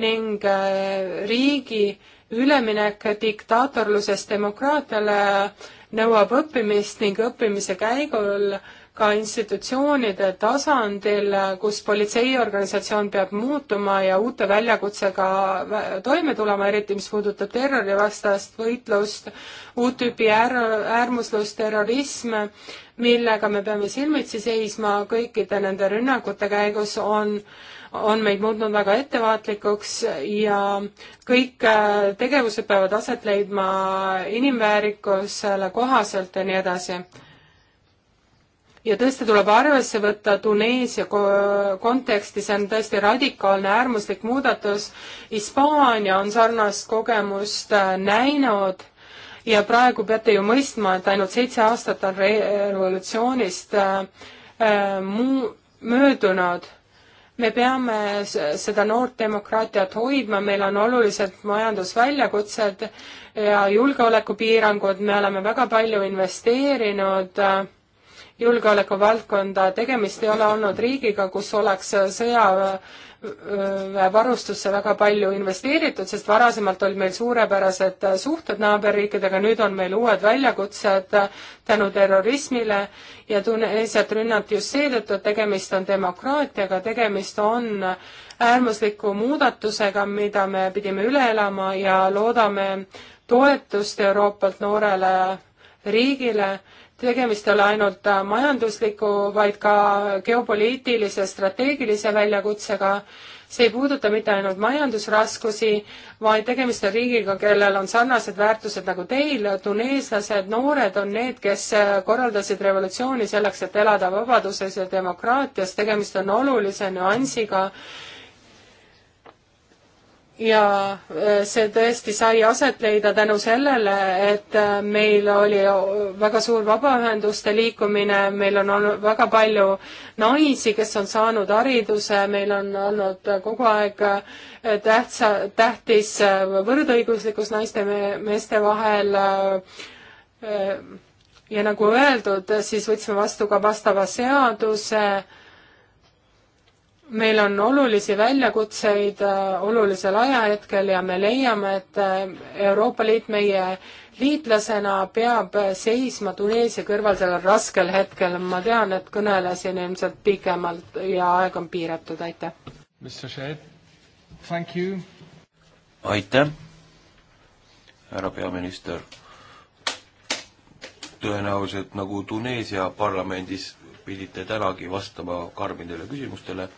ning äh, riigi üleminek diktaatorlusest demokraatiale nõuab õppimist ning õppimise käigul äh, ka institutsioonide tasandil, kus politseiorganisatsioon peab muutuma ja uute väljakutsega toime tulema, eriti mis puudutab terrorivastast võitlust, uut tüüpi äär-, äärmuslust, terrorism, millega me peame silmitsi seisma kõikide nende rünnakute käigus, on on meid muutnud väga ettevaatlikuks ja kõik äh, tegevused peavad aset leidma inimväärikusele kohaselt ja nii edasi ja tõesti tuleb arvesse võtta Tuneesia konteksti, see on tõesti radikaalne äärmuslik muudatus. Hispaania on sarnast kogemust äh, näinud ja praegu peate ju mõistma, et ainult seitse aastat on re revolutsioonist äh, äh muu-, möödunud. me peame seda noort demokraatiat hoidma, meil on olulised majandusväljakutsed ja julgeolekupiirangud, me oleme väga palju investeerinud äh, julgeolekuvaldkonda, tegemist ei ole olnud riigiga, kus oleks sõjaväevarustusse väga palju investeeritud, sest varasemalt olid meil suurepärased suhted naaberriikidega, nüüd on meil uued väljakutsed tänu terrorismile ja Tuneesiat rünnati just seetõttu, et tegemist on demokraatiaga, tegemist on äärmusliku muudatusega, mida me pidime üle elama ja loodame toetust Euroopalt noorele riigile tegemist ei ole ainult äh, majandusliku, vaid ka geopoliitilise, strateegilise väljakutsega. see ei puuduta mitte ainult majandusraskusi, vaid tegemist on riigiga, kellel on sarnased väärtused nagu teil, tuneeslased, noored on need, kes äh, korraldasid revolutsiooni selleks, et elada vabaduses ja demokraatias, tegemist on olulise nüansiga ja äh, see tõesti sai aset leida tänu sellele, et äh, meil oli äh, väga suur vabaühenduste liikumine, meil on olnud väga palju naisi, kes on saanud hariduse, meil on olnud kogu aeg tähtsa, tähtis võrdõiguslikkus naiste ja meeste vahel. ja nagu öeldud, siis võtsime vastu ka vastava seaduse meil on olulisi väljakutseid äh, olulisel ajahetkel ja me leiame, et äh, Euroopa Liit meie liitlasena peab seisma Tuneesia kõrval sellel raskel hetkel. ma tean, et kõnelesin ilmselt pikemalt ja aeg on piiratud, aitäh. aitäh, härra peaminister. tõenäoliselt nagu Tuneesia parlamendis pidite tänagi vastama karmidele küsimustele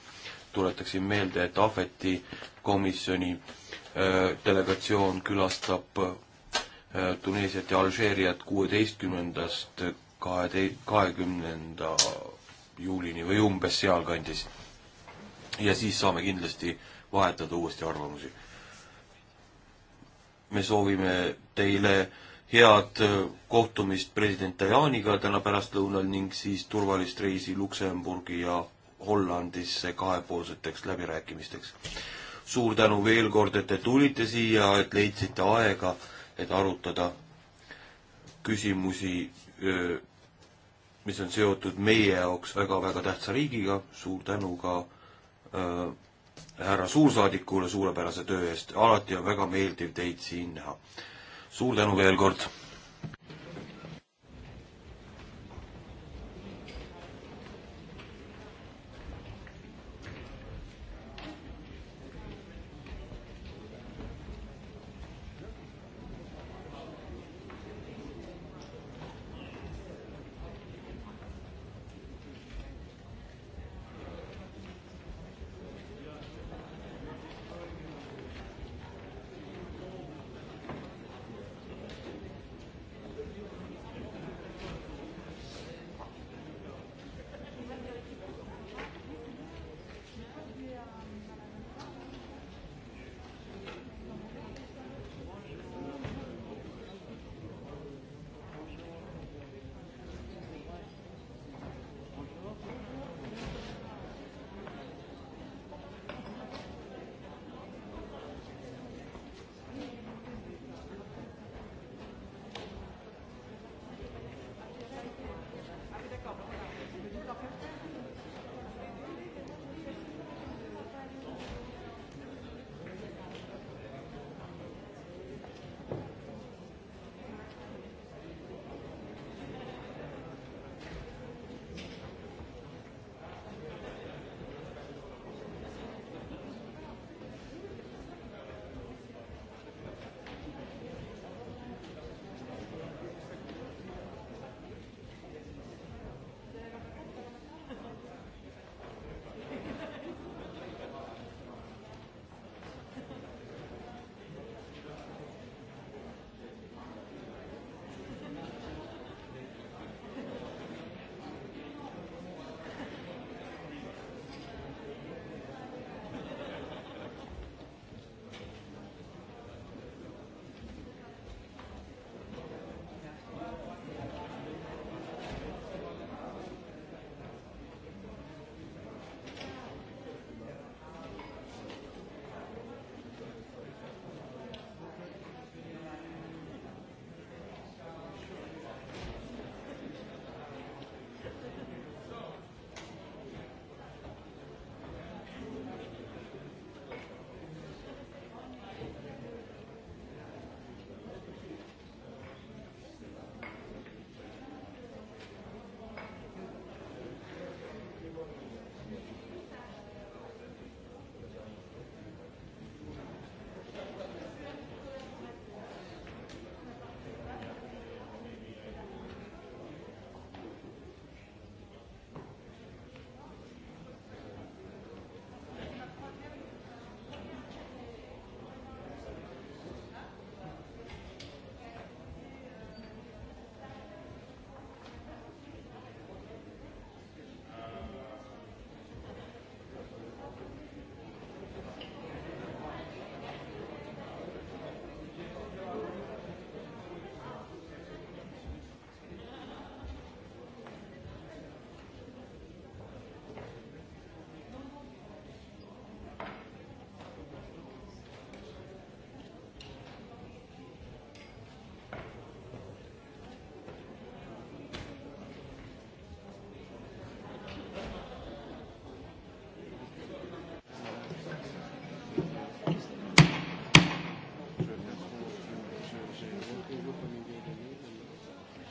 tuletaksin meelde, et Ahveti komisjoni äh, delegatsioon külastab äh, Tuneesiat ja Alžeeriat kuueteistkümnendast kahe, kahekümnenda juulini või umbes sealkandis. ja siis saame kindlasti vahetada uuesti arvamusi. me soovime teile head äh, kohtumist president Tajaniga täna pärastlõunal ning siis turvalist reisi Luksemburgi ja Hollandisse kahepoolseteks läbirääkimisteks. suur tänu veel kord, et te tulite siia, et leidsite aega, et arutada küsimusi, mis on seotud meie jaoks väga-väga tähtsa riigiga, suur tänu ka äh, härra suursaadikule suurepärase töö eest, alati on väga meeldiv teid siin näha. suur tänu veel kord!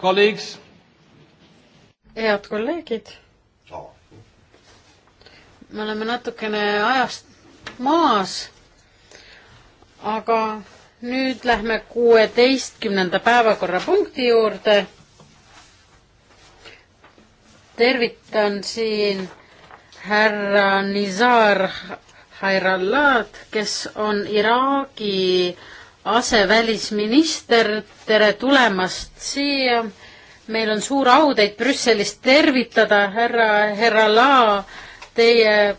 Colleagues. head kolleegid. me oleme natukene ajast maas. aga nüüd lähme kuueteistkümnenda päevakorrapunkti juurde. tervitan siin härra Nizar Hairallad, kes on Iraagi äh, asevälisminister, tere tulemast siia. meil on suur au teid Brüsselist tervitada, härra, härra Laa, teie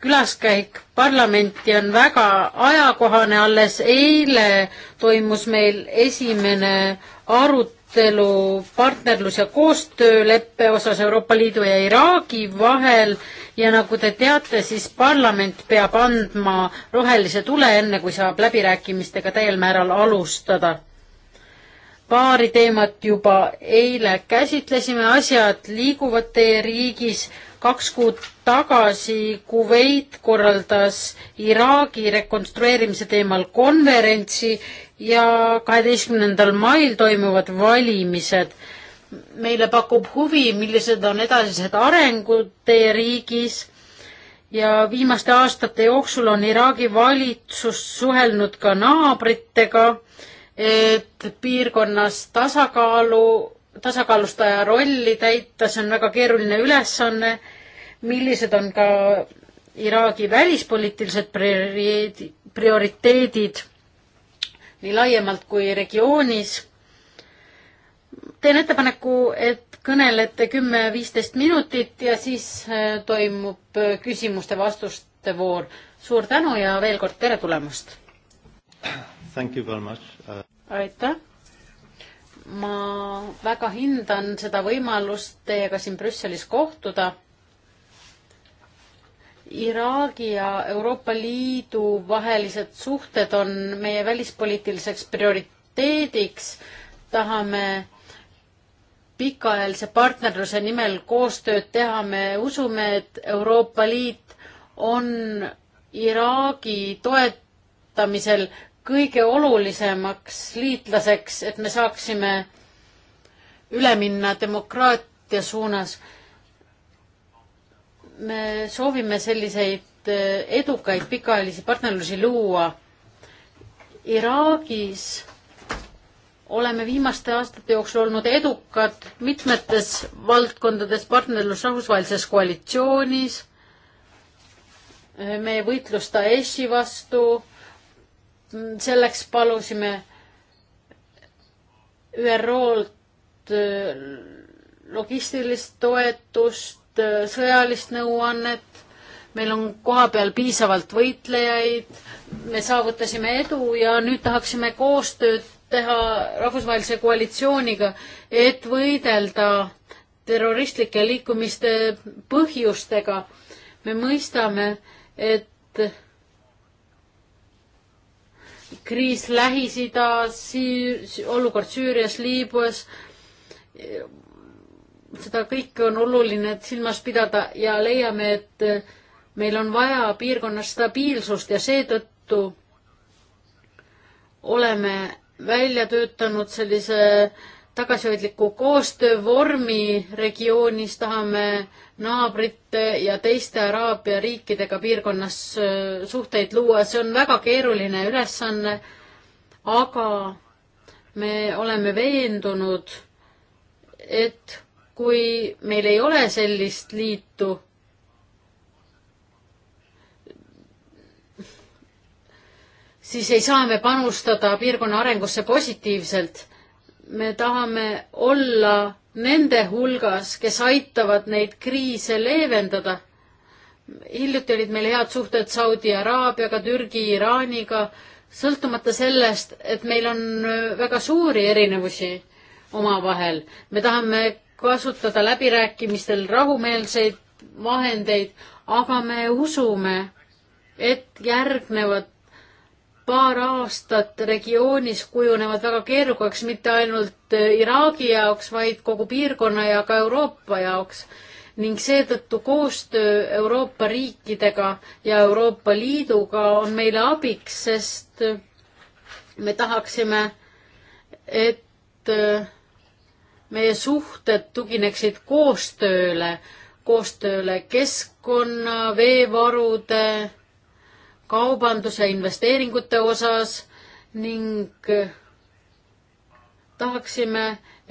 külaskäik parlamenti on väga ajakohane, alles eile toimus meil esimene arutelu arutelu partnerlus- ja koostööleppe osas Euroopa Liidu ja Iraagi vahel ja nagu te teate, siis parlament peab andma rohelise tule, enne kui saab läbirääkimistega täiel määral alustada. paari teemat juba eile käsitlesime, asjad liiguvad teie riigis. kaks kuud tagasi Kuveit korraldas Iraagi rekonstrueerimise teemal konverentsi ja kaheteistkümnendal mail toimuvad valimised. meile pakub huvi, millised on edasised arengud teie riigis ja viimaste aastate jooksul on Iraagi valitsus suhelnud ka naabritega, et piirkonnas tasakaalu, tasakaalustaja rolli täita, see on väga keeruline ülesanne. millised on ka Iraagi välispoliitilised prioriteedid? nii laiemalt kui regioonis. teen ettepaneku, et kõnelete kümme-viisteist minutit ja siis äh, toimub äh, küsimuste-vastuste voor. suur tänu ja veel kord tere tulemast! Uh, aitäh! ma väga hindan seda võimalust teiega siin Brüsselis kohtuda Iraagi ja Euroopa Liidu vahelised suhted on meie välispoliitiliseks prioriteediks. tahame pikaajalise partnerluse nimel koostööd teha, me usume, et Euroopa Liit on Iraagi toetamisel kõige olulisemaks liitlaseks, et me saaksime üle minna demokraatia suunas me soovime selliseid eh, edukaid pikaajalisi partnerlusi luua. Iraagis oleme viimaste aastate jooksul olnud edukad mitmetes valdkondades partnerlus rahvusvahelises koalitsioonis, eh, meie võitlus Daeshi vastu, selleks palusime ÜRO-lt eh, logistilist toetust, Äh, sõjalist nõuannet, meil on kohapeal piisavalt võitlejaid, me saavutasime edu ja nüüd tahaksime koostööd teha rahvusvahelise koalitsiooniga, et võidelda terroristlike liikumiste põhjustega. me mõistame, et kriis Lähis-Idas, olukord Süürias, Liibüas seda kõike on oluline silmas pidada ja leiame, et eh, meil on vaja piirkonnas stabiilsust ja seetõttu oleme välja töötanud sellise tagasihoidliku koostöövormi regioonis, tahame naabrite ja teiste Araabia riikidega piirkonnas eh, suhteid luua, see on väga keeruline ülesanne, aga me oleme veendunud, et kui meil ei ole sellist liitu, siis ei saa me panustada piirkonna arengusse positiivselt. me tahame olla nende hulgas, kes aitavad neid kriise leevendada. hiljuti olid meil head suhted Saudi Araabiaga, Türgi, Iraaniga, sõltumata sellest, et meil on väga suuri erinevusi omavahel. me tahame kasutada läbirääkimistel rahumeelseid vahendeid, aga me usume, et järgnevad paar aastat regioonis kujunevad väga keerukaks mitte ainult Iraagi jaoks, vaid kogu piirkonna ja ka Euroopa jaoks ning seetõttu koostöö Euroopa riikidega ja Euroopa Liiduga on meile abiks, sest me tahaksime, et meie suhted tugineksid koostööle, koostööle keskkonna, veevarude, kaubanduse, investeeringute osas ning tahaksime,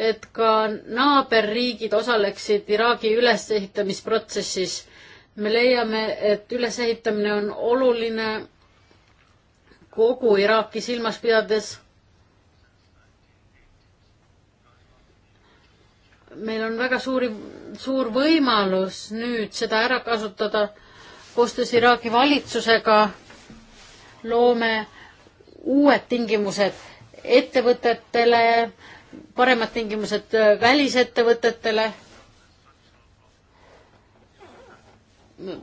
et ka naaberriigid osaleksid Iraagi ülesehitamisprotsessis. me leiame, et ülesehitamine on oluline kogu Iraaki silmas pidades meil on väga suuri, suur võimalus nüüd seda ära kasutada koostöös Iraagi valitsusega. loome uued tingimused ettevõtetele, paremad tingimused välisettevõtetele.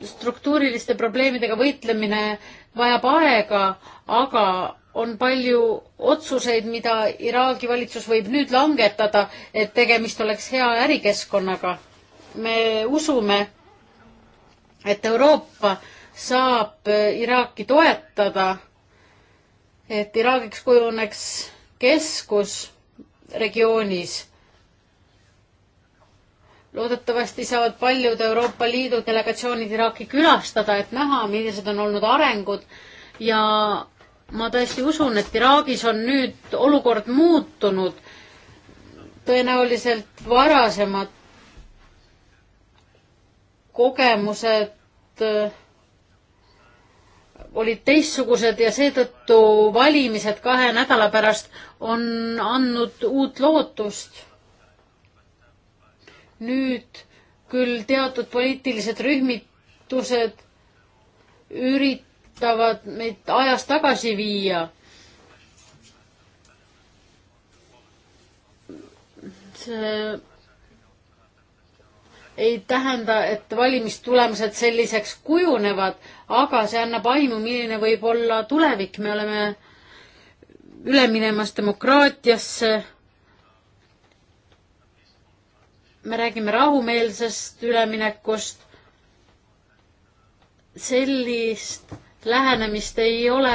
struktuuriliste probleemidega võitlemine vajab aega, aga on palju otsuseid, mida Iraagi valitsus võib nüüd langetada, et tegemist oleks hea ärikeskkonnaga. me usume, et Euroopa saab Iraaki toetada, et Iraagiks kujuneks keskus regioonis loodetavasti saavad paljud Euroopa Liidu delegatsioonid Iraaki külastada, et näha, millised on olnud arengud ja ma tõesti usun, et Iraagis on nüüd olukord muutunud. tõenäoliselt varasemad kogemused äh, olid teistsugused ja seetõttu valimised kahe nädala pärast on andnud uut lootust. nüüd küll teatud poliitilised rühmitused ürit-, üritavad meid ajas tagasi viia. see ei tähenda, et valimistulemused selliseks kujunevad, aga see annab aimu, milline võib olla tulevik, me oleme üle minemas demokraatiasse. me räägime rahumeelsest üleminekust. sellist lähenemist ei ole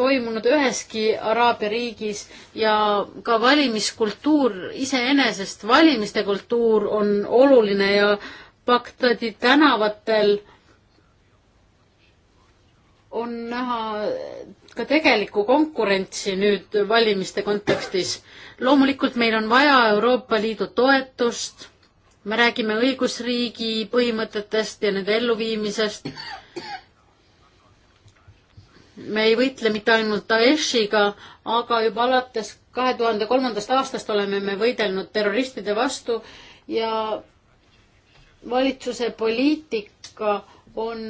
toimunud üheski Araabia riigis ja ka valimiskultuur iseenesest, valimiste kultuur on oluline ja Bagdadi tänavatel on näha ka tegelikku konkurentsi nüüd valimiste kontekstis. loomulikult meil on vaja Euroopa Liidu toetust, me räägime õigusriigi põhimõtetest ja nende elluviimisest me ei võitle mitte ainult Daeshiga, aga juba alates kahe tuhande kolmandast aastast oleme me võidelnud terroristide vastu ja valitsuse poliitika on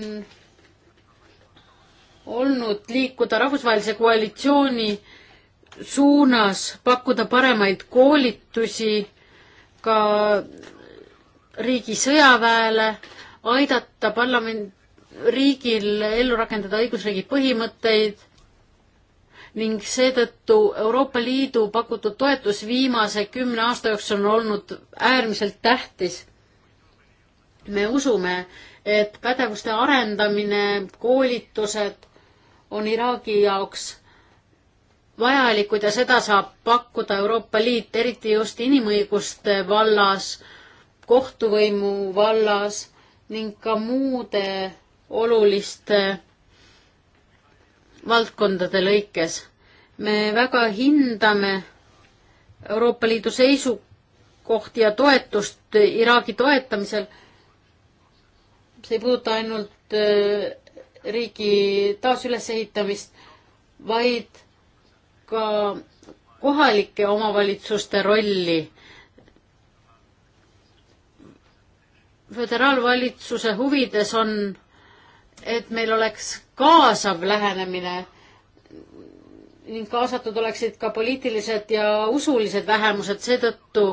olnud liikuda rahvusvahelise koalitsiooni suunas, pakkuda paremaid koolitusi ka riigi sõjaväele, aidata parlament, riigil ellu rakendada õigusriigi põhimõtteid ning seetõttu Euroopa Liidu pakutud toetus viimase kümne aasta jooksul on olnud äärmiselt tähtis. me usume, et pädevuste arendamine, koolitused on Iraagi jaoks vajalikud ja seda saab pakkuda Euroopa Liit, eriti just inimõiguste vallas, kohtuvõimu vallas ning ka muude oluliste valdkondade lõikes. me väga hindame Euroopa Liidu seisukohti ja toetust Iraagi toetamisel. see ei puuduta ainult äh, riigi taasülesehitamist, vaid ka kohalike omavalitsuste rolli. föderaalvalitsuse huvides on et meil oleks kaasav lähenemine ning kaasatud oleksid ka poliitilised ja usulised vähemused, seetõttu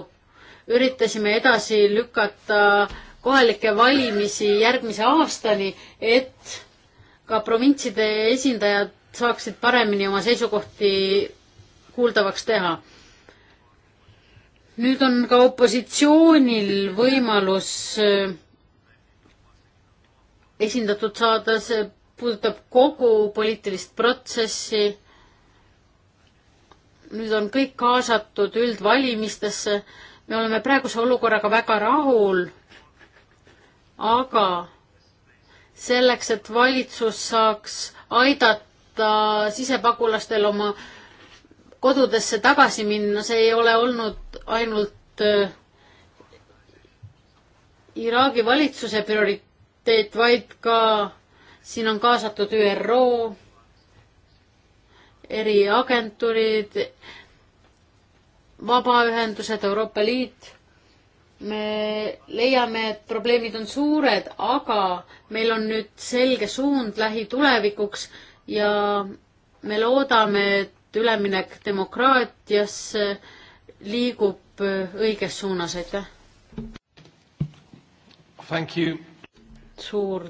üritasime edasi lükata kohalikke valimisi järgmise aastani, et ka provintside esindajad saaksid paremini oma seisukohti kuuldavaks teha. nüüd on ka opositsioonil võimalus äh, esindatud saada, see puudutab kogu poliitilist protsessi. nüüd on kõik kaasatud üldvalimistesse. me oleme praeguse olukorraga väga rahul. aga selleks, et valitsus saaks aidata sisepagulastel oma kodudesse tagasi minna, see ei ole olnud ainult äh, Iraagi valitsuse priori-, teed, vaid ka siin on kaasatud ÜRO, eriagentuurid, vabaühendused, Euroopa Liit. me leiame, et probleemid on suured, aga meil on nüüd selge suund lähitulevikuks ja me loodame, et üleminek demokraatiasse liigub õiges suunas, aitäh! Thank you suur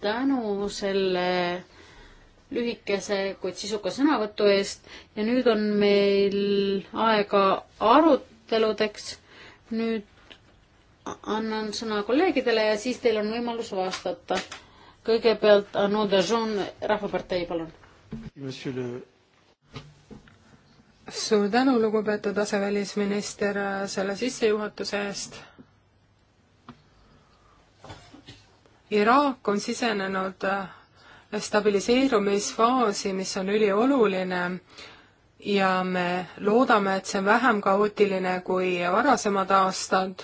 tänu selle lühikese, kuid sisuka sõnavõtu eest ja nüüd on meil aega aruteludeks. nüüd annan sõna kolleegidele ja siis teil on võimalus vastata. kõigepealt Arnaud Dejon, Rahvapartei, palun. suur tänu, lugupeetud asevälisminister, selle sissejuhatuse eest Iraak on sisenenud äh, stabiliseerumisfaasi, mis on ülioluline ja me loodame, et see on vähem kaootiline kui varasemad aastad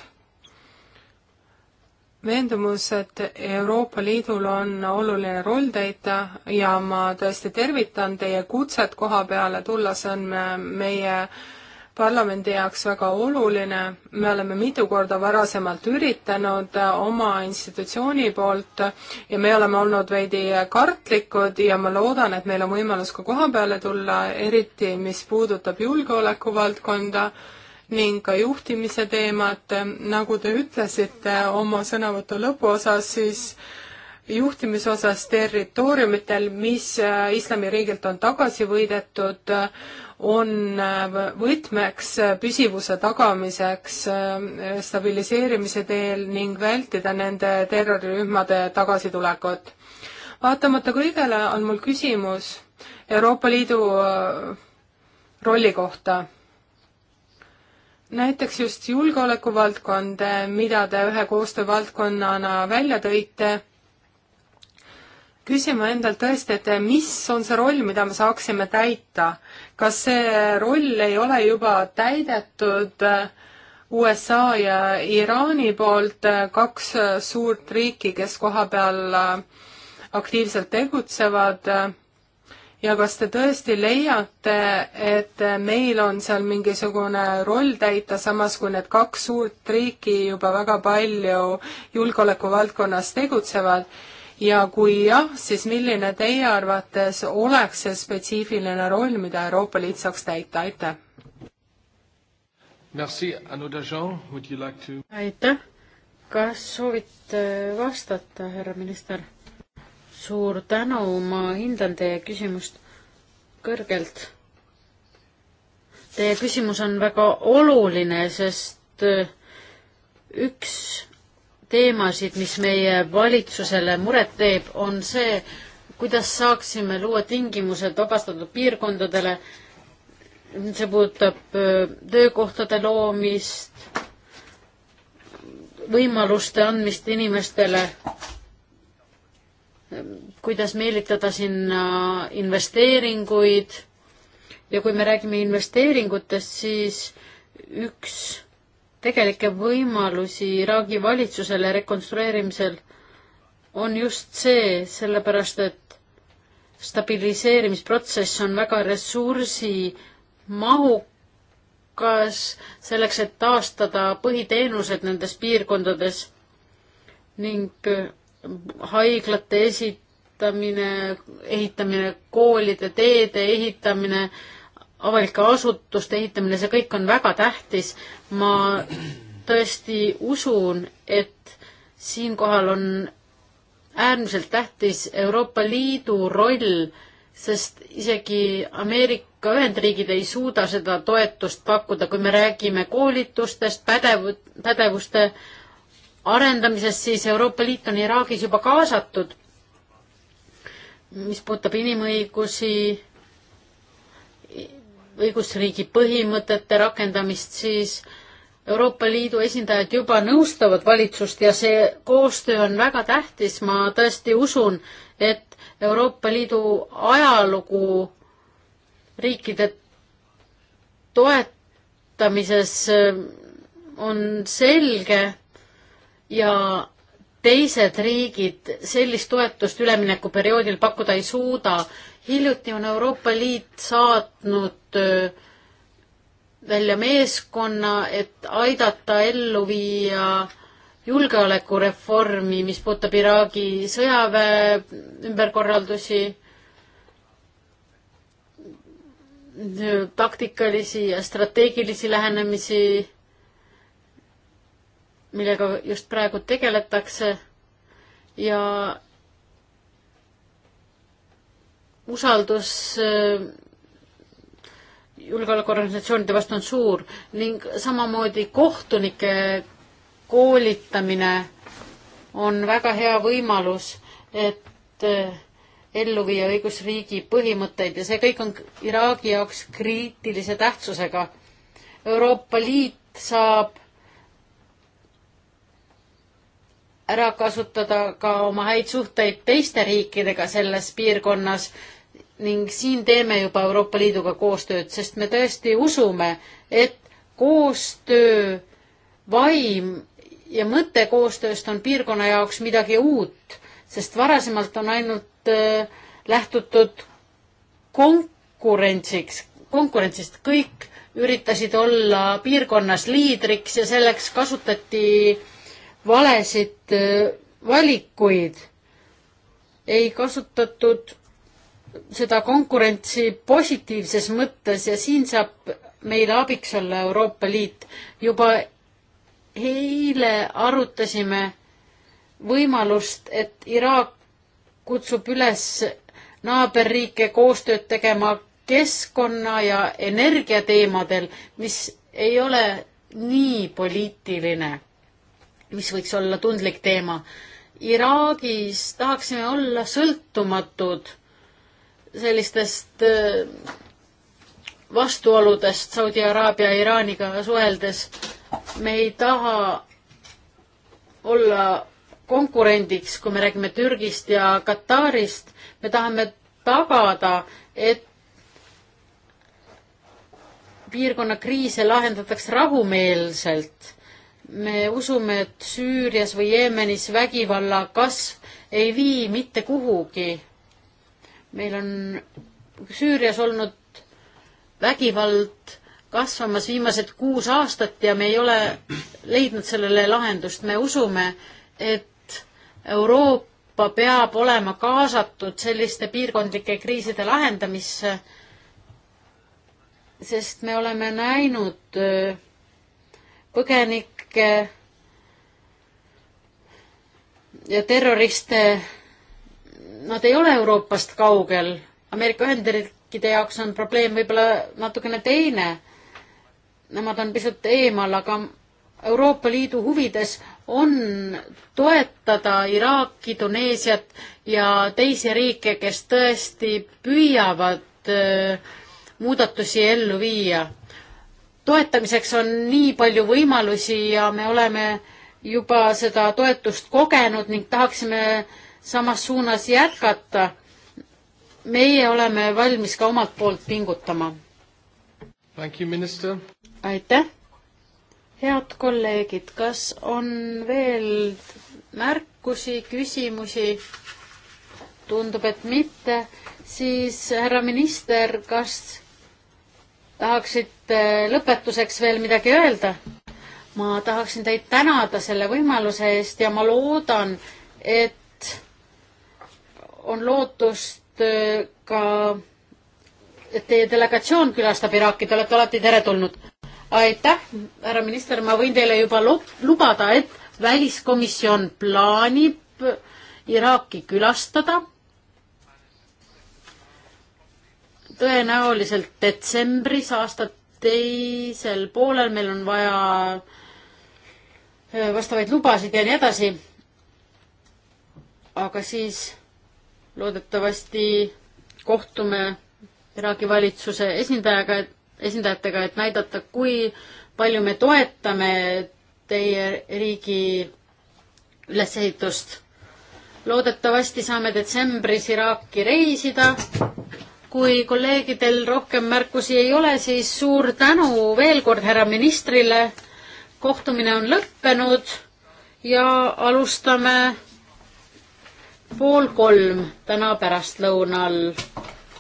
veendumus, et Euroopa Liidul on oluline roll täita ja ma tõesti tervitan teie kutset koha peale tulla, see on meie äh, parlamendi jaoks väga oluline, me oleme mitu korda varasemalt üritanud äh, oma institutsiooni poolt ja me oleme olnud veidi kartlikud ja ma loodan, et meil on võimalus ka koha peale tulla, eriti mis puudutab julgeoleku valdkonda ning ka juhtimise teemat, nagu te ütlesite oma sõnavõtu lõpuosas, siis juhtimise osas territooriumitel, mis äh, Islamiriigilt on tagasi võidetud, on äh, võtmeks äh, püsivuse tagamiseks äh, stabiliseerimise teel ning vältida nende terrorirühmade tagasitulekut. vaatamata kõigele on mul küsimus Euroopa Liidu rolli kohta näiteks just julgeolekuvaldkond, mida te ühe koostöövaldkonnana välja tõite, küsima endalt tõesti, et mis on see roll, mida me saaksime täita kas see roll ei ole juba täidetud äh, USA ja Iraani poolt, äh, kaks äh, suurt riiki, kes koha peal aktiivselt tegutsevad, ja kas te tõesti leiate, et meil on seal mingisugune roll täita, samas kui need kaks suurt riiki juba väga palju julgeolekuvaldkonnas tegutsevad ja kui jah, siis milline teie arvates oleks see spetsiifiline roll, mida Euroopa Liit saaks täita, aitäh! Merci, Anu Dajon, would you like to? aitäh! kas soovite vastata, härra minister? suur tänu, ma hindan teie küsimust kõrgelt. Teie küsimus on väga oluline, sest äh, üks teemasid, mis meie valitsusele muret teeb, on see, kuidas saaksime luua tingimused vabastatud piirkondadele. see puudutab töökohtade loomist, võimaluste andmist inimestele, kuidas meelitada sinna investeeringuid ja kui me räägime investeeringutest, siis üks tegelikke võimalusi Iraagi valitsusele rekonstrueerimisel on just see, sellepärast et stabiliseerimisprotsess on väga ressursimahukas selleks, et taastada põhiteenused nendes piirkondades ning haiglate esitamine, ehitamine, koolide, teede ehitamine avalike asutuste ehitamine, see kõik on väga tähtis. ma tõesti usun, et siinkohal on äärmiselt tähtis Euroopa Liidu roll, sest isegi Ameerika Ühendriigid ei suuda seda toetust pakkuda, kui me räägime koolitustest, pädev, pädevuste arendamisest, siis Euroopa Liit on Iraagis juba kaasatud. mis puudutab inimõigusi, õigusriigi põhimõtete rakendamist, siis Euroopa Liidu esindajad juba nõustavad valitsust ja see koostöö on väga tähtis, ma tõesti usun, et Euroopa Liidu ajalugu riikide toetamises äh, on selge ja teised riigid sellist toetust üleminekuperioodil pakkuda ei suuda hiljuti on Euroopa Liit saatnud välja meeskonna, et aidata ellu viia julgeolekureformi, mis puudutab Iraagi sõjaväe ümberkorraldusi, taktikalisi ja strateegilisi lähenemisi, millega just praegu tegeletakse ja usaldus äh, julgeolekuorganisatsioonide vastu on suur ning samamoodi kohtunike koolitamine on väga hea võimalus, et äh, ellu viia õigusriigi põhimõtteid ja see kõik on Iraagi jaoks kriitilise tähtsusega. Euroopa Liit saab ära kasutada ka oma häid suhteid teiste riikidega selles piirkonnas ning siin teeme juba Euroopa Liiduga koostööd, sest me tõesti usume, et koostöö vaim ja mõte koostööst on piirkonna jaoks midagi uut, sest varasemalt on ainult äh, lähtutud konkurentsiks, konkurentsist, kõik üritasid olla piirkonnas liidriks ja selleks kasutati valesid äh, valikuid. ei kasutatud seda konkurentsi positiivses mõttes ja siin saab meile abiks olla Euroopa Liit. juba eile arutasime võimalust, et Iraak kutsub üles naaberriike koostööd tegema keskkonna ja energia teemadel, mis ei ole nii poliitiline, mis võiks olla tundlik teema. Iraagis tahaksime olla sõltumatud sellistest äh, vastuoludest Saudi Araabia ja Iraaniga suheldes. me ei taha olla konkurendiks, kui me räägime Türgist ja Katarist, me tahame tagada, et piirkonna kriise lahendatakse rahumeelselt. me usume, et Süürias või Jeemenis vägivalla kasv ei vii mitte kuhugi meil on Süürias olnud vägivald kasvamas viimased kuus aastat ja me ei ole leidnud sellele lahendust. me usume, et Euroopa peab olema kaasatud selliste piirkondlike kriiside lahendamisse, sest me oleme näinud äh, põgenike ja terroriste nad ei ole Euroopast kaugel. Ameerika Ühendriikide jaoks on probleem võib-olla natukene teine. Nemad on pisut eemal, aga Euroopa Liidu huvides on toetada Iraaki, Tuneesiat ja teisi riike, kes tõesti püüavad äh, muudatusi ellu viia. toetamiseks on nii palju võimalusi ja me oleme juba seda toetust kogenud ning tahaksime äh, samas suunas jätkata. meie oleme valmis ka omalt poolt pingutama. aitäh. head kolleegid, kas on veel märkusi, küsimusi? tundub, et mitte. siis härra minister, kas tahaksite lõpetuseks veel midagi öelda? ma tahaksin teid tänada selle võimaluse eest ja ma loodan, et on lootust äh, ka, et teie delegatsioon külastab Iraaki, te olete alati teretulnud. aitäh, härra minister, ma võin teile juba lubada, et väliskomisjon plaanib Iraaki külastada. tõenäoliselt detsembris aasta teisel poolel meil on vaja äh, vastavaid lubasid ja nii edasi. aga siis loodetavasti kohtume Iraagi valitsuse esindajaga, esindajatega, et näidata, kui palju me toetame teie riigi ülesehitust. loodetavasti saame detsembris Iraaki reisida. kui kolleegidel rohkem märkusi ei ole, siis suur tänu veel kord härra ministrile. kohtumine on lõppenud ja alustame pool kolm täna pärastlõunal,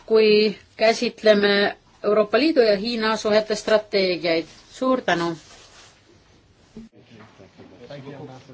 kui käsitleme Euroopa Liidu ja Hiina suhete strateegiaid. suur tänu! Thank you.